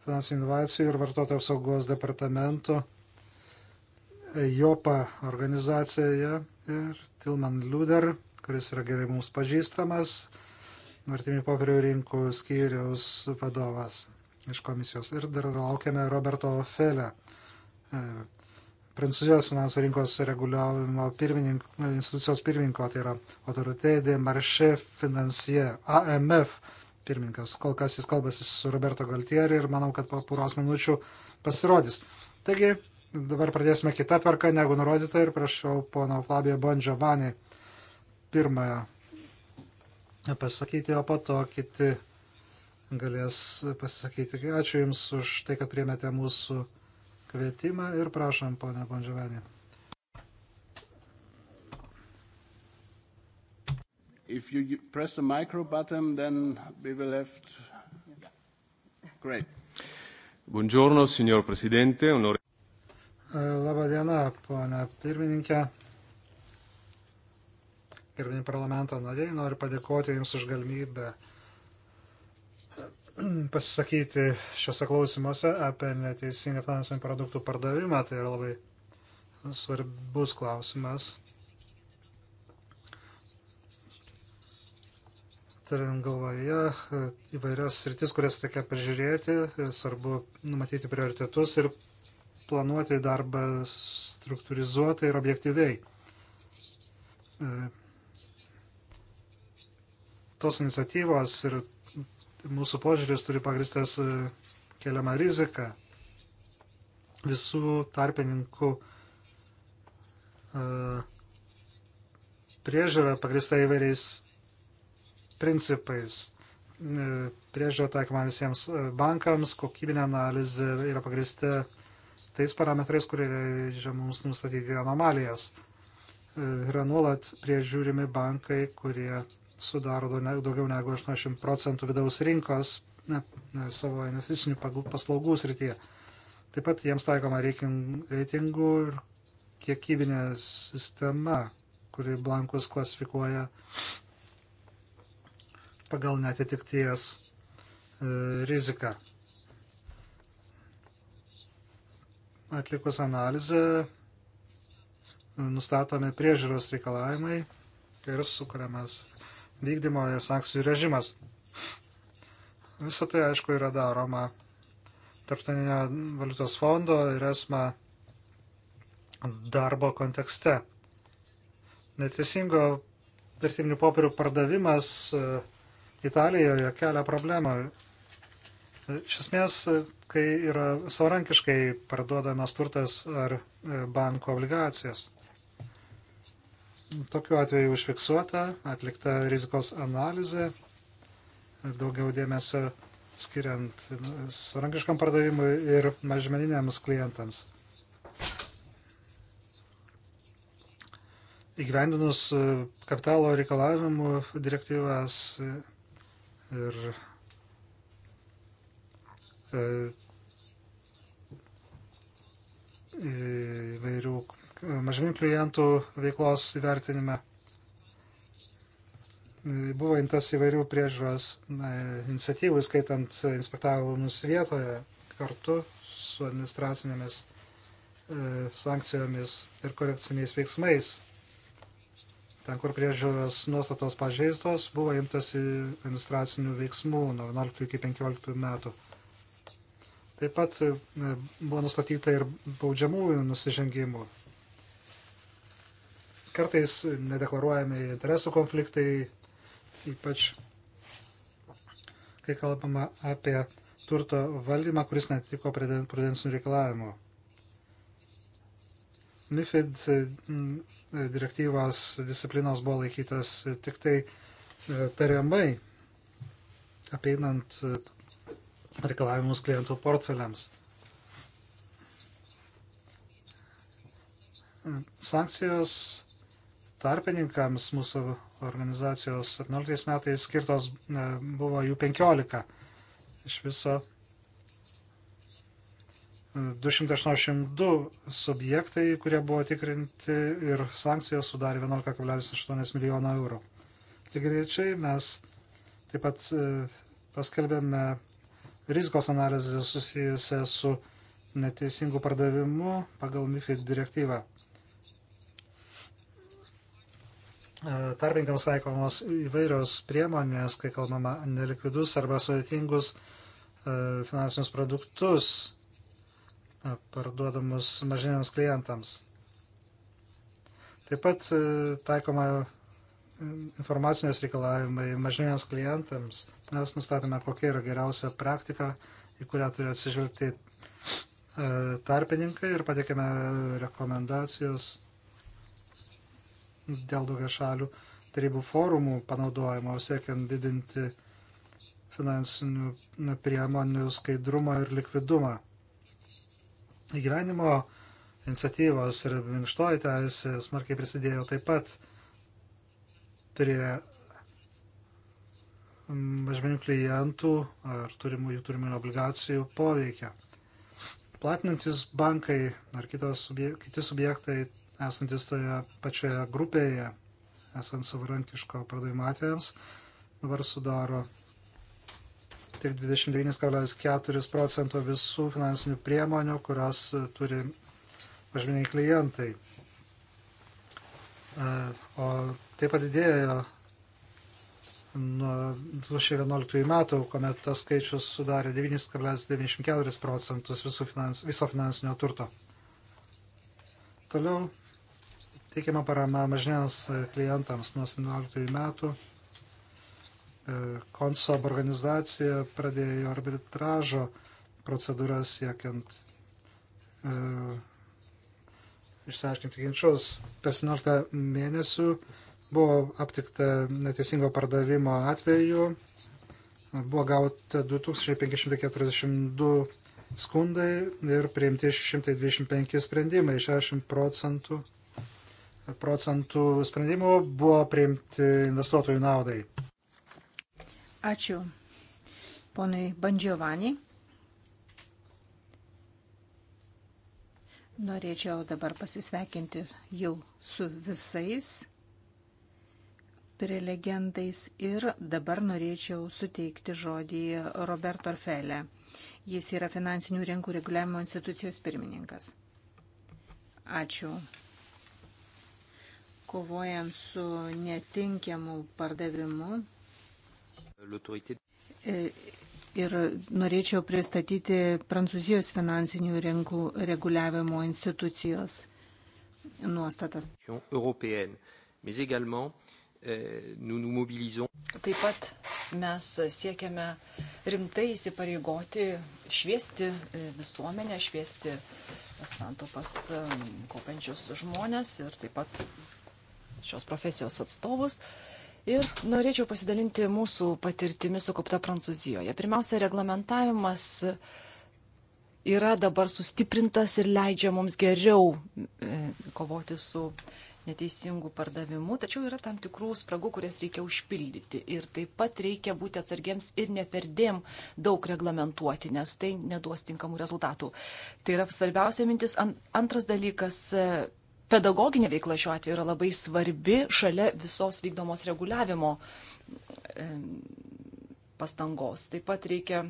finansinių inovacijų ir vartotojų apsaugos departamento JOPA organizacijoje ir Tilman Luder, kuris yra gerai mums pažįstamas, vertimių popierių rinkų skyriaus vadovas iš komisijos. Ir dar laukiame Roberto Felę, Prancūzijos finansų rinkos reguliavimo pirmininko, institucijos pirmininko, tai yra Autorité de Marché Financier, AMF pirmininkas. Kol kas jis kalbasi su Roberto Galtieri ir manau, kad po poros minučių pasirodys. Taigi, dabar pradėsime kitą tvarką, negu nurodyta ir prašau pono Flabijo Bonžovanį pirmąją pasakyti, o po to kiti galės pasisakyti. Ačiū Jums už tai, kad priemėte mūsų kvietimą ir prašom, ponia Bonžiovenė. If you press the micro button, then we will have to... Yeah. Great. Buongiorno, signor Presidente. Onore... E, Labą dieną, ponia pirmininkė. Gerbini parlamento nariai, noriu padėkoti Jums už galimybę uh, pasisakyti šiuose klausimuose apie neteisingą finansinių produktų pardavimą. Tai yra labai svarbus klausimas. Turint galvoje e, įvairias sritis, kurias reikia prižiūrėti, e, svarbu numatyti prioritetus ir planuoti darbą struktūrizuotai ir objektyviai e, tos iniciatyvos ir mūsų požiūris turi pagristas e, keliamą riziką visų tarpininkų e, priežiūra pagrista įvairiais principais. E, priežiūra taikoma visiems bankams, kokybinė analizė yra pagrista tais parametrais, kurie leidžia mums nustatyti anomalijas. Yra nuolat priežiūrimi bankai, kurie sudaro daugiau negu 80 procentų vidaus rinkos ne, ne, savo investicinių paslaugų srityje. Taip pat jiems taikoma reitingų ir kiekybinė sistema, kuri blankus klasifikuoja pagal netitikties e, riziką. Atlikus analizę, e, nustatomi priežiūros reikalavimai ir sukuriamas vykdymo ir sankcijų režimas. Visą tai, aišku, yra daroma Tarptautinio valiutos fondo ir esma darbo kontekste. Neteisingo vertiminių popierių pardavimas e, Italijoje kelia problemą. E, iš esmės, e, kai yra savarankiškai parduodamas turtas ar banko obligacijas. Tokiu atveju užfiksuota, atlikta rizikos analizė, daugiau dėmesio skiriant nu, savarankiškam pardavimui ir mažmeniniams klientams. Įgyvendinus e, kapitalo reikalavimų direktyvas ir e, įvairių e, mažinių klientų veiklos įvertinime buvo imtas įvairių priežiūros e, iniciatyvų, skaitant inspektavimus vietoje kartu su administracinėmis e, sankcijomis ir korekciniais veiksmais. Ten, kur priežiūros nuostatos pažeistos, buvo imtasi administracinių veiksmų nuo 11 iki 15 metų. Taip pat e, buvo nustatyta ir baudžiamųjų nusižengimų Kartais nedeklaruojami interesų konfliktai, ypač kai kalbama apie turto valdymą, kuris netiko prudencinių reikalavimų. MIFID mm, direktyvos disciplinos buvo laikytas tik tai e, tariamai apeinant e, reikalavimus klientų portfeliams. Mm, sankcijos tarpininkams mūsų organizacijos 17 metais skirtos e, buvo jų 15. Iš viso 282 e, subjektai, kurie buvo tikrinti ir sankcijos sudarė 11,8 milijono eurų. Lygiai mes taip pat e, paskelbėme rizikos analizę susijusią su neteisingu pardavimu pagal MIFID direktyvą. E, tarpininkams taikomos įvairios priemonės, kai kalbama nelikvidus arba sudėtingus e, finansinius produktus e, parduodamus mažiniams klientams. Taip pat taikoma informacinės reikalavimai mažiniams klientams. Mes nustatome, kokia yra geriausia praktika, į kurią turi atsižvelgti tarpininkai ir patikėme rekomendacijos dėl daugia šalių tarybų forumų panaudojimo, siekiant didinti finansinių priemonių skaidrumą ir likvidumą. Įgyvenimo iniciatyvos ir minkštoji teisė smarkiai prisidėjo taip pat prie mm, mažmenių klientų ar turimų, jų turimų obligacijų poveikia. Platinantis bankai ar kitos, kiti subjektai esantis toje pačioje grupėje, esant savarankiško pardavimo atvejams, dabar sudaro tik 29,4 procento visų finansinių priemonių, kurios turi mažminiai klientai. E, o taip pat didėjo nuo 2011 metų, kuomet tas skaičius sudarė 9,94 procentus finans, viso finansinio turto. Toliau Teikiama parama mažiniams e, klientams nuo 17 metų. E, Konsob organizacija pradėjo arbitražo procedūrą siekiant uh, išsiaiškinti ginčius. Per 17 mėnesių buvo aptikta neteisingo pardavimo atveju, buvo gauta 2542 skundai ir priimti 625 sprendimai, 60 procentų procentų sprendimų buvo priimti investuotojų naudai. Ačiū ponui Bandžiovanį. Norėčiau dabar pasisveikinti jau su visais prelegentais ir dabar norėčiau suteikti žodį Roberto Orfelė. Jis yra finansinių rinkų reguliavimo institucijos pirmininkas. Ačiū kovojant su netinkiamu pardavimu. E, ir norėčiau pristatyti Prancūzijos finansinių rinkų reguliavimo institucijos nuostatas. Euh, taip pat mes siekiame rimtai įsipareigoti šviesti e, visuomenę, šviesti santopas e, kopiančius žmonės ir taip pat šios profesijos atstovus. Ir norėčiau pasidalinti mūsų patirtimi sukaupta Prancūzijoje. Pirmiausia, reglamentavimas yra dabar sustiprintas ir leidžia mums geriau e, kovoti su neteisingų pardavimų, tačiau yra tam tikrų spragų, kurias reikia užpildyti. Ir taip pat reikia būti atsargiems ir neperdėm daug reglamentuoti, nes tai neduos tinkamų rezultatų. Tai yra svarbiausia mintis. Antras dalykas e, pedagoginė veikla šiuo atveju yra labai svarbi šalia visos vykdomos reguliavimo pastangos. Taip pat reikia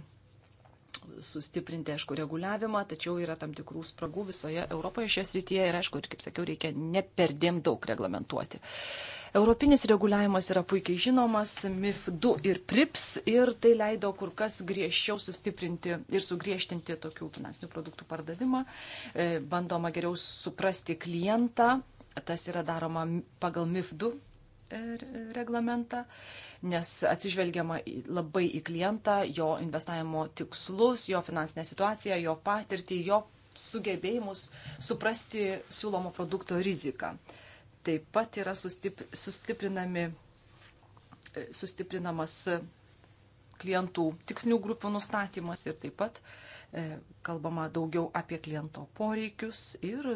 sustiprinti, aišku, reguliavimą, tačiau yra tam tikrų spragų visoje Europoje šioje srityje ir, aišku, ir, kaip sakiau, reikia ne per dėm daug reglamentuoti. Uh, Europinis reguliavimas yra puikiai žinomas, MIF 2 ir PRIPS, ir tai leido kur kas griežčiau sustiprinti ir sugriežtinti tokių finansinių produktų pardavimą. E, bandoma geriau suprasti klientą, tas yra daroma pagal MIF 2 e, reglamentą, nes atsižvelgiama labai į klientą, jo investavimo tikslus, jo finansinę situaciją, jo patirtį, jo sugebėjimus suprasti siūlomo produkto riziką taip pat yra sustip, sustiprinami, e, sustiprinamas e, klientų tiksnių grupių nustatymas ir taip pat e, kalbama daugiau apie kliento poreikius ir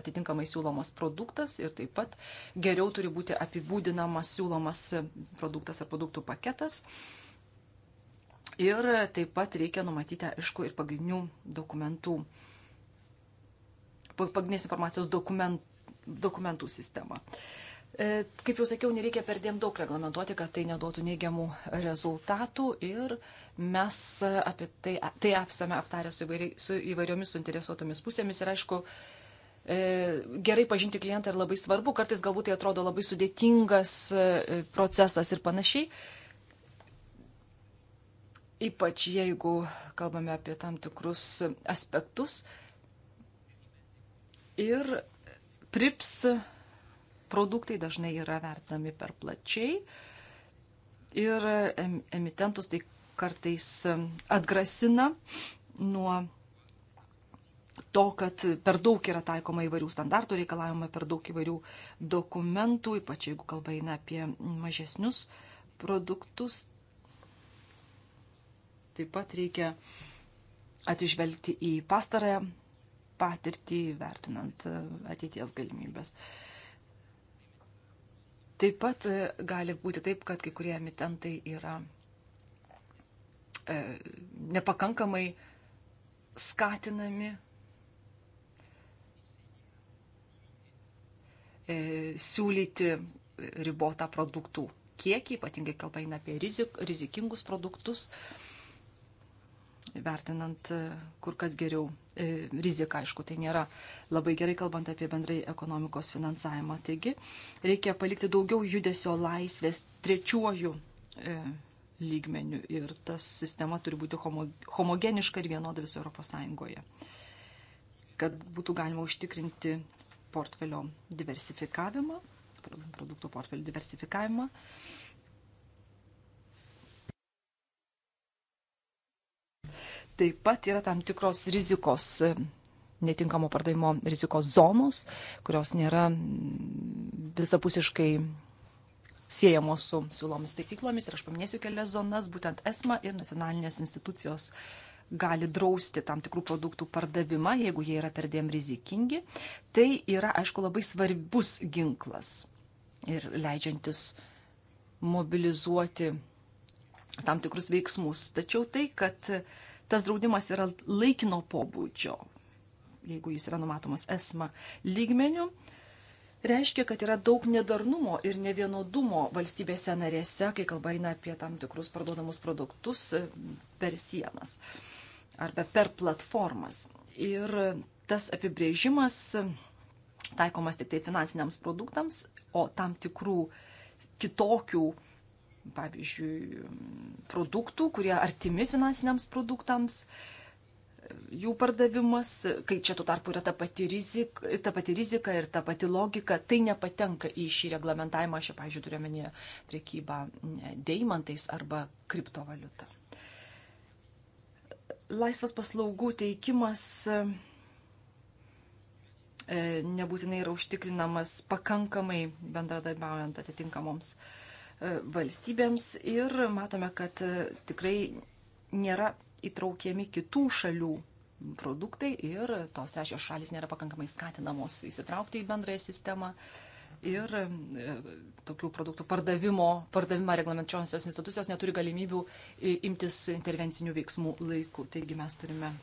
atitinkamai siūlomas produktas ir taip pat geriau turi būti apibūdinamas siūlomas produktas ar produktų paketas. Ir taip pat reikia numatyti, aišku, ir pagrindinių dokumentų, pagrindinės informacijos dokument, dokumentų sistemą. E, kaip jau sakiau, nereikia perdėm daug reglamentuoti, kad tai neduotų neigiamų rezultatų ir mes apie tai, tai esame aptarę su, įvairi, su įvairiomis suinteresuotomis pusėmis ir aišku, e, gerai pažinti klientą yra labai svarbu, kartais galbūt tai atrodo labai sudėtingas e, procesas ir panašiai. Ypač jeigu kalbame apie tam tikrus aspektus. Ir prips produktai dažnai yra vertinami per plačiai ir emitentus tai kartais atgrasina nuo to, kad per daug yra taikoma įvairių standartų, reikalavimai per daug įvairių dokumentų, ypač jeigu kalba eina apie mažesnius produktus. Taip pat reikia atsižvelgti į pastarąją patirtį, vertinant e, ateities galimybės. Taip pat e, gali būti taip, kad kai kurie emitentai yra e, nepakankamai skatinami, e, siūlyti ribotą produktų kiekį, ypatingai kalba eina apie rizik, rizikingus produktus, vertinant e, kur kas geriau E, rizika, aišku, tai nėra labai gerai kalbant apie bendrai ekonomikos finansavimą. Taigi reikia palikti daugiau judesio laisvės trečiuoju e, lygmeniu ir tas sistema turi būti homo, homogeniška ir vienoda visoje Europos Sąjungoje, kad būtų galima užtikrinti portfelio diversifikavimą, produktų portfelio diversifikavimą taip pat yra tam tikros rizikos, netinkamo pardavimo rizikos zonos, kurios nėra mm, visapusiškai siejamos su siūlomis taisyklomis. Ir aš paminėsiu kelias zonas, būtent ESMA ir nacionalinės institucijos gali drausti tam tikrų produktų pardavimą, jeigu jie yra perdėm rizikingi. Tai yra, aišku, labai svarbus ginklas ir leidžiantis mobilizuoti tam tikrus veiksmus. Tačiau tai, kad tas draudimas yra laikino pobūdžio, jeigu jis yra numatomas esma lygmeniu, reiškia, kad yra daug nedarnumo ir nevienodumo valstybėse narėse, kai kalba eina apie tam tikrus parduodamus produktus e, per sienas arba per platformas. Ir tas apibrėžimas e, taikomas tik tai finansiniams produktams, o tam tikrų kitokių uh, pavyzdžiui, produktų, kurie artimi finansiniams produktams, jų pardavimas, kai čia tuo tarpu yra ta pati, rizik, ta pati rizika ir ta pati logika, tai nepatenka į šį reglamentavimą, aš, pavyzdžiui, turiuomenėje priekybą deimantais arba kriptovaliutą. Laisvas paslaugų teikimas e, nebūtinai yra užtikrinamas pakankamai bendradarbiaujant atitinkamoms uh, E, valstybėms ir matome, kad e, tikrai nėra įtraukiami kitų šalių produktai ir tos trečios šalis nėra pakankamai skatinamos įsitraukti į bendrąją sistemą. Ir e, tokių produktų pardavimo, pardavimą reglamentuojančios institucijos neturi galimybių imtis intervencinių veiksmų laiku. Taigi mes turime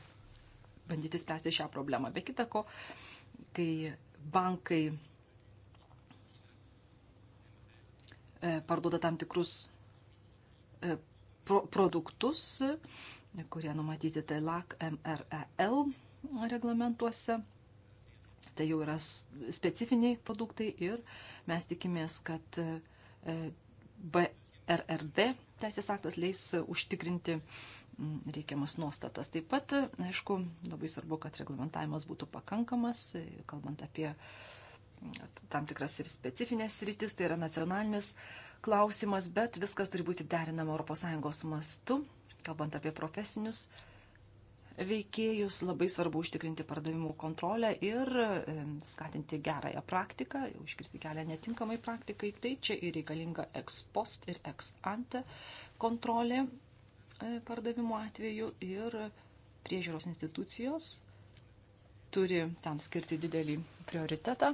bandyti spręsti šią problemą. Be kita ko, kai bankai E, parduoda tam tikrus e, pro produktus, kurie numatyti tai LAC MREL reglamentuose. Tai jau yra specifiniai produktai ir mes tikimės, kad e, BRRD teisės aktas leis užtikrinti reikiamas nuostatas. Taip pat, aišku, labai svarbu, kad reglamentavimas būtų pakankamas, kalbant apie uh, tam tikras ir specifinės rytis, tai yra nacionalinis klausimas, bet viskas turi būti derinama ES mastu, kalbant apie profesinius veikėjus, labai svarbu užtikrinti pardavimų kontrolę ir e, skatinti gerąją praktiką, užkirsti kelią netinkamai praktikai. Tai čia ir reikalinga ex post ir ex ante kontrolė e, pardavimų atveju ir priežiūros institucijos turi tam skirti didelį prioritetą.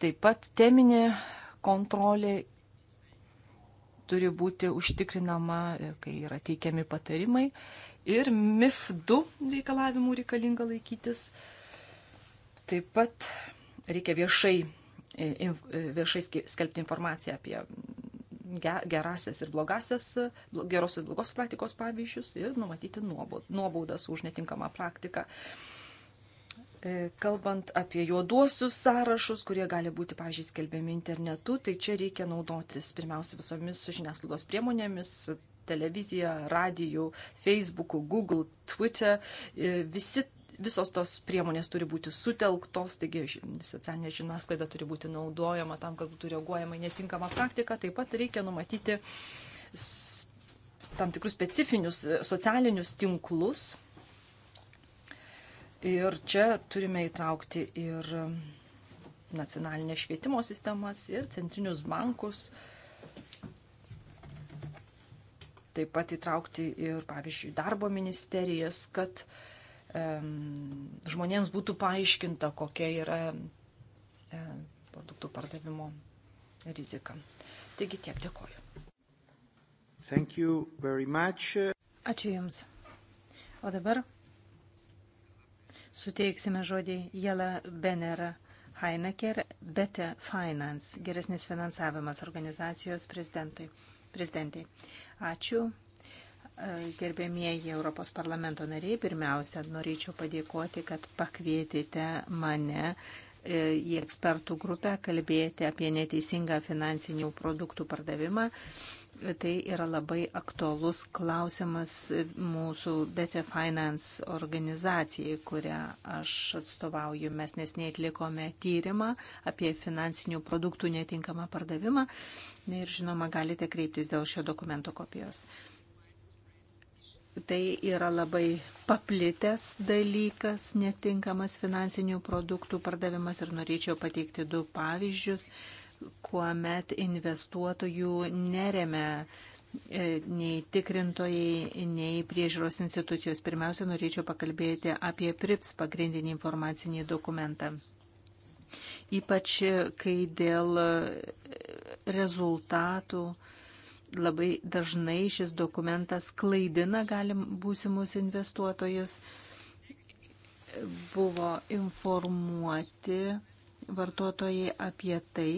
Taip pat teminė kontrolė turi būti užtikrinama, kai yra teikiami patarimai. Ir MIF 2 reikalavimų reikalinga laikytis. Taip pat reikia viešai, e, e, viešai skelbti informaciją apie gerasias ir blogasias, gerosios ir blogos praktikos pavyzdžius ir numatyti nuobaudas už netinkamą praktiką. E, kalbant apie juoduosius sąrašus, kurie gali būti, pažiūrėjau, skelbiami internetu, tai čia reikia naudotis pirmiausia visomis žiniasklaidos priemonėmis - televizija, radiju, Facebooku, Google, Twitter. E, visi, visos tos priemonės turi būti sutelktos, taigi socialinė žiniasklaida turi būti naudojama tam, kad būtų reaguojama į netinkamą praktiką. Taip pat reikia numatyti tam tikrus specifinius e, socialinius tinklus Ir čia turime įtraukti ir um, nacionalinės švietimo sistemas, ir centrinius bankus. Taip pat įtraukti ir, pavyzdžiui, darbo ministerijas, kad um, žmonėms būtų paaiškinta, kokia yra um, produktų pardavimo rizika. Taigi tiek dėkoju. Ačiū Jums. O dabar Suteiksime žodį Jela Benera Heineker, Bete Finance, geresnis finansavimas organizacijos prezidentui. Prezidentai. Ačiū. E, gerbėmieji Europos parlamento nariai, pirmiausia, norėčiau padėkoti, kad pakvietėte mane e, į ekspertų grupę kalbėti apie neteisingą finansinių produktų pardavimą tai yra labai aktuolus klausimas mūsų Better Finance organizacijai, kurią aš atstovauju. Mes nesnei atlikome tyrimą apie finansinių produktų netinkamą pardavimą ir žinoma, galite kreiptis dėl šio dokumento kopijos. Tai yra labai paplitęs dalykas, netinkamas finansinių produktų pardavimas ir norėčiau pateikti du pavyzdžius kuomet investuotojų neremia e, nei tikrintojai, nei priežiūros institucijos. Pirmiausia, norėčiau pakalbėti apie PRIPS pagrindinį informacinį dokumentą. Ypač e, kai dėl e, rezultatų labai dažnai šis dokumentas klaidina galim būsimus investuotojus. Buvo informuoti vartotojai apie tai,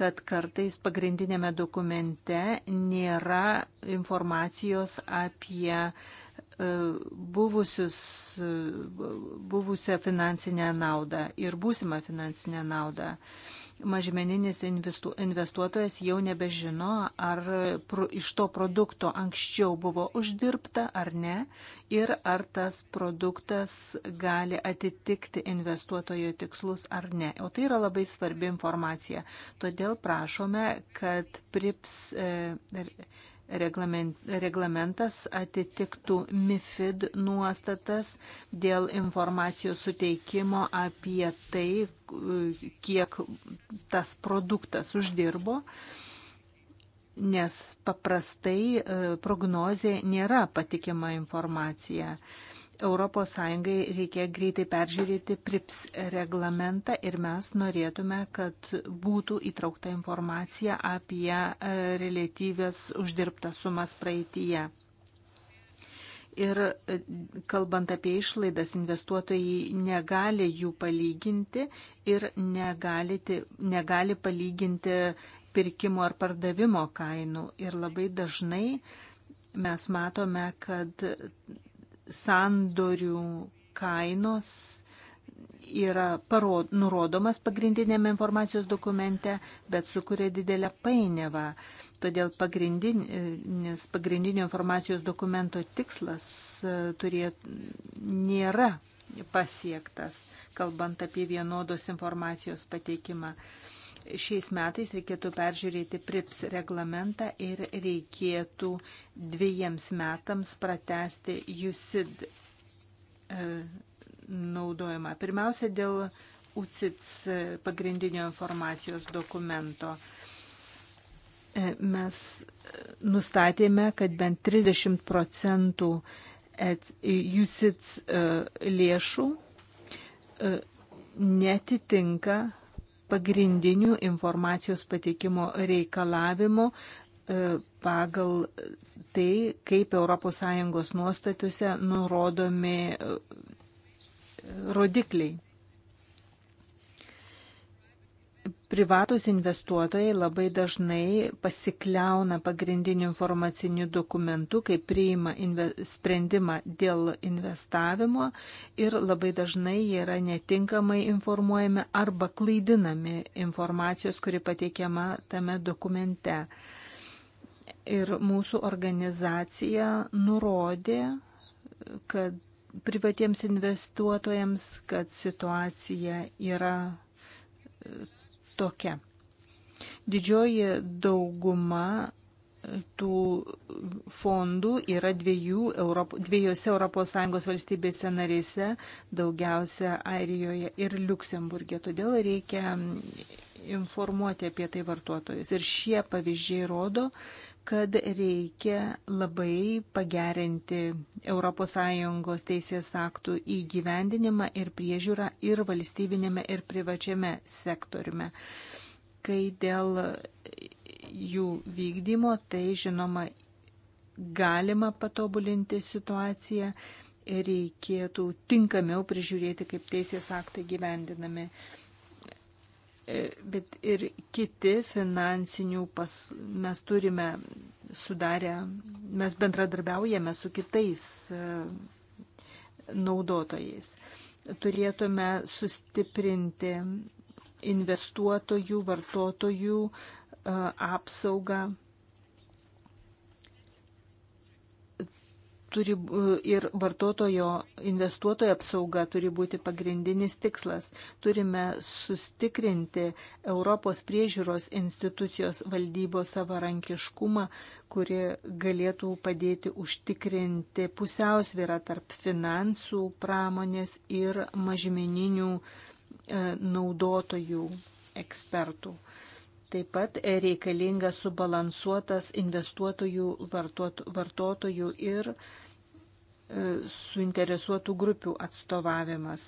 kad kartais pagrindinėme dokumente nėra informacijos apie e, buvusius, e, buvusią finansinę naudą ir būsimą finansinę naudą. Uh, mažmeninis investu, investuotojas jau nebežino, ar pro, iš to produkto anksčiau buvo uždirbta ar ne ir ar tas produktas gali atitikti investuotojo tikslus ar ne. O tai yra labai svarbi informacija. Todėl prašome, kad PRIPS. E, reglamentas atitiktų MIFID nuostatas dėl informacijos suteikimo apie tai, kiek tas produktas uždirbo, nes paprastai e, prognozė nėra patikima informacija. ES reikia greitai peržiūrėti PRIPS reglamentą ir mes norėtume, kad būtų įtraukta informacija apie e, relatyvės uždirbtas sumas praeitįje. Ir e, kalbant apie išlaidas, investuotojai negali jų palyginti ir negali, negali palyginti pirkimo ar pardavimo kainų. Ir labai dažnai mes matome, kad sandorių kainos yra parod, nurodomas pagrindinėme informacijos dokumente, bet sukuria didelę painiavą. Todėl pagrindinis, pagrindinio informacijos dokumento tikslas e, turėt, nėra pasiektas, kalbant apie vienodos informacijos pateikimą šiais metais reikėtų peržiūrėti PRIPS reglamentą ir reikėtų dviejams metams pratesti USID e, naudojimą. Pirmiausia, dėl UCITS pagrindinio informacijos dokumento. E, mes nustatėme, kad bent 30 procentų UCITS e, lėšų netitinka pagrindinių informacijos pateikimo reikalavimų e, pagal tai, kaip ES nuostatuose nurodomi e, rodikliai. privatus investuotojai labai dažnai pasikliauna pagrindiniu informaciniu dokumentu, kai priima sprendimą dėl investavimo ir labai dažnai jie yra netinkamai informuojami arba klaidinami informacijos, kuri pateikiama tame dokumente. Ir mūsų organizacija nurodė, kad privatiems investuotojams, kad situacija yra tokia. Didžioji dauguma tų fondų yra dviejų Europo, dviejose ES valstybėse narėse, daugiausia Airijoje ir Luksemburgė. Todėl reikia informuoti apie tai vartotojus. Ir šie pavyzdžiai rodo, kad reikia labai pagerinti ES teisės aktų įgyvendinimą ir priežiūrą ir valstybinėme ir privačiame sektoriume. Kai dėl jų vykdymo, tai žinoma, galima patobulinti situaciją ir reikėtų tinkamiau prižiūrėti, kaip teisės aktai gyvendinami. E, bet ir kiti finansinių pas... Mes turime sudarę, mes bendradarbiaujame su kitais e, naudotojais. Turėtume sustiprinti investuotojų, vartotojų e, apsaugą turi ir vartotojo investuotojo apsauga turi būti pagrindinis tikslas. Turime sustikrinti Europos priežiūros institucijos valdybos savarankiškumą, kuri galėtų padėti užtikrinti pusiausvyrą tarp finansų, pramonės ir mažmeninių e, naudotojų ekspertų. Taip pat reikalingas subalansuotas investuotojų, vartotojų ir suinteresuotų grupių atstovavimas.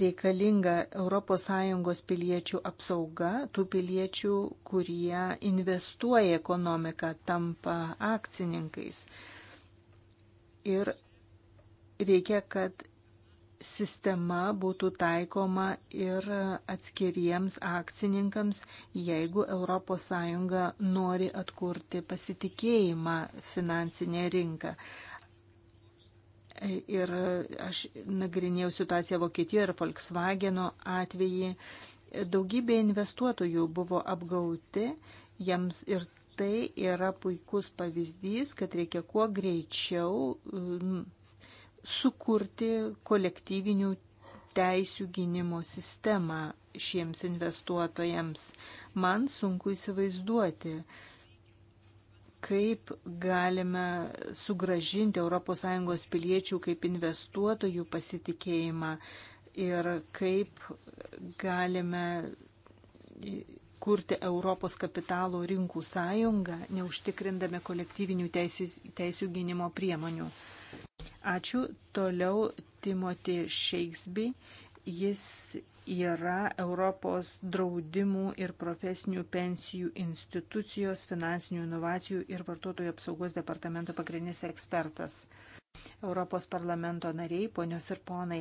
Reikalinga ES piliečių apsauga, tų piliečių, kurie investuoja ekonomiką, tampa akcininkais. Ir reikia, kad sistema būtų taikoma ir atskiriems akcininkams, jeigu ES nori atkurti pasitikėjimą finansinę rinką. Ir aš nagrinėjau situaciją Vokietijoje ir Volkswageno atvejį. Daugybė investuotojų buvo apgauti, jiems ir tai yra puikus pavyzdys, kad reikia kuo greičiau sukurti kolektyvinių teisių gynimo sistemą šiems investuotojams. Man sunku įsivaizduoti, kaip galime sugražinti ES piliečių kaip investuotojų pasitikėjimą ir kaip galime kurti Europos kapitalo rinkų sąjungą, neužtikrindami kolektyvinių teisų, teisų gynimo priemonių. Ačiū. Toliau Timoti Šeiksby. Jis yra Europos draudimų ir profesinių pensijų institucijos finansinių inovacijų ir vartotojų apsaugos departamento pagrindinis ekspertas. Europos parlamento nariai, ponios ir ponai,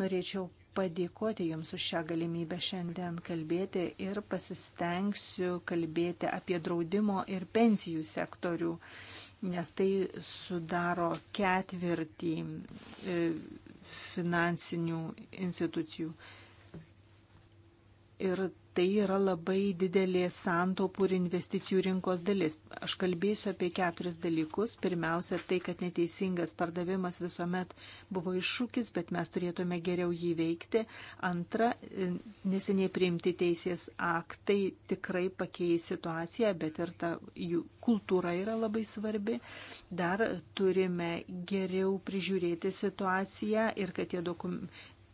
norėčiau padėkoti Jums už šią galimybę šiandien kalbėti ir pasistengsiu kalbėti apie draudimo ir pensijų sektorių. Uh, nes tai sudaro ketvirtį e, finansinių institucijų. E, ir tai yra labai didelė santaupų ir investicijų rinkos dalis. Aš kalbėsiu apie keturis dalykus. Pirmiausia, tai, kad neteisingas pardavimas visuomet buvo iššūkis, bet mes turėtume geriau jį veikti. Antra, neseniai priimti teisės aktai tikrai pakeis situaciją, bet ir ta jų kultūra yra labai svarbi. Dar turime geriau prižiūrėti situaciją ir kad tie dokum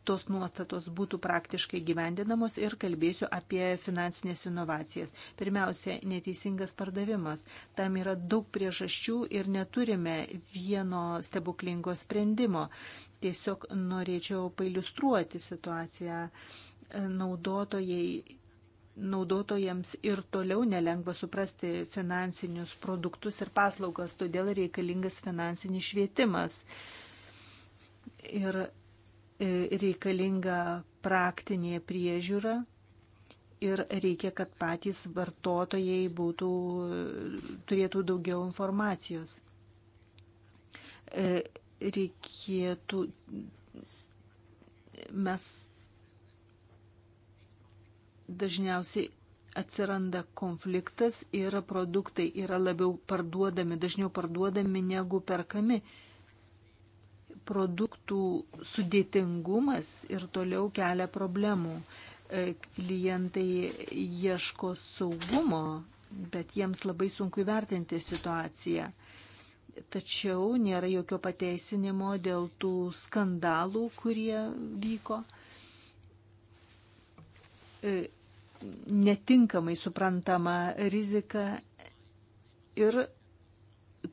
tos nuostatos būtų praktiškai gyvendinamos ir kalbėsiu apie finansinės inovacijas. Pirmiausia, neteisingas pardavimas. Tam yra daug priežasčių ir neturime vieno stebuklingo sprendimo. Tiesiog norėčiau pailustruoti situaciją naudotojai naudotojams ir toliau nelengva suprasti finansinius produktus ir paslaugas, todėl reikalingas finansinis švietimas. Ir E, reikalinga praktinė priežiūra ir reikia, kad patys vartotojai būtų, turėtų daugiau informacijos. E, reikėtų mes dažniausiai atsiranda konfliktas ir produktai yra labiau parduodami, dažniau parduodami negu perkami. E, produktų sudėtingumas ir toliau kelia problemų. E, klientai ieško saugumo, bet jiems labai sunku įvertinti situaciją. Tačiau nėra jokio pateisinimo dėl tų skandalų, kurie vyko. E, netinkamai suprantama rizika ir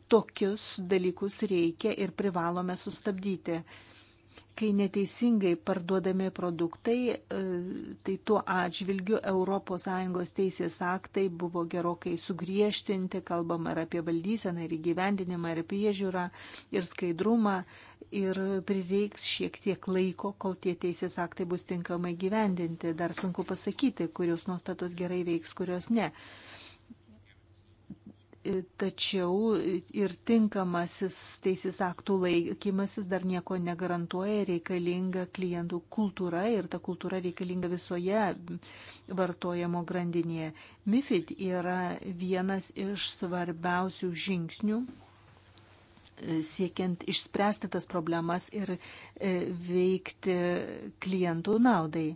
tokius dalykus reikia ir privalome sustabdyti. Kai neteisingai parduodami produktai, e, tai tuo atžvilgiu ES teisės aktai buvo gerokai sugriežtinti, kalbama ir apie valdyseną, ir įgyvendinimą, ir priežiūrą, ir skaidrumą, ir prireiks šiek tiek laiko, kol tie teisės aktai bus tinkamai gyvendinti. Dar sunku pasakyti, kurios nuostatos gerai veiks, kurios ne tačiau ir tinkamasis teisės aktų laikymasis dar nieko negarantuoja, reikalinga klientų kultūra ir ta kultūra reikalinga visoje vartojimo grandinėje. MIFID yra vienas iš svarbiausių žingsnių e, siekiant išspręsti tas problemas ir e, veikti klientų naudai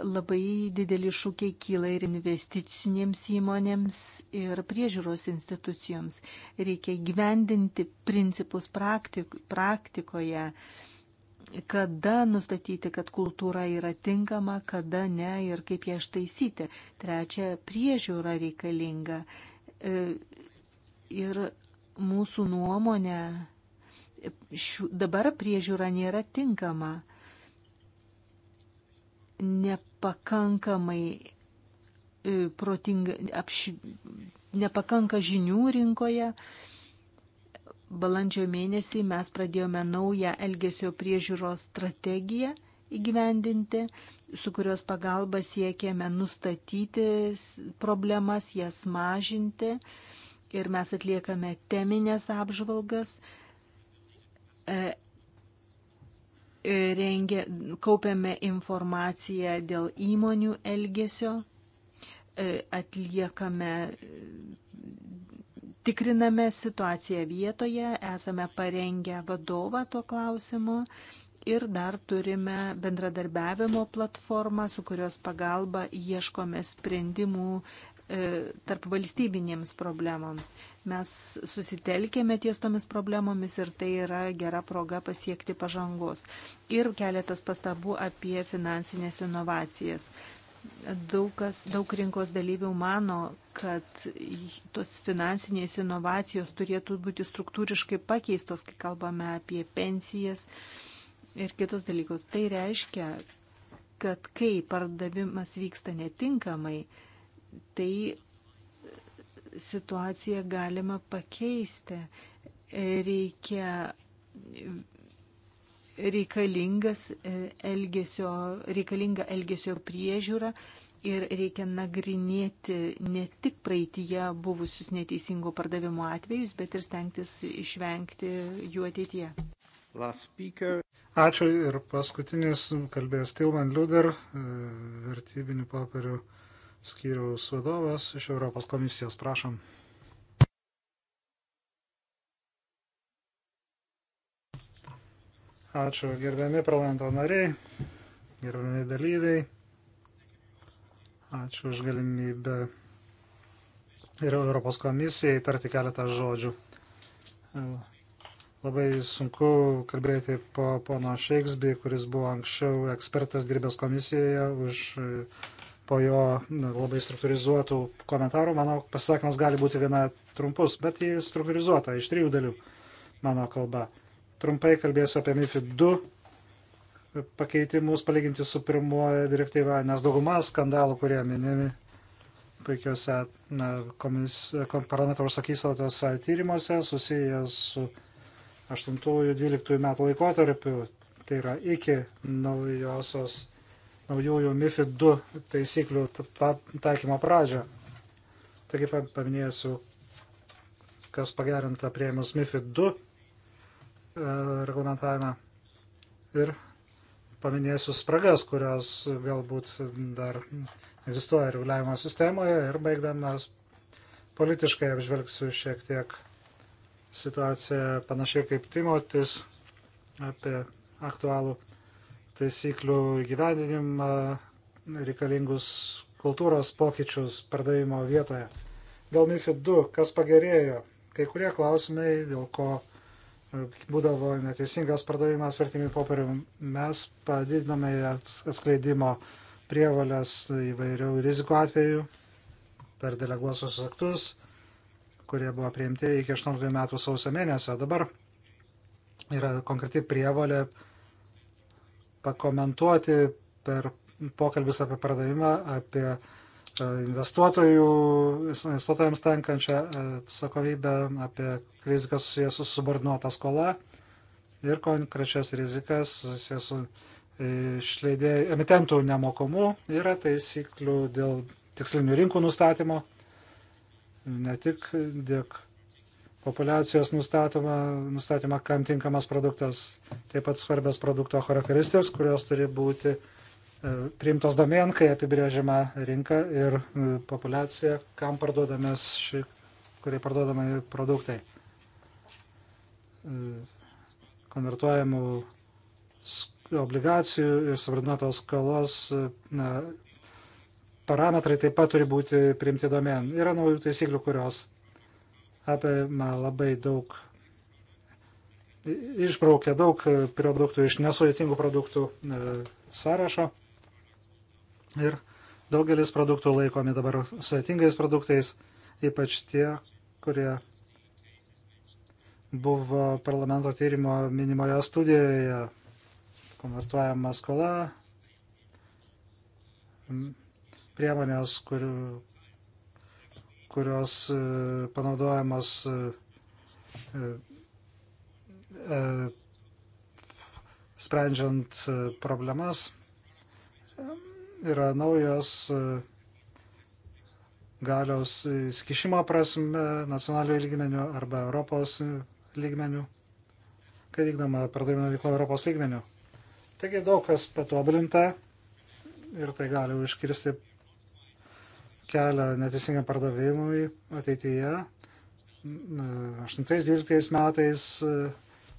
labai dideli šūkiai kyla ir investicinėms įmonėms, ir priežiūros institucijoms. Reikia gyvendinti principus praktik, praktikoje, kada nustatyti, kad kultūra yra tinkama, kada ne ir kaip ją ištaisyti. Trečia, priežiūra reikalinga. E, ir mūsų nuomonė, šių, dabar priežiūra nėra tinkama nepakankamai e, protingai, apš... nepakanka žinių rinkoje. Balandžio mėnesį mes pradėjome naują elgesio priežiūros strategiją įgyvendinti, su kurios pagalba siekėme nustatyti problemas, jas mažinti ir mes atliekame teminės apžvalgas e, rengė, kaupėme informaciją dėl įmonių elgesio, e, atliekame, tikriname situaciją vietoje, esame parengę vadovą tuo klausimu ir dar turime bendradarbiavimo platformą, su kurios pagalba ieškome sprendimų E, tarp valstybinėms problemams. Mes susitelkėme ties tomis problemomis ir tai yra gera proga pasiekti pažangos. Ir keletas pastabų apie finansinės inovacijas. Daug, kas, daug rinkos dalyvių mano, kad tos finansinės inovacijos turėtų būti struktūriškai pakeistos, kai kalbame apie pensijas ir kitus dalykus. Tai reiškia, kad kai pardavimas vyksta netinkamai, tai e, situaciją galima pakeisti. E, reikia e, reikalingas elgesio, reikalinga elgesio priežiūra ir reikia nagrinėti ne tik praeitie buvusius neteisingo pardavimo atvejus, bet ir stengtis išvengti jų ateityje. Ačiū ir paskutinis kalbėjęs Tilman Liuder, vertybinių papirių skyriaus vadovas iš Europos komisijos. Prašom. Ačiū gerbiami parlamento nariai, gerbiami dalyviai. Ačiū už galimybę ir Europos komisijai tarti keletą žodžių. Labai sunku kalbėti po pono Šeiksby, kuris buvo anksčiau ekspertas dirbęs komisijoje už po jo labai struktūrizuotų komentarų, mano pasisakymas gali būti viena trumpus, bet jį struktūrizuota iš trijų dalių mano kalba. Trumpai kalbėsiu apie MIFID 2 pakeitimus palyginti su pirmoji direktyva, nes dauguma skandalų, kurie minimi puikiuose komis, kom, parlamento užsakysotose tyrimuose, susijęs su 8-12 metų laikotarpiu, tai yra iki naujosios naujųjų MIFID 2 taisyklių taikymo pradžią. Taigi paminėsiu, kas pagerinta prieimus MIFID 2 e, reglamentavimą ir paminėsiu spragas, kurios galbūt dar egzistuoja reguliavimo sistemoje ir baigdamas politiškai apžvelgsiu šiek tiek situaciją panašiai kaip Timotis apie aktualų taisyklių įgyvendinimą, reikalingus kultūros pokyčius pardavimo vietoje. Dėl MIFID 2, kas pagerėjo? Kai kurie klausimai, dėl ko e, būdavo neteisingas pardavimas vertimių popierių, mes padidiname atskleidimo prievalės įvairių rizikų atveju per deleguosius aktus, kurie buvo priimti iki 18 metų sausio mėnesio. Dabar yra konkreti prievalė pakomentuoti per pokalbis apie pardavimą, apie e, investuotojų, investuotojams tenkančią e, atsakomybę, apie riziką susijęs su subordinuota skola ir konkrečias rizikas susijęs su e, išleidėjų, emitentų nemokumu. Yra taisyklių dėl tikslinių rinkų nustatymo, ne tik dėk populiacijos nustatoma, nustatoma, kam tinkamas produktas, taip pat svarbios produkto charakteristikos, kurios turi būti e, priimtos domėn, kai apibrėžiama rinka ir e, populiacija, kam parduodamas ši, kurie parduodami produktai. E, konvertuojamų obligacijų ir subordinatos skolos na, parametrai taip pat turi būti priimti domėn. Yra naujų taisyklių, kurios apima labai daug, išbraukia daug produktų iš nesudėtingų produktų e, sąrašo ir daugelis produktų laikomi dabar sudėtingais produktais, ypač tie, kurie buvo parlamento tyrimo minimoje studijoje, konvertuojama skola, priemonės, kurių kurios e, panaudojamos e, e, sprendžiant problemas, yra naujos galios įsikišimo prasme nacionalių lygmenių arba Europos lygmenių, kai vykdoma pardavimo veikla Europos lygmenių. Taigi daug kas patobulinta ir tai gali užkirsti kelią neteisingam pardavimui ateityje. 8-12 metais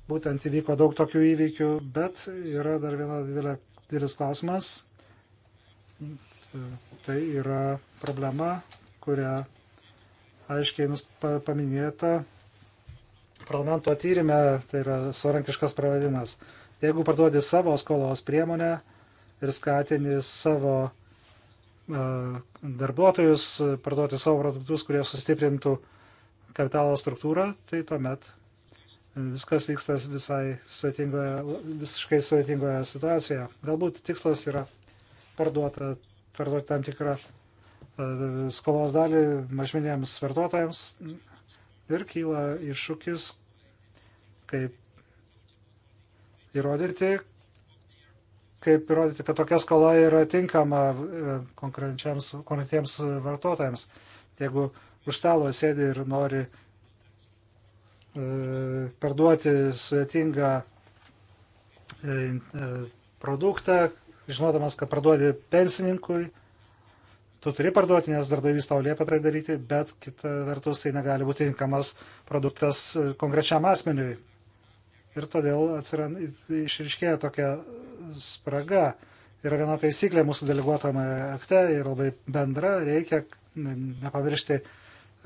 būtent įvyko daug tokių įvykių, bet yra dar viena didelė, didelis klausimas. E, tai yra problema, kurią aiškiai paminėta parlamento tyrimė, tai yra savarankiškas pravedimas. Jeigu parduodi savo skolos priemonę ir skatini savo E, darbuotojus, e, parduoti savo produktus, kurie sustiprintų kapitalo struktūrą, tai tuomet viskas vyksta visai sudėtingoje, visiškai sudėtingoje situacijoje. Galbūt tikslas yra parduoti, parduoti tam tikrą e, skolos dalį mažminėms vartotojams ir kyla iššūkis, kaip įrodyti, kaip įrodyti, kad tokia skola yra tinkama e, konkretiems vartotojams. Jeigu už stalo sėdi ir nori e, parduoti sudėtingą e, produktą, žinodamas, kad parduodi pensininkui, tu turi parduoti, nes darbdavys tau liepia tai daryti, bet kita vertus tai negali būti tinkamas produktas konkrečiam asmeniui. Ir todėl atsirand, išriškėja tokia spraga yra viena taisyklė mūsų deleguotame akte ir labai bendra, reikia nepamiršti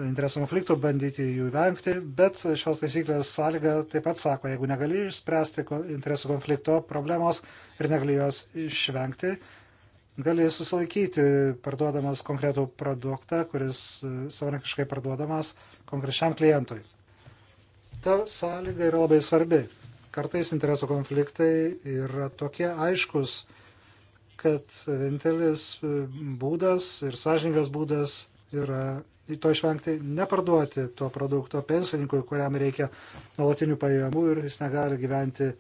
interesų konfliktų, bandyti jų vengti, bet šios taisyklės sąlyga taip pat sako, jeigu negali išspręsti interesų konflikto problemos ir negali jos išvengti, gali susilaikyti parduodamas konkretų produktą, kuris e, savarankiškai parduodamas konkrečiam klientui. Ta sąlyga yra labai svarbi. Kartais interesų konfliktai yra tokie aiškus, kad vienintelis e, būdas ir sąžininkas būdas yra to išvengti, neparduoti to produkto pensininkui, kuriam reikia nuolatinių pajamų ir jis negali gyventi,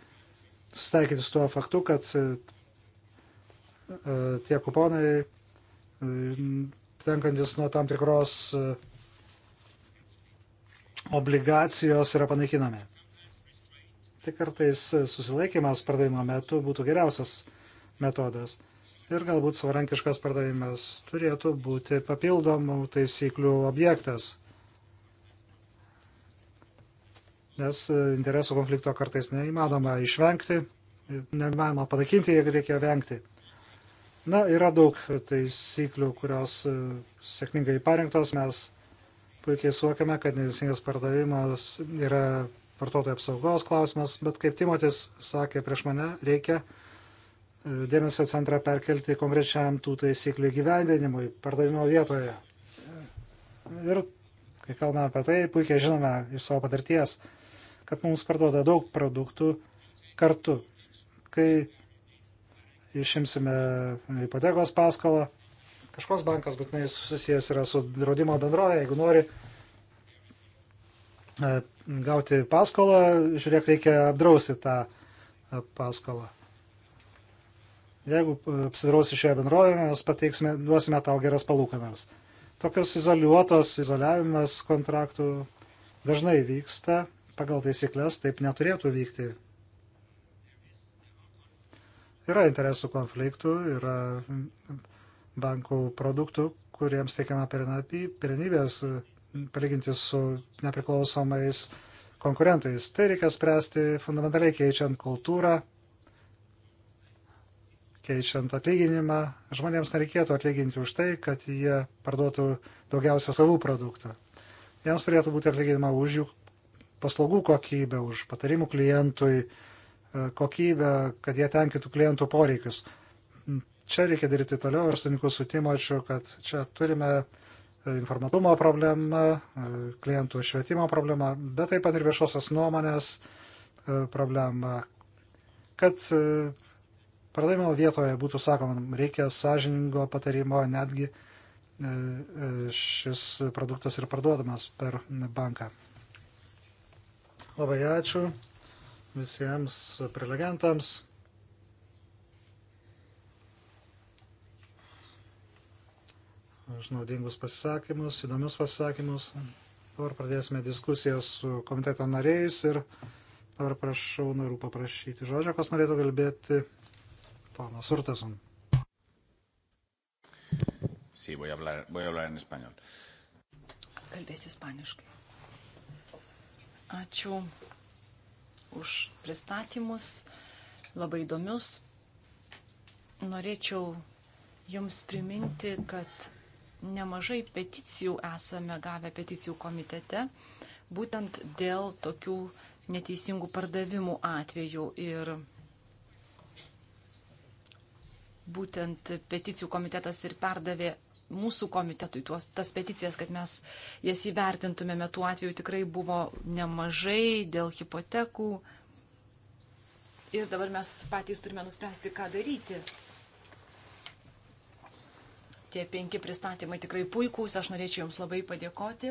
susitaikyti su tuo faktu, kad e, tie kuponai e, tenkantis nuo tam tikros obligacijos yra panaikinami tai kartais susilaikimas pardavimo metu būtų geriausias metodas. Ir galbūt savarankiškas pardavimas turėtų būti papildomų taisyklių objektas. Nes interesų konflikto kartais neįmanoma išvengti, neįmanoma padakinti, jeigu reikia vengti. Na, yra daug taisyklių, kurios e, sėkmingai parengtos. Mes puikiai suokiame, kad neteisingas pardavimas yra vartotojų apsaugos klausimas, bet kaip Timotis sakė prieš mane, reikia e, dėmesio centrą perkelti konkrečiam tų taisyklių gyvendinimui, pardavimo vietoje. Ir kai kalbame apie tai, puikiai žinome iš savo patirties, kad mums parduoda daug produktų kartu. Kai išimsime ipotekos paskolą, kažkoks bankas būtinai susijęs yra su draudimo bendrovė, jeigu nori e, gauti paskolą, žiūrėk, reikia apdrausti tą e, paskolą. Jeigu apsidrausi šioje bendrovėje, mes pateiksime, duosime tau geras palūkanas. Tokios izoliuotos, izoliavimas kontraktų dažnai vyksta, pagal taisyklės taip neturėtų vykti. Yra interesų konfliktų, yra bankų produktų, kuriems teikiama perinybės palyginti su nepriklausomais konkurentais. Tai reikia spręsti fundamentaliai keičiant kultūrą, keičiant atlyginimą. Žmonėms nereikėtų atlyginti už tai, kad jie parduotų daugiausia savų produktą. Jiems turėtų būti atlyginima už jų paslaugų kokybę, už patarimų klientui e, kokybę, kad jie tenkintų klientų poreikius. Čia reikia dirbti toliau ir sutinku su Timočiu, kad čia turime uh, informatumo problema, e, klientų švietimo problema, bet taip pat ir viešosios nuomonės e, problema, kad e, pardavimo vietoje būtų sakoma, reikia sąžiningo patarimo, netgi šis produktas yra parduodamas per banką. Labai ačiū visiems prelegentams. už naudingus pasisakymus, įdomius pasisakymus. Dabar pradėsime diskusijas su komiteto nariais ir dabar prašau narų paprašyti žodžio, kas norėtų kalbėti. Ponas Urtasun. Sí, voy a hablar, voy a hablar en español. Kalbėsiu ispaniškai. Ačiū už pristatymus, labai įdomius. Norėčiau Jums priminti, kad nemažai peticijų esame gavę peticijų komitete, būtent dėl tokių neteisingų pardavimų atvejų. Ir būtent peticijų komitetas ir perdavė mūsų komitetui tuos, tas peticijas, kad mes jas įvertintumėme. Tų atvejų tikrai buvo nemažai dėl hipotekų. Ir dabar mes patys turime nuspręsti, ką daryti Tie penki pristatymai tikrai puikūs, aš norėčiau Jums labai padėkoti,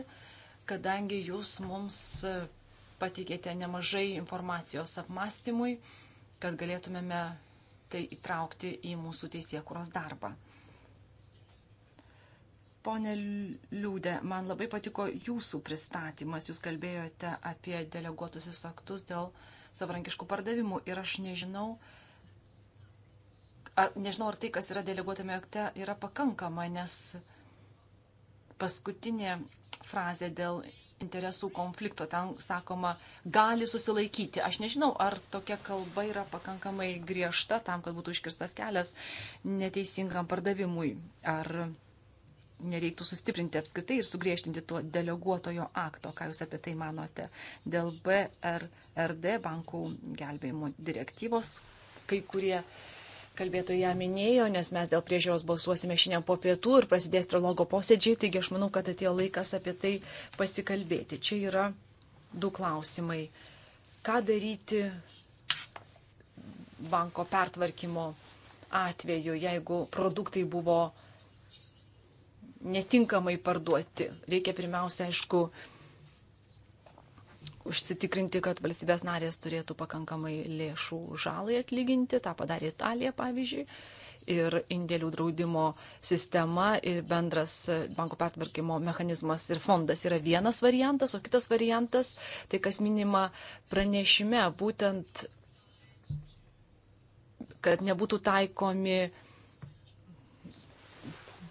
kadangi Jūs mums e, pateikėte nemažai informacijos apmastymui, kad galėtumėme tai įtraukti į mūsų teisėkuros darbą. Pone Liūdė, man labai patiko jūsų pristatymas. Jūs kalbėjote apie deleguotusius aktus dėl savarankiškų pardavimų ir aš nežinau, ar, nežinau, ar tai, kas yra deleguotame akte, yra pakankama, nes paskutinė frazė dėl interesų konflikto, ten sakoma, gali susilaikyti. Aš nežinau, ar tokia kalba yra pakankamai griežta tam, kad būtų iškirstas kelias neteisingam pardavimui. Ar nereiktų sustiprinti apskritai ir sugriežtinti tuo deleguotojo akto, ką Jūs apie tai manote, dėl BRRD bankų gelbėjimo direktyvos, kai kurie uh, kalbėtojai ją minėjo, nes mes dėl priežiūros balsuosime šiandien po pietų ir prasidės trilogo posėdžiai, taigi aš manau, kad atėjo laikas apie tai pasikalbėti. Čia yra du klausimai. Ką daryti banko pertvarkymo atveju, jeigu produktai buvo netinkamai parduoti? Reikia pirmiausia, aišku, užsitikrinti, kad valstybės narės turėtų pakankamai lėšų žalai atlyginti. Ta padarė Italija, pavyzdžiui. Ir indėlių draudimo sistema ir bendras bankų pertvarkymo mechanizmas ir fondas yra vienas variantas, o kitas variantas, tai kas minima pranešime, būtent, kad nebūtų taikomi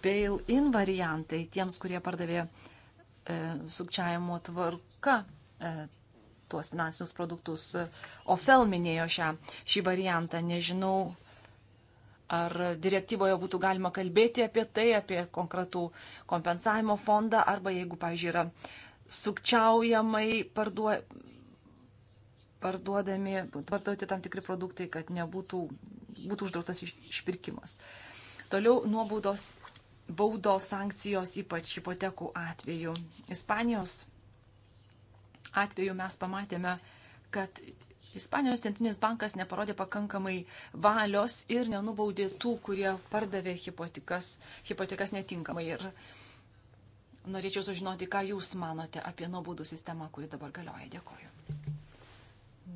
bail-in variantai tiems, kurie pardavė e, sukčiavimo tvarka e, tuos finansinius produktus. Ofel minėjo šią, šį variantą. Nežinau, ar direktyvoje būtų galima kalbėti apie tai, apie konkretų kompensavimo fondą, arba jeigu, pavyzdžiui, yra sukčiaujamai parduo, parduodami, parduoti tam tikri produktai, kad nebūtų būtų uždrautas išpirkimas. Toliau nuobaudos, baudos sankcijos, ypač hipotekų atveju. Ispanijos atveju mes pamatėme, kad Ispanijos centrinis bankas neparodė pakankamai valios ir nenubaudė tų, kurie pardavė hipotekas, hipotekas netinkamai. Ir norėčiau sužinoti, ką Jūs manote apie nuobaudų sistemą, kuri dabar galioja. Dėkoju.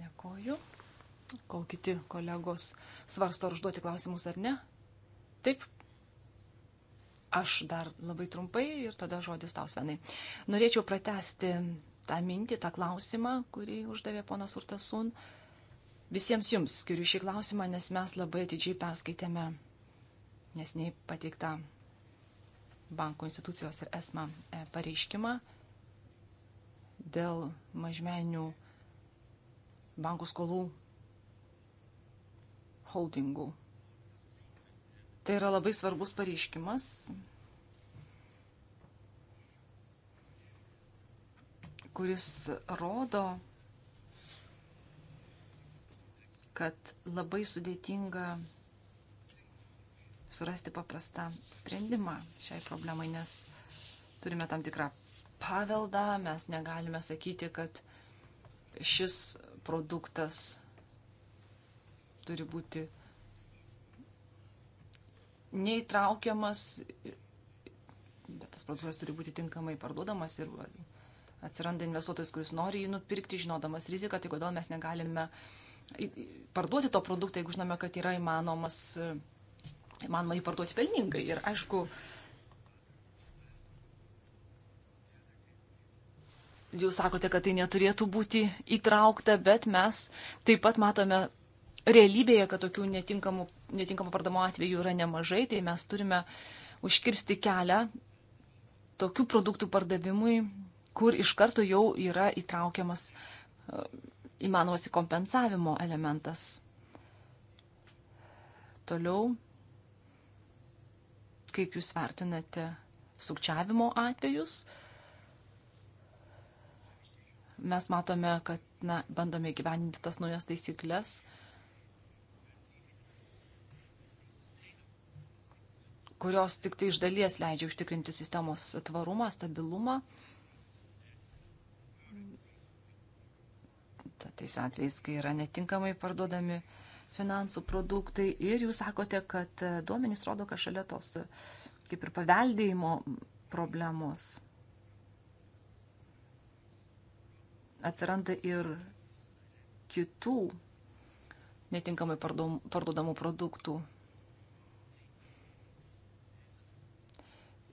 Dėkoju. Kol kiti kolegos svarsto ar užduoti klausimus ar ne. Taip. Aš dar labai trumpai ir tada žodis tau senai. Norėčiau pratesti tą mintį, tą klausimą, kurį uždavė ponas Urtasun. Visiems jums skiriu šį klausimą, nes mes labai atidžiai perskaitėme nesnei pateiktą banko institucijos ir esmą e, pareiškimą dėl mažmenių bankų skolų holdingų. Tai yra labai svarbus pareiškimas, kuris rodo, kad labai sudėtinga surasti paprastą sprendimą šiai problemai, nes turime tam tikrą paveldą, mes negalime sakyti, kad šis produktas turi būti neįtraukiamas, bet tas produktas turi būti tinkamai parduodamas ir atsiranda investuotojas, kuris nori jį nupirkti, žinodamas riziką, tai kodėl mes negalime parduoti to produkto, jeigu žinome, kad yra įmanomas, įmanoma jį parduoti pelningai. Ir aišku, jūs sakote, kad tai neturėtų būti įtraukta, bet mes taip pat matome realybėje, kad tokių netinkamų, netinkamų pardamo atvejų yra nemažai, tai mes turime užkirsti kelią tokių produktų pardavimui kur iš karto jau yra įtraukiamas e, įmanomas į kompensavimo elementas. Toliau, kaip jūs vertinate sukčiavimo atvejus, mes matome, kad na, bandome gyveninti tas naujas taisyklės. kurios tik tai iš dalies leidžia užtikrinti sistemos tvarumą, stabilumą. tais atvejais, kai yra netinkamai parduodami finansų produktai. Ir jūs sakote, kad e, duomenys rodo, kad šalia tos e, kaip ir paveldėjimo problemos atsiranda ir kitų netinkamai parduodamų produktų.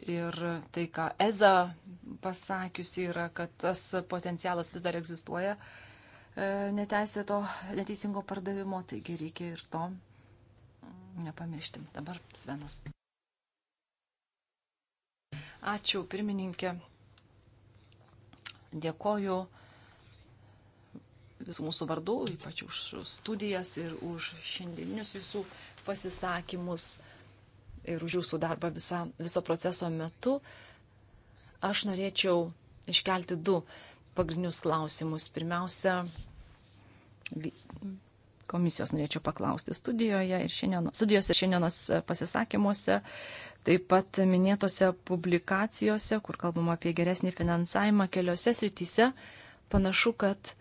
Ir tai, ką Eza pasakiusi yra, kad tas potencialas vis dar egzistuoja, uh, E, neteisėto, neteisingo pardavimo, taigi reikia ir to nepamiršti. Dabar Svenas. Ačiū, pirmininkė. Dėkoju visų mūsų vardų, ypač už studijas ir už šiandieninius jūsų pasisakymus ir už jūsų darbą visa, viso proceso metu. Aš norėčiau iškelti du pagrindinius klausimus. Pirmiausia, komisijos norėčiau paklausti studijoje ir šiandien, studijos ir šiandienos e, pasisakymuose, taip pat minėtose publikacijose, kur kalbama apie geresnį finansavimą keliose srityse, panašu, kad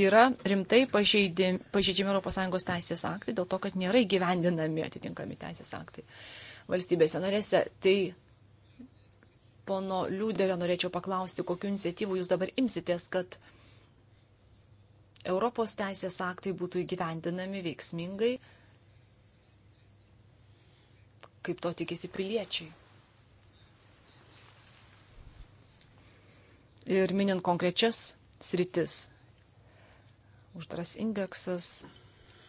yra rimtai pažeidžiami ES teisės aktai dėl to, kad nėra įgyvendinami atitinkami teisės aktai valstybėse narėse. Tai pono Liūderio norėčiau paklausti, kokiu iniciatyvu jūs dabar imsitės, kad uh, Europos teisės aktai būtų įgyvendinami veiksmingai, kaip to tikisi piliečiai. Ir minint konkrečias sritis, uždaras indeksas,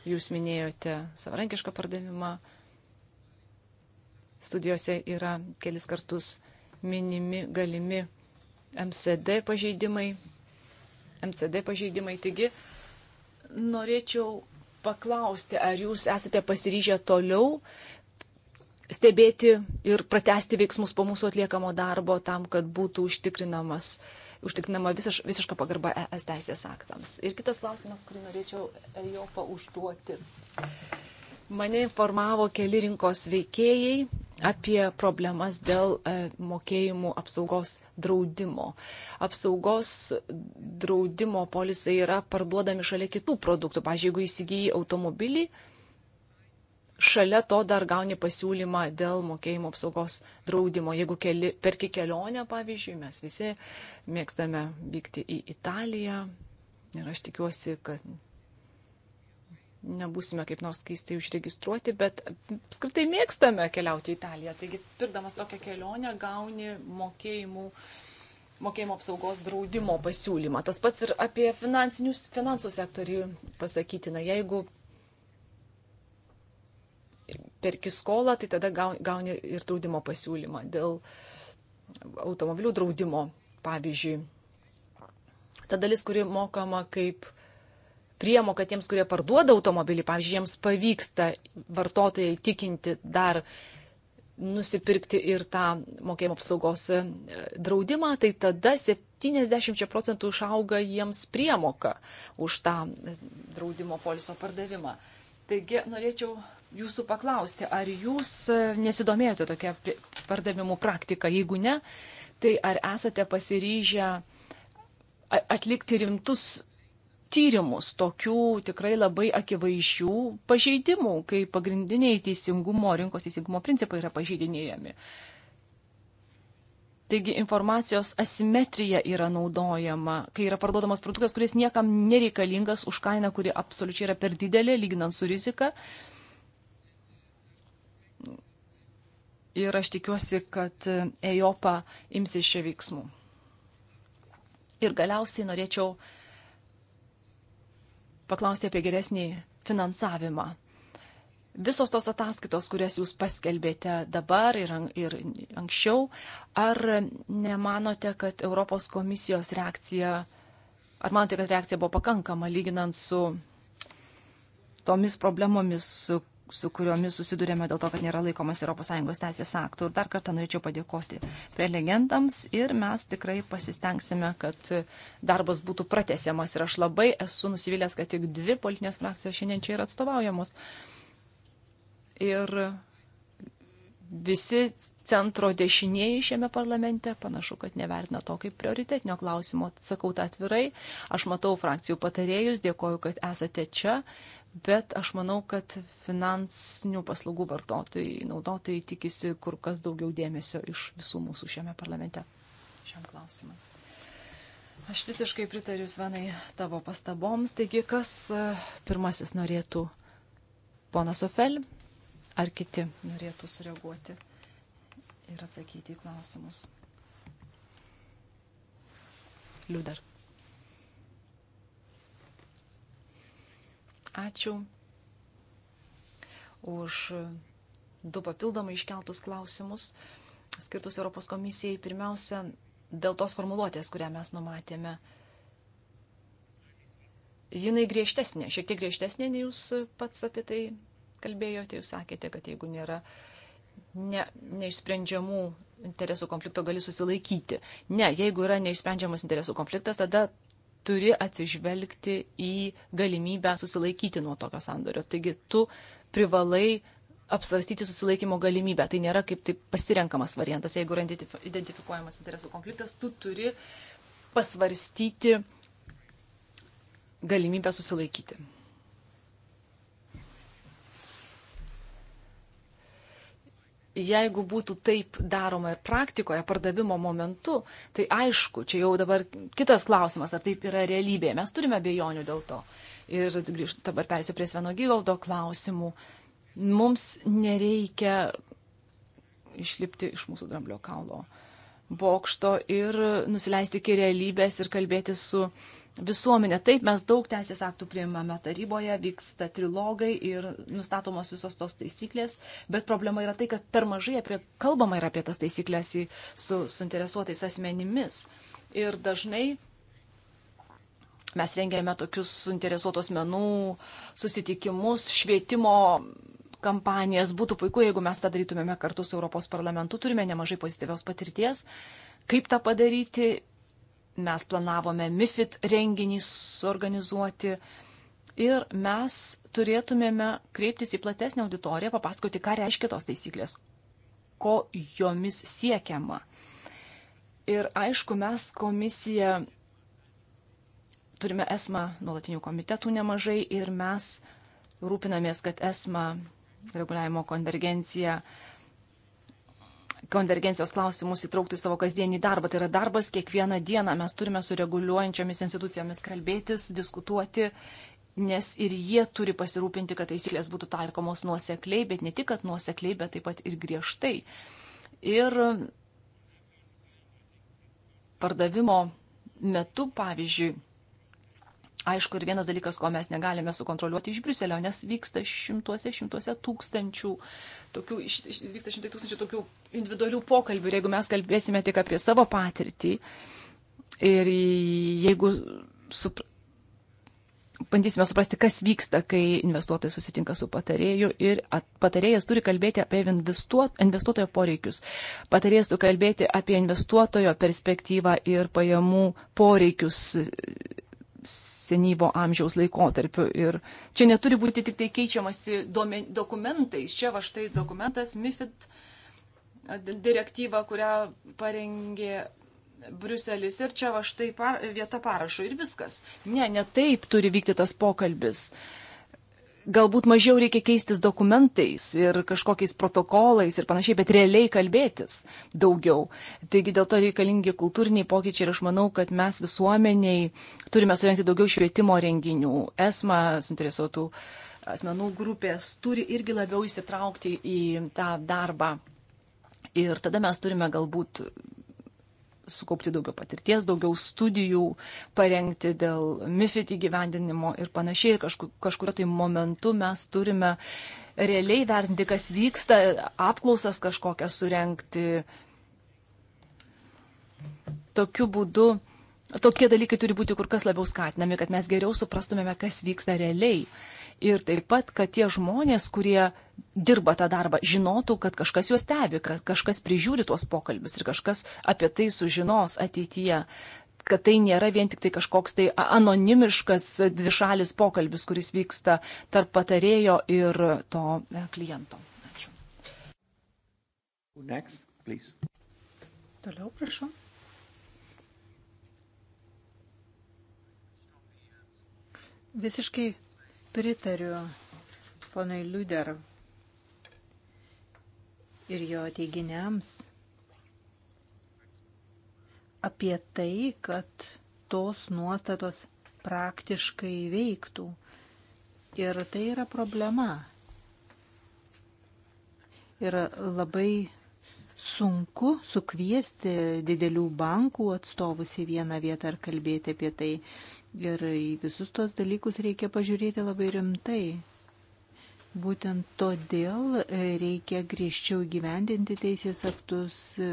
jūs minėjote savarankišką pardavimą, studijose yra kelis kartus minimi galimi MCD pažeidimai, MCD pažeidimai. Taigi norėčiau paklausti, ar jūs esate pasiryžę toliau stebėti ir pratesti veiksmus po mūsų atliekamo darbo tam, kad būtų užtikrinamas užtikrinama visiš, visiška pagarba ES teisės aktams. Ir kitas klausimas, kurį norėčiau jo paužduoti. Mane informavo keli rinkos veikėjai apie problemas dėl e, mokėjimų apsaugos draudimo. Apsaugos draudimo polisai yra parduodami šalia kitų produktų. Pavyzdžiui, jeigu įsigyji automobilį, šalia to dar gauni pasiūlymą dėl mokėjimo apsaugos draudimo. Jeigu keli, perki kelionę, pavyzdžiui, mes visi mėgstame vykti į Italiją ir aš tikiuosi, kad nebūsime kaip nors keistai užregistruoti, bet apskritai mėgstame keliauti į Italiją. Taigi, pirdamas tokią kelionę, gauni mokėjimų, mokėjimo apsaugos draudimo pasiūlymą. Tas pats ir apie finansų sektorių pasakytina. Jeigu perki skolą, tai tada gauni ir draudimo pasiūlymą dėl automobilių draudimo, pavyzdžiui. Ta dalis, kuri mokama kaip priemoka tiems, kurie parduoda automobilį, pavyzdžiui, jiems pavyksta vartotojai tikinti dar nusipirkti ir tą mokėjimo apsaugos e, draudimą, tai tada 70 procentų išauga jiems priemoka už tą e, draudimo poliso pardavimą. Taigi norėčiau jūsų paklausti, ar jūs e, nesidomėjote tokia pardavimų praktika? Jeigu ne, tai ar esate pasiryžę atlikti rimtus tyrimus tokių tikrai labai akivaizdžių pažeidimų, kai pagrindiniai teisingumo, rinkos teisingumo principai yra pažeidinėjami. Taigi informacijos asimetrija yra naudojama, kai yra parduodamas produktas, kuris niekam nereikalingas už kainą, kuri absoliučiai yra per didelė, lyginant su rizika. Ir aš tikiuosi, kad EJOPA imsis šia veiksmų. Ir galiausiai norėčiau uh, paklausė apie geresnį finansavimą. Visos tos ataskaitos, kurias jūs paskelbėte dabar ir, ir anksčiau, ar nemanote, kad Europos komisijos reakcija, ar manote, kad reakcija buvo pakankama lyginant su tomis problemomis, su kuriomis susidurėme dėl to, kad nėra laikomas ES teisės aktų. Ir dar kartą norėčiau padėkoti prelegentams ir mes tikrai pasistengsime, kad darbas būtų pratesiamas. Ir aš labai esu nusivylęs, kad tik dvi politinės frakcijos šiandien čia yra atstovaujamos. Ir visi centro dešinieji šiame parlamente panašu, kad nevertina to kaip prioritetinio klausimo. Sakau tą atvirai, aš matau frakcijų patarėjus, dėkoju, kad esate čia, bet aš manau, kad finansinių paslaugų vartotojai, naudotojai tikisi kur kas daugiau dėmesio iš visų mūsų šiame parlamente šiam klausimui. Aš visiškai pritariu, Svenai, tavo pastaboms. Taigi, kas e, pirmasis norėtų? Ponas Ofel, Ar kiti norėtų sureaguoti ir atsakyti į klausimus? Liudar. Ačiū už du papildomai iškeltus klausimus skirtus Europos komisijai. Pirmiausia, dėl tos formuluotės, kurią mes numatėme. Jinai griežtesnė, šiek tiek griežtesnė, nei jūs pats apie tai kalbėjote, jūs sakėte, kad jeigu nėra ne, neišsprendžiamų interesų konflikto, gali susilaikyti. Ne, jeigu yra neišsprendžiamas interesų konfliktas, tada turi atsižvelgti į galimybę susilaikyti nuo tokio sandorio. Taigi tu privalai apsvarstyti susilaikymo galimybę. Tai nėra kaip tai pasirenkamas variantas. Jeigu yra identifikuojamas interesų konfliktas, tu turi pasvarstyti galimybę susilaikyti. jeigu būtų taip daroma ir praktikoje pardavimo momentu, tai aišku, čia jau dabar kitas klausimas, ar taip yra realybėje. Mes turime bejonių dėl to. Ir grįžtu dabar perėsiu prie Sveno Gygaldo klausimų. Mums nereikia išlipti iš mūsų dramblio kaulo bokšto ir nusileisti iki realybės ir kalbėti su uh, visuomenę. Taip, mes daug teisės aktų priimame taryboje, vyksta trilogai ir nustatomos visos tos taisyklės, bet problema yra tai, kad per mažai apie, kalbama yra apie tas taisyklės į, su suinteresuotais asmenimis. Ir dažnai mes rengėme tokius suinteresuotos menų susitikimus, švietimo kampanijas. Būtų puiku, jeigu mes tą darytumėme kartu su Europos parlamentu. Turime nemažai pozityvios patirties, kaip tą padaryti mes planavome MIFID renginį suorganizuoti ir mes turėtumėme kreiptis į platesnę auditoriją, papasakoti, ką reiškia tos taisyklės, ko jomis siekiama. Ir aišku, mes komisiją turime esmą nuolatinių komitetų nemažai ir mes rūpinamės, kad esmą reguliavimo konvergencija uh, konvergencijos klausimus įtrauktų į savo kasdienį darbą. Tai yra darbas kiekvieną dieną. Mes turime su reguliuojančiomis institucijomis kalbėtis, diskutuoti, nes ir jie turi pasirūpinti, kad taisyklės būtų taikomos nuosekliai, bet ne tik, kad nuosekliai, bet taip pat ir griežtai. Ir pardavimo metu, pavyzdžiui, Aišku, ir vienas dalykas, ko mes negalime sukontroliuoti iš Briuselio, nes vyksta šimtuose, šimtuose tūkstančių, tokių, vyksta šimtai tūkstančių tokių individualių pokalbių. Ir jeigu mes kalbėsime tik apie savo patirtį ir jeigu supr bandysime suprasti, kas vyksta, kai investuotojas susitinka su patarėju ir patarėjas turi kalbėti apie investuotojo poreikius. Patarėjas turi kalbėti apie investuotojo perspektyvą ir pajamų poreikius senyvo amžiaus laikotarpiu. Ir čia neturi būti tik tai keičiamasi dokumentais. Čia va štai dokumentas MIFID direktyva, kurią parengė Bruselis ir čia va štai par, vieta parašo ir viskas. Ne, ne taip turi vykti tas pokalbis. Uh, galbūt mažiau reikia keistis dokumentais ir kažkokiais protokolais ir panašiai, bet realiai kalbėtis daugiau. Taigi dėl to reikalingi kultūriniai pokyčiai ir aš manau, kad mes visuomeniai turime surenkti daugiau švietimo renginių. Esma suinteresuotų asmenų grupės turi irgi labiau įsitraukti į tą darbą. Ir tada mes turime galbūt sukaupti daugiau patirties, daugiau studijų, parengti dėl MIFID įgyvendinimo ir panašiai. Ir kažkur, kažkurio tai momentu mes turime realiai vertinti, kas vyksta, apklausas kažkokias surenkti. Tokiu būdu tokie dalykai turi būti kur kas labiau skatinami, kad mes geriau suprastumėme, kas vyksta realiai. Uh, ir taip pat, kad tie žmonės, kurie dirba tą darbą, žinotų, kad kažkas juos stebi, kad kažkas prižiūri tuos pokalbius ir kažkas apie tai sužinos ateityje kad tai nėra vien tik tai kažkoks tai anonimiškas dvišalis pokalbis, kuris vyksta tarp patarėjo ir to e, kliento. Ačiū. Next, please. Toliau prašau. Visiškai Pritariu ponui Liuder ir jo teiginiams apie tai, kad tos nuostatos praktiškai veiktų. Ir tai yra problema. Ir labai sunku sukviesti didelių bankų atstovus į vieną vietą ir kalbėti apie tai. Ir į visus tos dalykus reikia pažiūrėti labai rimtai. Būtent todėl e, reikia griežčiau gyvendinti teisės aktus, e,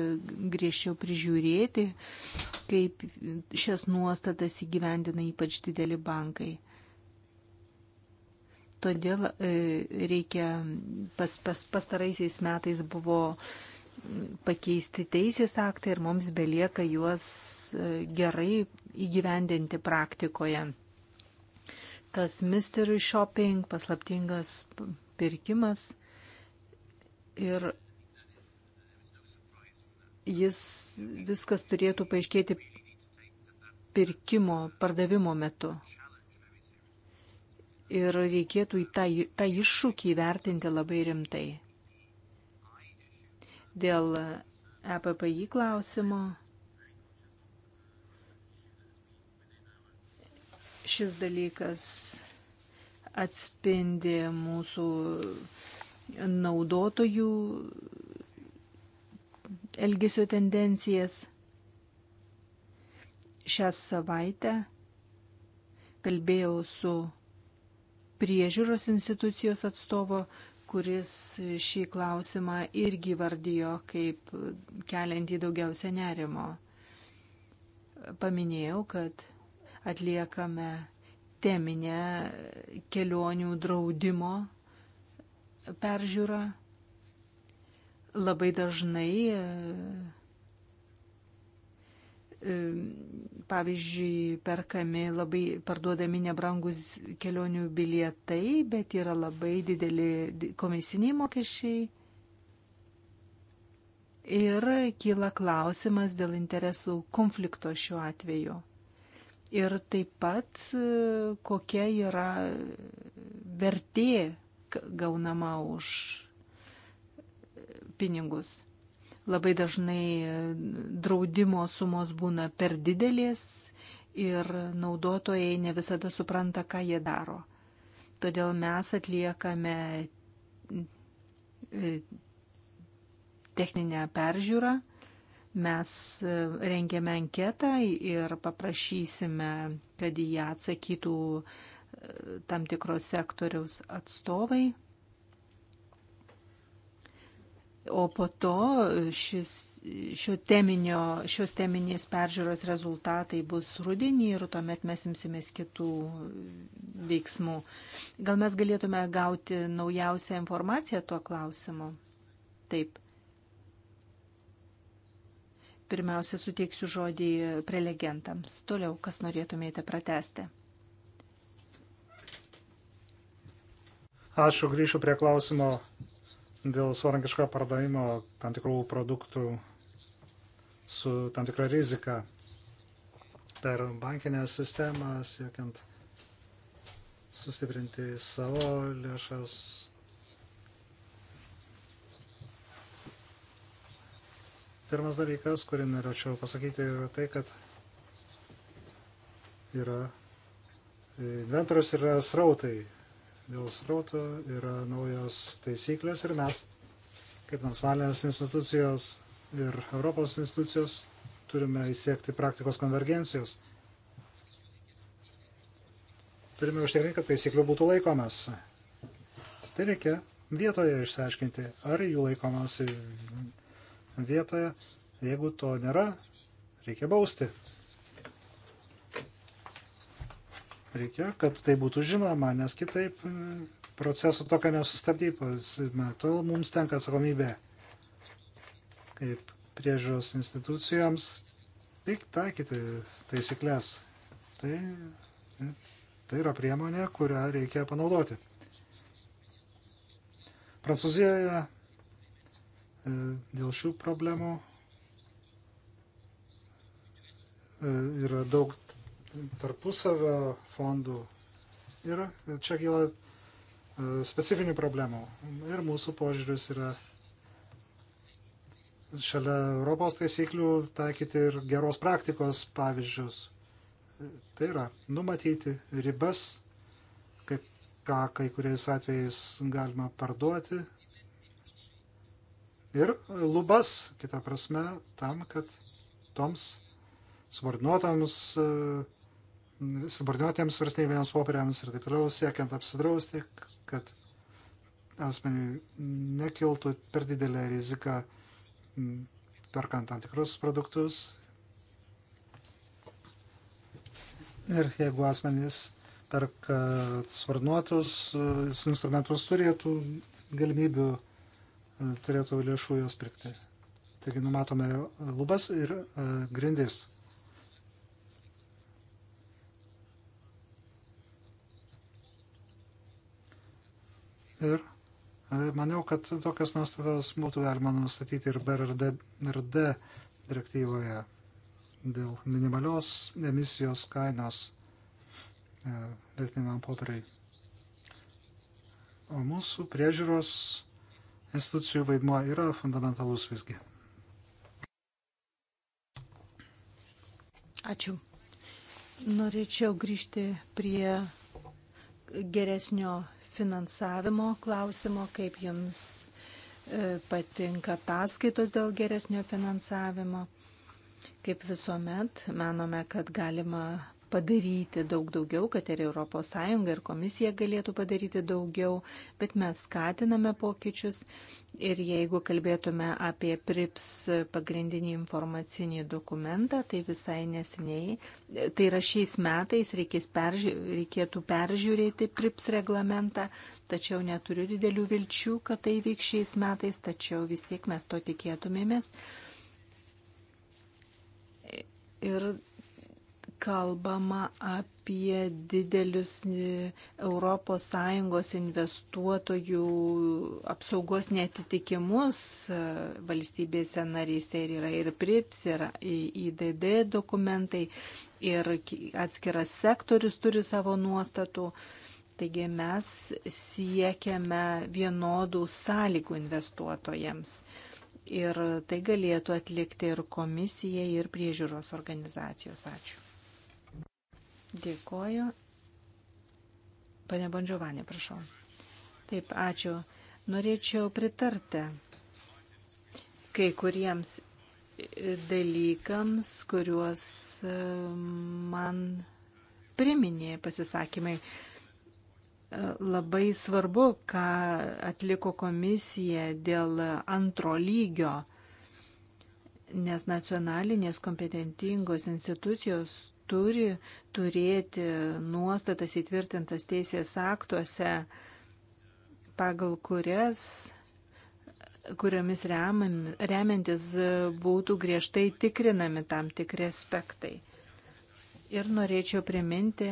griežčiau prižiūrėti, kaip šias nuostatas įgyvendina ypač dideli bankai. Todėl e, reikia, pas, pas, pastaraisiais metais buvo pakeisti teisės aktai ir mums belieka juos gerai įgyvendinti praktikoje. Tas mystery shopping, paslaptingas pirkimas ir jis viskas turėtų paaiškėti pirkimo, pardavimo metu. Ir reikėtų į tą, tą iššūkį įvertinti labai rimtai. Dėl EPPI klausimo Šis dalykas atspindi mūsų naudotojų elgesio tendencijas. Šią savaitę kalbėjau su priežiūros institucijos atstovo, kuris šį klausimą irgi vardijo kaip keliantį daugiausia nerimo. Paminėjau, kad atliekame teminę kelionių draudimo peržiūrą. Labai dažnai, e, pavyzdžiui, perkami labai parduodami nebrangus kelionių bilietai, bet yra labai dideli komisiniai mokesčiai. Ir kyla klausimas dėl interesų konflikto šiuo atveju ir taip pat kokia yra vertė gaunama už pinigus. Labai dažnai draudimo sumos būna per didelės ir naudotojai ne visada supranta, ką jie daro. Todėl mes atliekame e, techninę peržiūrą Mes e, rengėme anketą ir paprašysime, kad į ją atsakytų e, tam tikros sektoriaus atstovai. O po to šis, šio teminio, šios teminės peržiūros rezultatai bus rudenį ir tuomet mes imsimės kitų veiksmų. Gal mes galėtume gauti naujausią informaciją tuo klausimu? Taip. Pirmiausia, suteiksiu žodį prelegentams. Toliau, kas norėtumėte pratesti? Ačiū, grįšiu prie klausimo dėl savarankiško pardavimo tam tikrų produktų su tam tikra rizika per bankinę sistemą, siekiant sustiprinti savo lėšas Pirmas dalykas, kurį norėčiau pasakyti, yra tai, kad yra e, inventorius yra srautai. Dėl srautų yra naujos taisyklės ir mes, kaip nacionalinės institucijos ir Europos institucijos, turime įsiekti praktikos konvergencijos. Turime užtikrinti, kad taisyklių būtų laikomas. Tai reikia vietoje išsiaiškinti, ar jų laikomasi vietoje. Jeigu to nėra, reikia bausti. Reikia, kad tai būtų žinoma, nes kitaip mm, procesų tokio nesustabdysime. Tol mums tenka atsakomybė kaip priežiūros institucijoms tik taikyti taisyklės. Tai, tai yra priemonė, kurią reikia panaudoti. Prancūzijoje E, dėl šių problemų e, yra daug tarpusavio fondų ir čia kyla e, specifinių problemų. Ir mūsų požiūris yra šalia Europos taisyklių taikyti ir geros praktikos pavyzdžius. Tai yra numatyti ribas, kaip, ką kai kuriais atvejais galima parduoti ir lubas, kitą prasme, tam, kad toms subordinuotams, e, subordinuotiems svarstybėms popieriams ir taip toliau siekiant apsidrausti, kad asmeniui nekiltų per didelę riziką perkant tam tikrus produktus. Ir jeigu asmenys perka svarnuotus e, instrumentus, turėtų galimybių turėtų lėšų jos pirkti. Taigi numatome lubas ir e, grindis. Ir e, maniau, kad tokias nuostatas būtų galima nustatyti ir BRD direktyvoje dėl minimalios emisijos kainos e, vertinimam popieriai. O mūsų priežiūros institucijų vaidmuo yra fundamentalus visgi. Ačiū. Norėčiau grįžti prie geresnio finansavimo klausimo, kaip jums e, patinka ataskaitos dėl geresnio finansavimo. Kaip visuomet, manome, kad galima padaryti daug daugiau, kad ir ES ir komisija galėtų padaryti daugiau, bet mes skatiname pokyčius ir jeigu kalbėtume apie PRIPS pagrindinį informacinį dokumentą, tai visai nesiniai, tai yra šiais metais perži reikėtų peržiūrėti PRIPS reglamentą, tačiau neturiu didelių vilčių, kad tai vyks šiais metais, tačiau vis tiek mes to tikėtumėmės. Ir kalbama apie didelius ES investuotojų apsaugos netitikimus e, valstybėse narėse ir yra ir PRIPS, ir IDD dokumentai, ir atskiras sektorius turi savo nuostatų. Taigi mes siekiame vienodų sąlygų investuotojams. Ir tai galėtų atlikti ir komisija, ir priežiūros organizacijos. Ačiū. Dėkoju. Pane Bondžiovanė, prašau. Taip, ačiū. Norėčiau pritarti kai kuriems dalykams, kuriuos e, man priminė pasisakymai. E, labai svarbu, ką atliko komisija dėl antro lygio, nes nacionalinės kompetentingos institucijos turi turėti nuostatas įtvirtintas teisės aktuose, pagal kurias kuriomis remiantis būtų griežtai tikrinami tam tikri aspektai. Ir norėčiau priminti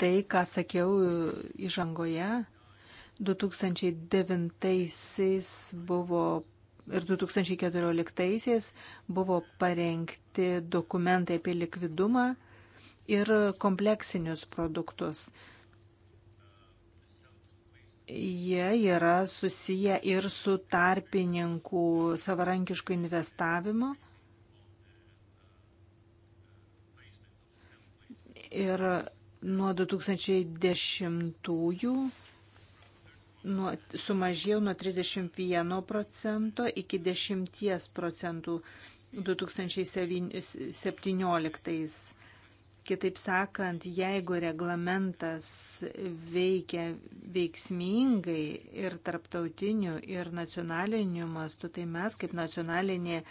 tai, ką sakiau įžangoje. 2009 buvo ir 2014-aisiais buvo parengti dokumentai apie likvidumą ir kompleksinius produktus. Jie yra susiję ir su tarpininkų savarankišku investavimu. Ir nuo 2010 nuo, sumažėjo nuo 31 procento iki 10 procentų 2017. Kitaip sakant, jeigu reglamentas veikia veiksmingai ir tarptautiniu, ir nacionaliniu mastu, tai mes kaip nacionalinė e,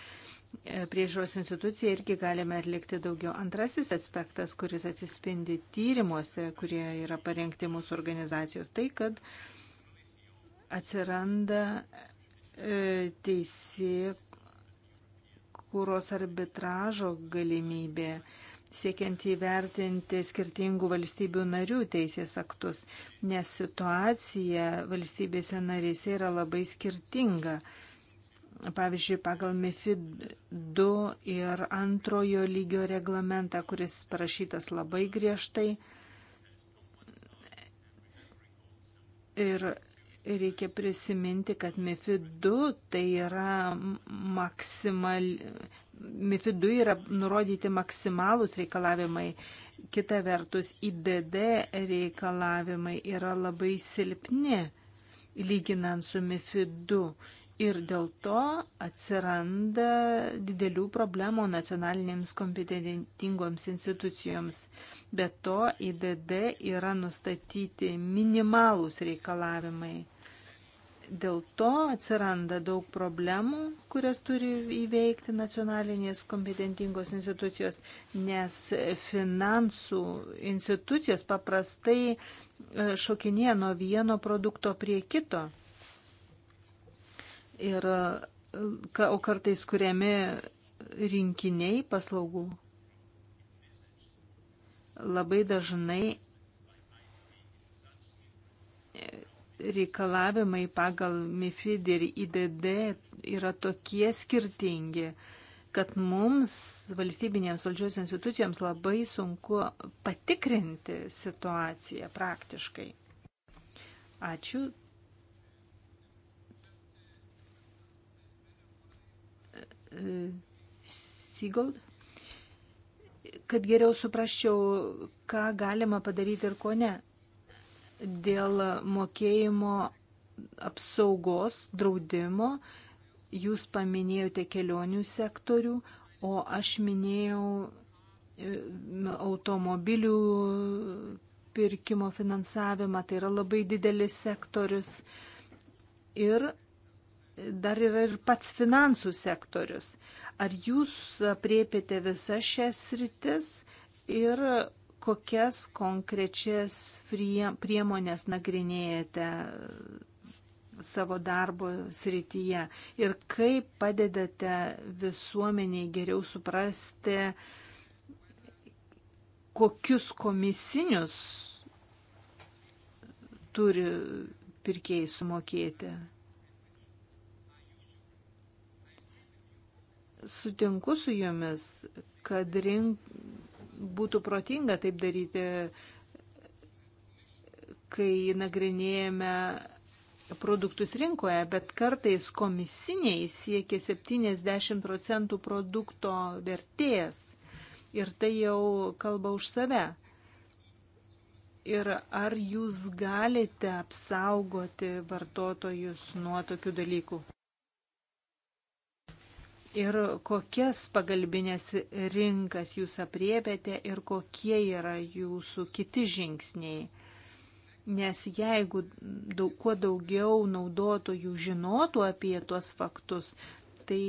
priežiūros institucija irgi galime atlikti daugiau. Antrasis aspektas, kuris atsispindi tyrimuose, kurie yra parengti mūsų organizacijos, tai kad uh, atsiranda e, teisė kūros arbitražo galimybė siekiant įvertinti skirtingų valstybių narių teisės aktus, nes situacija valstybėse narėse yra labai skirtinga. Pavyzdžiui, pagal MIFID 2 ir antrojo lygio reglamentą, kuris parašytas labai griežtai. Ir Reikia prisiminti, kad MIFID 2 tai yra maksimali. MIFID 2 yra nurodyti maksimalūs reikalavimai. Kita vertus, IDD reikalavimai yra labai silpni lyginant su MIFID 2. Ir dėl to atsiranda didelių problemų nacionalinėms kompetentingoms institucijoms. Be to, IDD yra nustatyti minimalūs reikalavimai. Dėl to atsiranda daug problemų, kurias turi įveikti nacionalinės kompetentingos institucijos, nes finansų institucijos paprastai e, šokinėja nuo vieno produkto prie kito. Ir, e, o kartais kuriami rinkiniai paslaugų. Labai dažnai reikalavimai pagal MIFID ir IDD yra tokie skirtingi, kad mums, valstybinėms valdžios institucijoms, labai sunku patikrinti situaciją praktiškai. Ačiū. Sigold? Kad geriau suprasčiau, ką galima padaryti ir ko ne dėl mokėjimo apsaugos draudimo. Jūs paminėjote kelionių sektorių, o aš minėjau e, automobilių pirkimo finansavimą. Tai yra labai didelis sektorius. Ir dar yra ir pats finansų sektorius. Ar jūs apriepėte visas šias rytis ir kokias konkrečias priemonės nagrinėjate savo darbo srityje ir kaip padedate visuomeniai geriau suprasti, kokius komisinius turi pirkėjai sumokėti. Sutinku su jumis, kad rink, būtų protinga taip daryti, kai nagrinėjame produktus rinkoje, bet kartais komisiniai siekia 70 procentų produkto vertės. Ir tai jau kalba už save. Ir ar jūs galite apsaugoti vartotojus nuo tokių dalykų? ir kokias pagalbinės rinkas jūs apriepėte ir kokie yra jūsų kiti žingsniai. Nes jeigu daug, kuo daugiau naudotojų žinotų apie tuos faktus, tai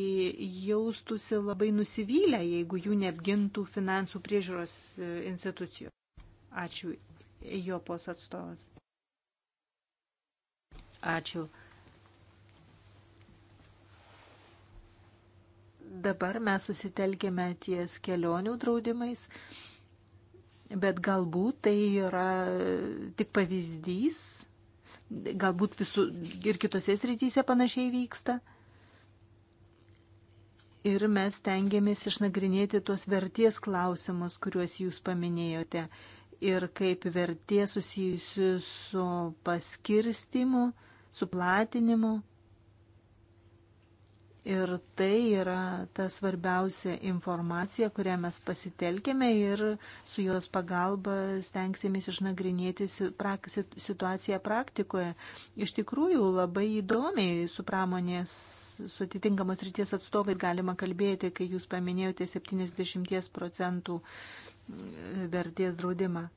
jaustųsi labai nusivylę, jeigu jų neapgintų finansų priežiūros e, institucijų. Ačiū, Jopos atstovas. Ačiū. dabar mes susitelkėme ties kelionių draudimais, bet galbūt tai yra tik pavyzdys, galbūt visų ir kitose srityse panašiai vyksta. Ir mes tengiamės išnagrinėti tuos verties klausimus, kuriuos jūs paminėjote, ir kaip vertė susijusi su paskirstimu, su platinimu. Ir tai yra ta svarbiausia informacija, kurią mes pasitelkėme ir su jos pagalba stengsimės išnagrinėti situaciją praktikoje. Iš tikrųjų, labai įdomiai su pramonės, su atitinkamos ryties atstovais galima kalbėti, kai jūs paminėjote 70 procentų mm, vertės draudimą.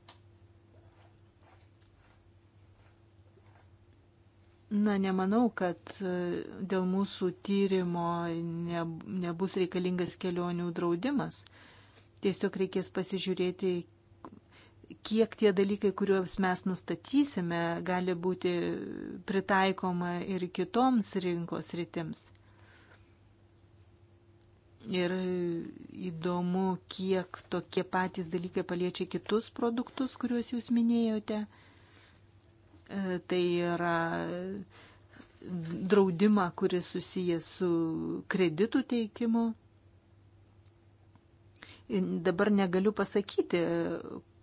Na, nemanau, kad e, dėl mūsų tyrimo ne, nebus reikalingas kelionių draudimas. Tiesiog reikės pasižiūrėti, kiek tie dalykai, kuriuos mes nustatysime, gali būti pritaikoma ir kitoms rinkos rytims. Ir įdomu, kiek tokie patys dalykai paliečia kitus produktus, kuriuos jūs minėjote. Tai yra draudimą, kuris susijęs su kreditų teikimu. Dabar negaliu pasakyti,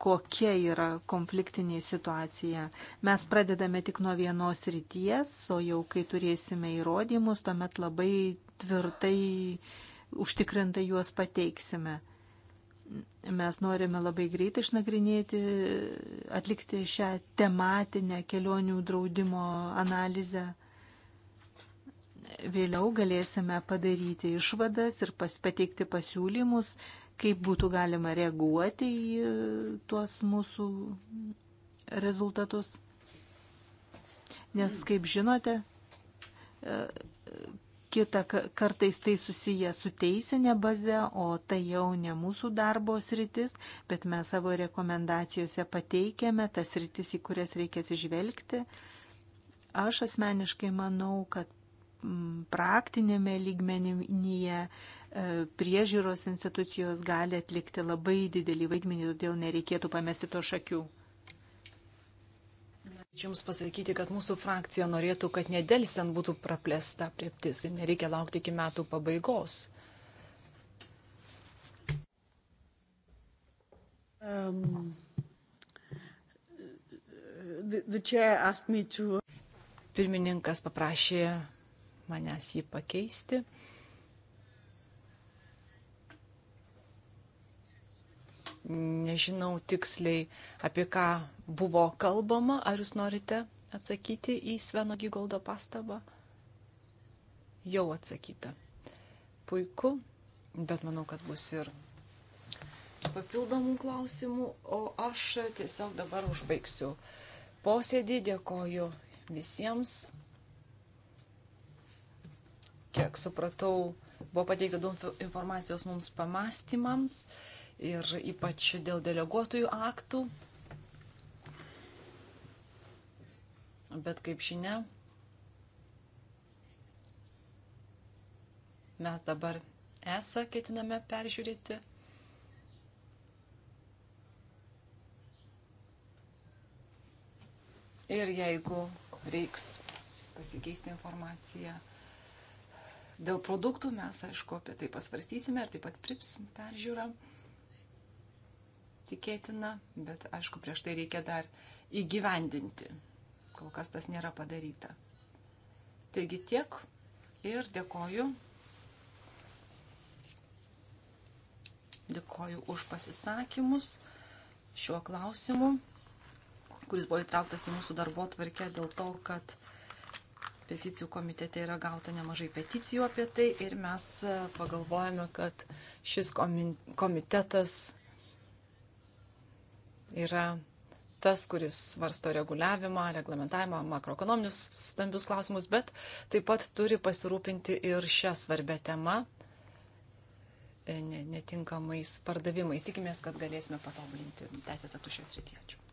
kokia yra konfliktinė situacija. Mes pradedame tik nuo vienos ryties, o jau kai turėsime įrodymus, tuomet labai tvirtai, užtikrintai juos pateiksime. Mes norime labai greitai išnagrinėti, atlikti šią tematinę kelionių draudimo analizę. Vėliau galėsime padaryti išvadas ir pateikti pasiūlymus, kaip būtų galima reaguoti į tuos mūsų rezultatus. Nes, kaip žinote, Kita kartais tai susiję su teisinė baze, o tai jau ne mūsų darbo sritis, bet mes savo rekomendacijose pateikėme tas sritis, į kurias reikia atsižvelgti. Aš asmeniškai manau, kad mm, praktinėme lygmenyje e, priežiūros institucijos gali atlikti labai didelį vaidmenį, todėl nereikėtų pamesti to šakių. Jums pasakyti, kad mūsų frakcija norėtų, kad nedelsiant būtų praplėsta prieptis ir nereikia laukti iki metų pabaigos. Um, the, the to... Pirmininkas paprašė manęs jį pakeisti. Nežinau tiksliai, apie ką buvo kalbama. Ar jūs norite atsakyti į Sveno Gygoldo pastabą? Jau atsakyta. Puiku, bet manau, kad bus ir papildomų klausimų, o aš tiesiog dabar užbaigsiu posėdį. Dėkoju visiems. Kiek supratau, buvo pateikta daug informacijos mums pamastymams ir ypač dėl deleguotojų aktų. Bet kaip žinia, mes dabar esą ketiname peržiūrėti. Ir jeigu reiks pasikeisti informaciją dėl produktų, mes aišku apie tai pasvarstysime ir taip pat prips peržiūrą tikėtina, bet aišku prieš tai reikia dar įgyvendinti kol kas tas nėra padaryta. Taigi tiek ir dėkoju. Dėkoju už pasisakymus šiuo klausimu, kuris buvo įtrauktas į mūsų darbo tvarkę dėl to, kad peticijų komitete yra gauta nemažai peticijų apie tai ir mes pagalvojame, kad šis komitetas yra tas, kuris svarsto reguliavimą, reglamentavimą, makroekonominius stambius klausimus, bet taip pat turi pasirūpinti ir šią svarbę temą e, netinkamais pardavimais. Tikimės, kad galėsime patobulinti teisės aktų šios rytiečių.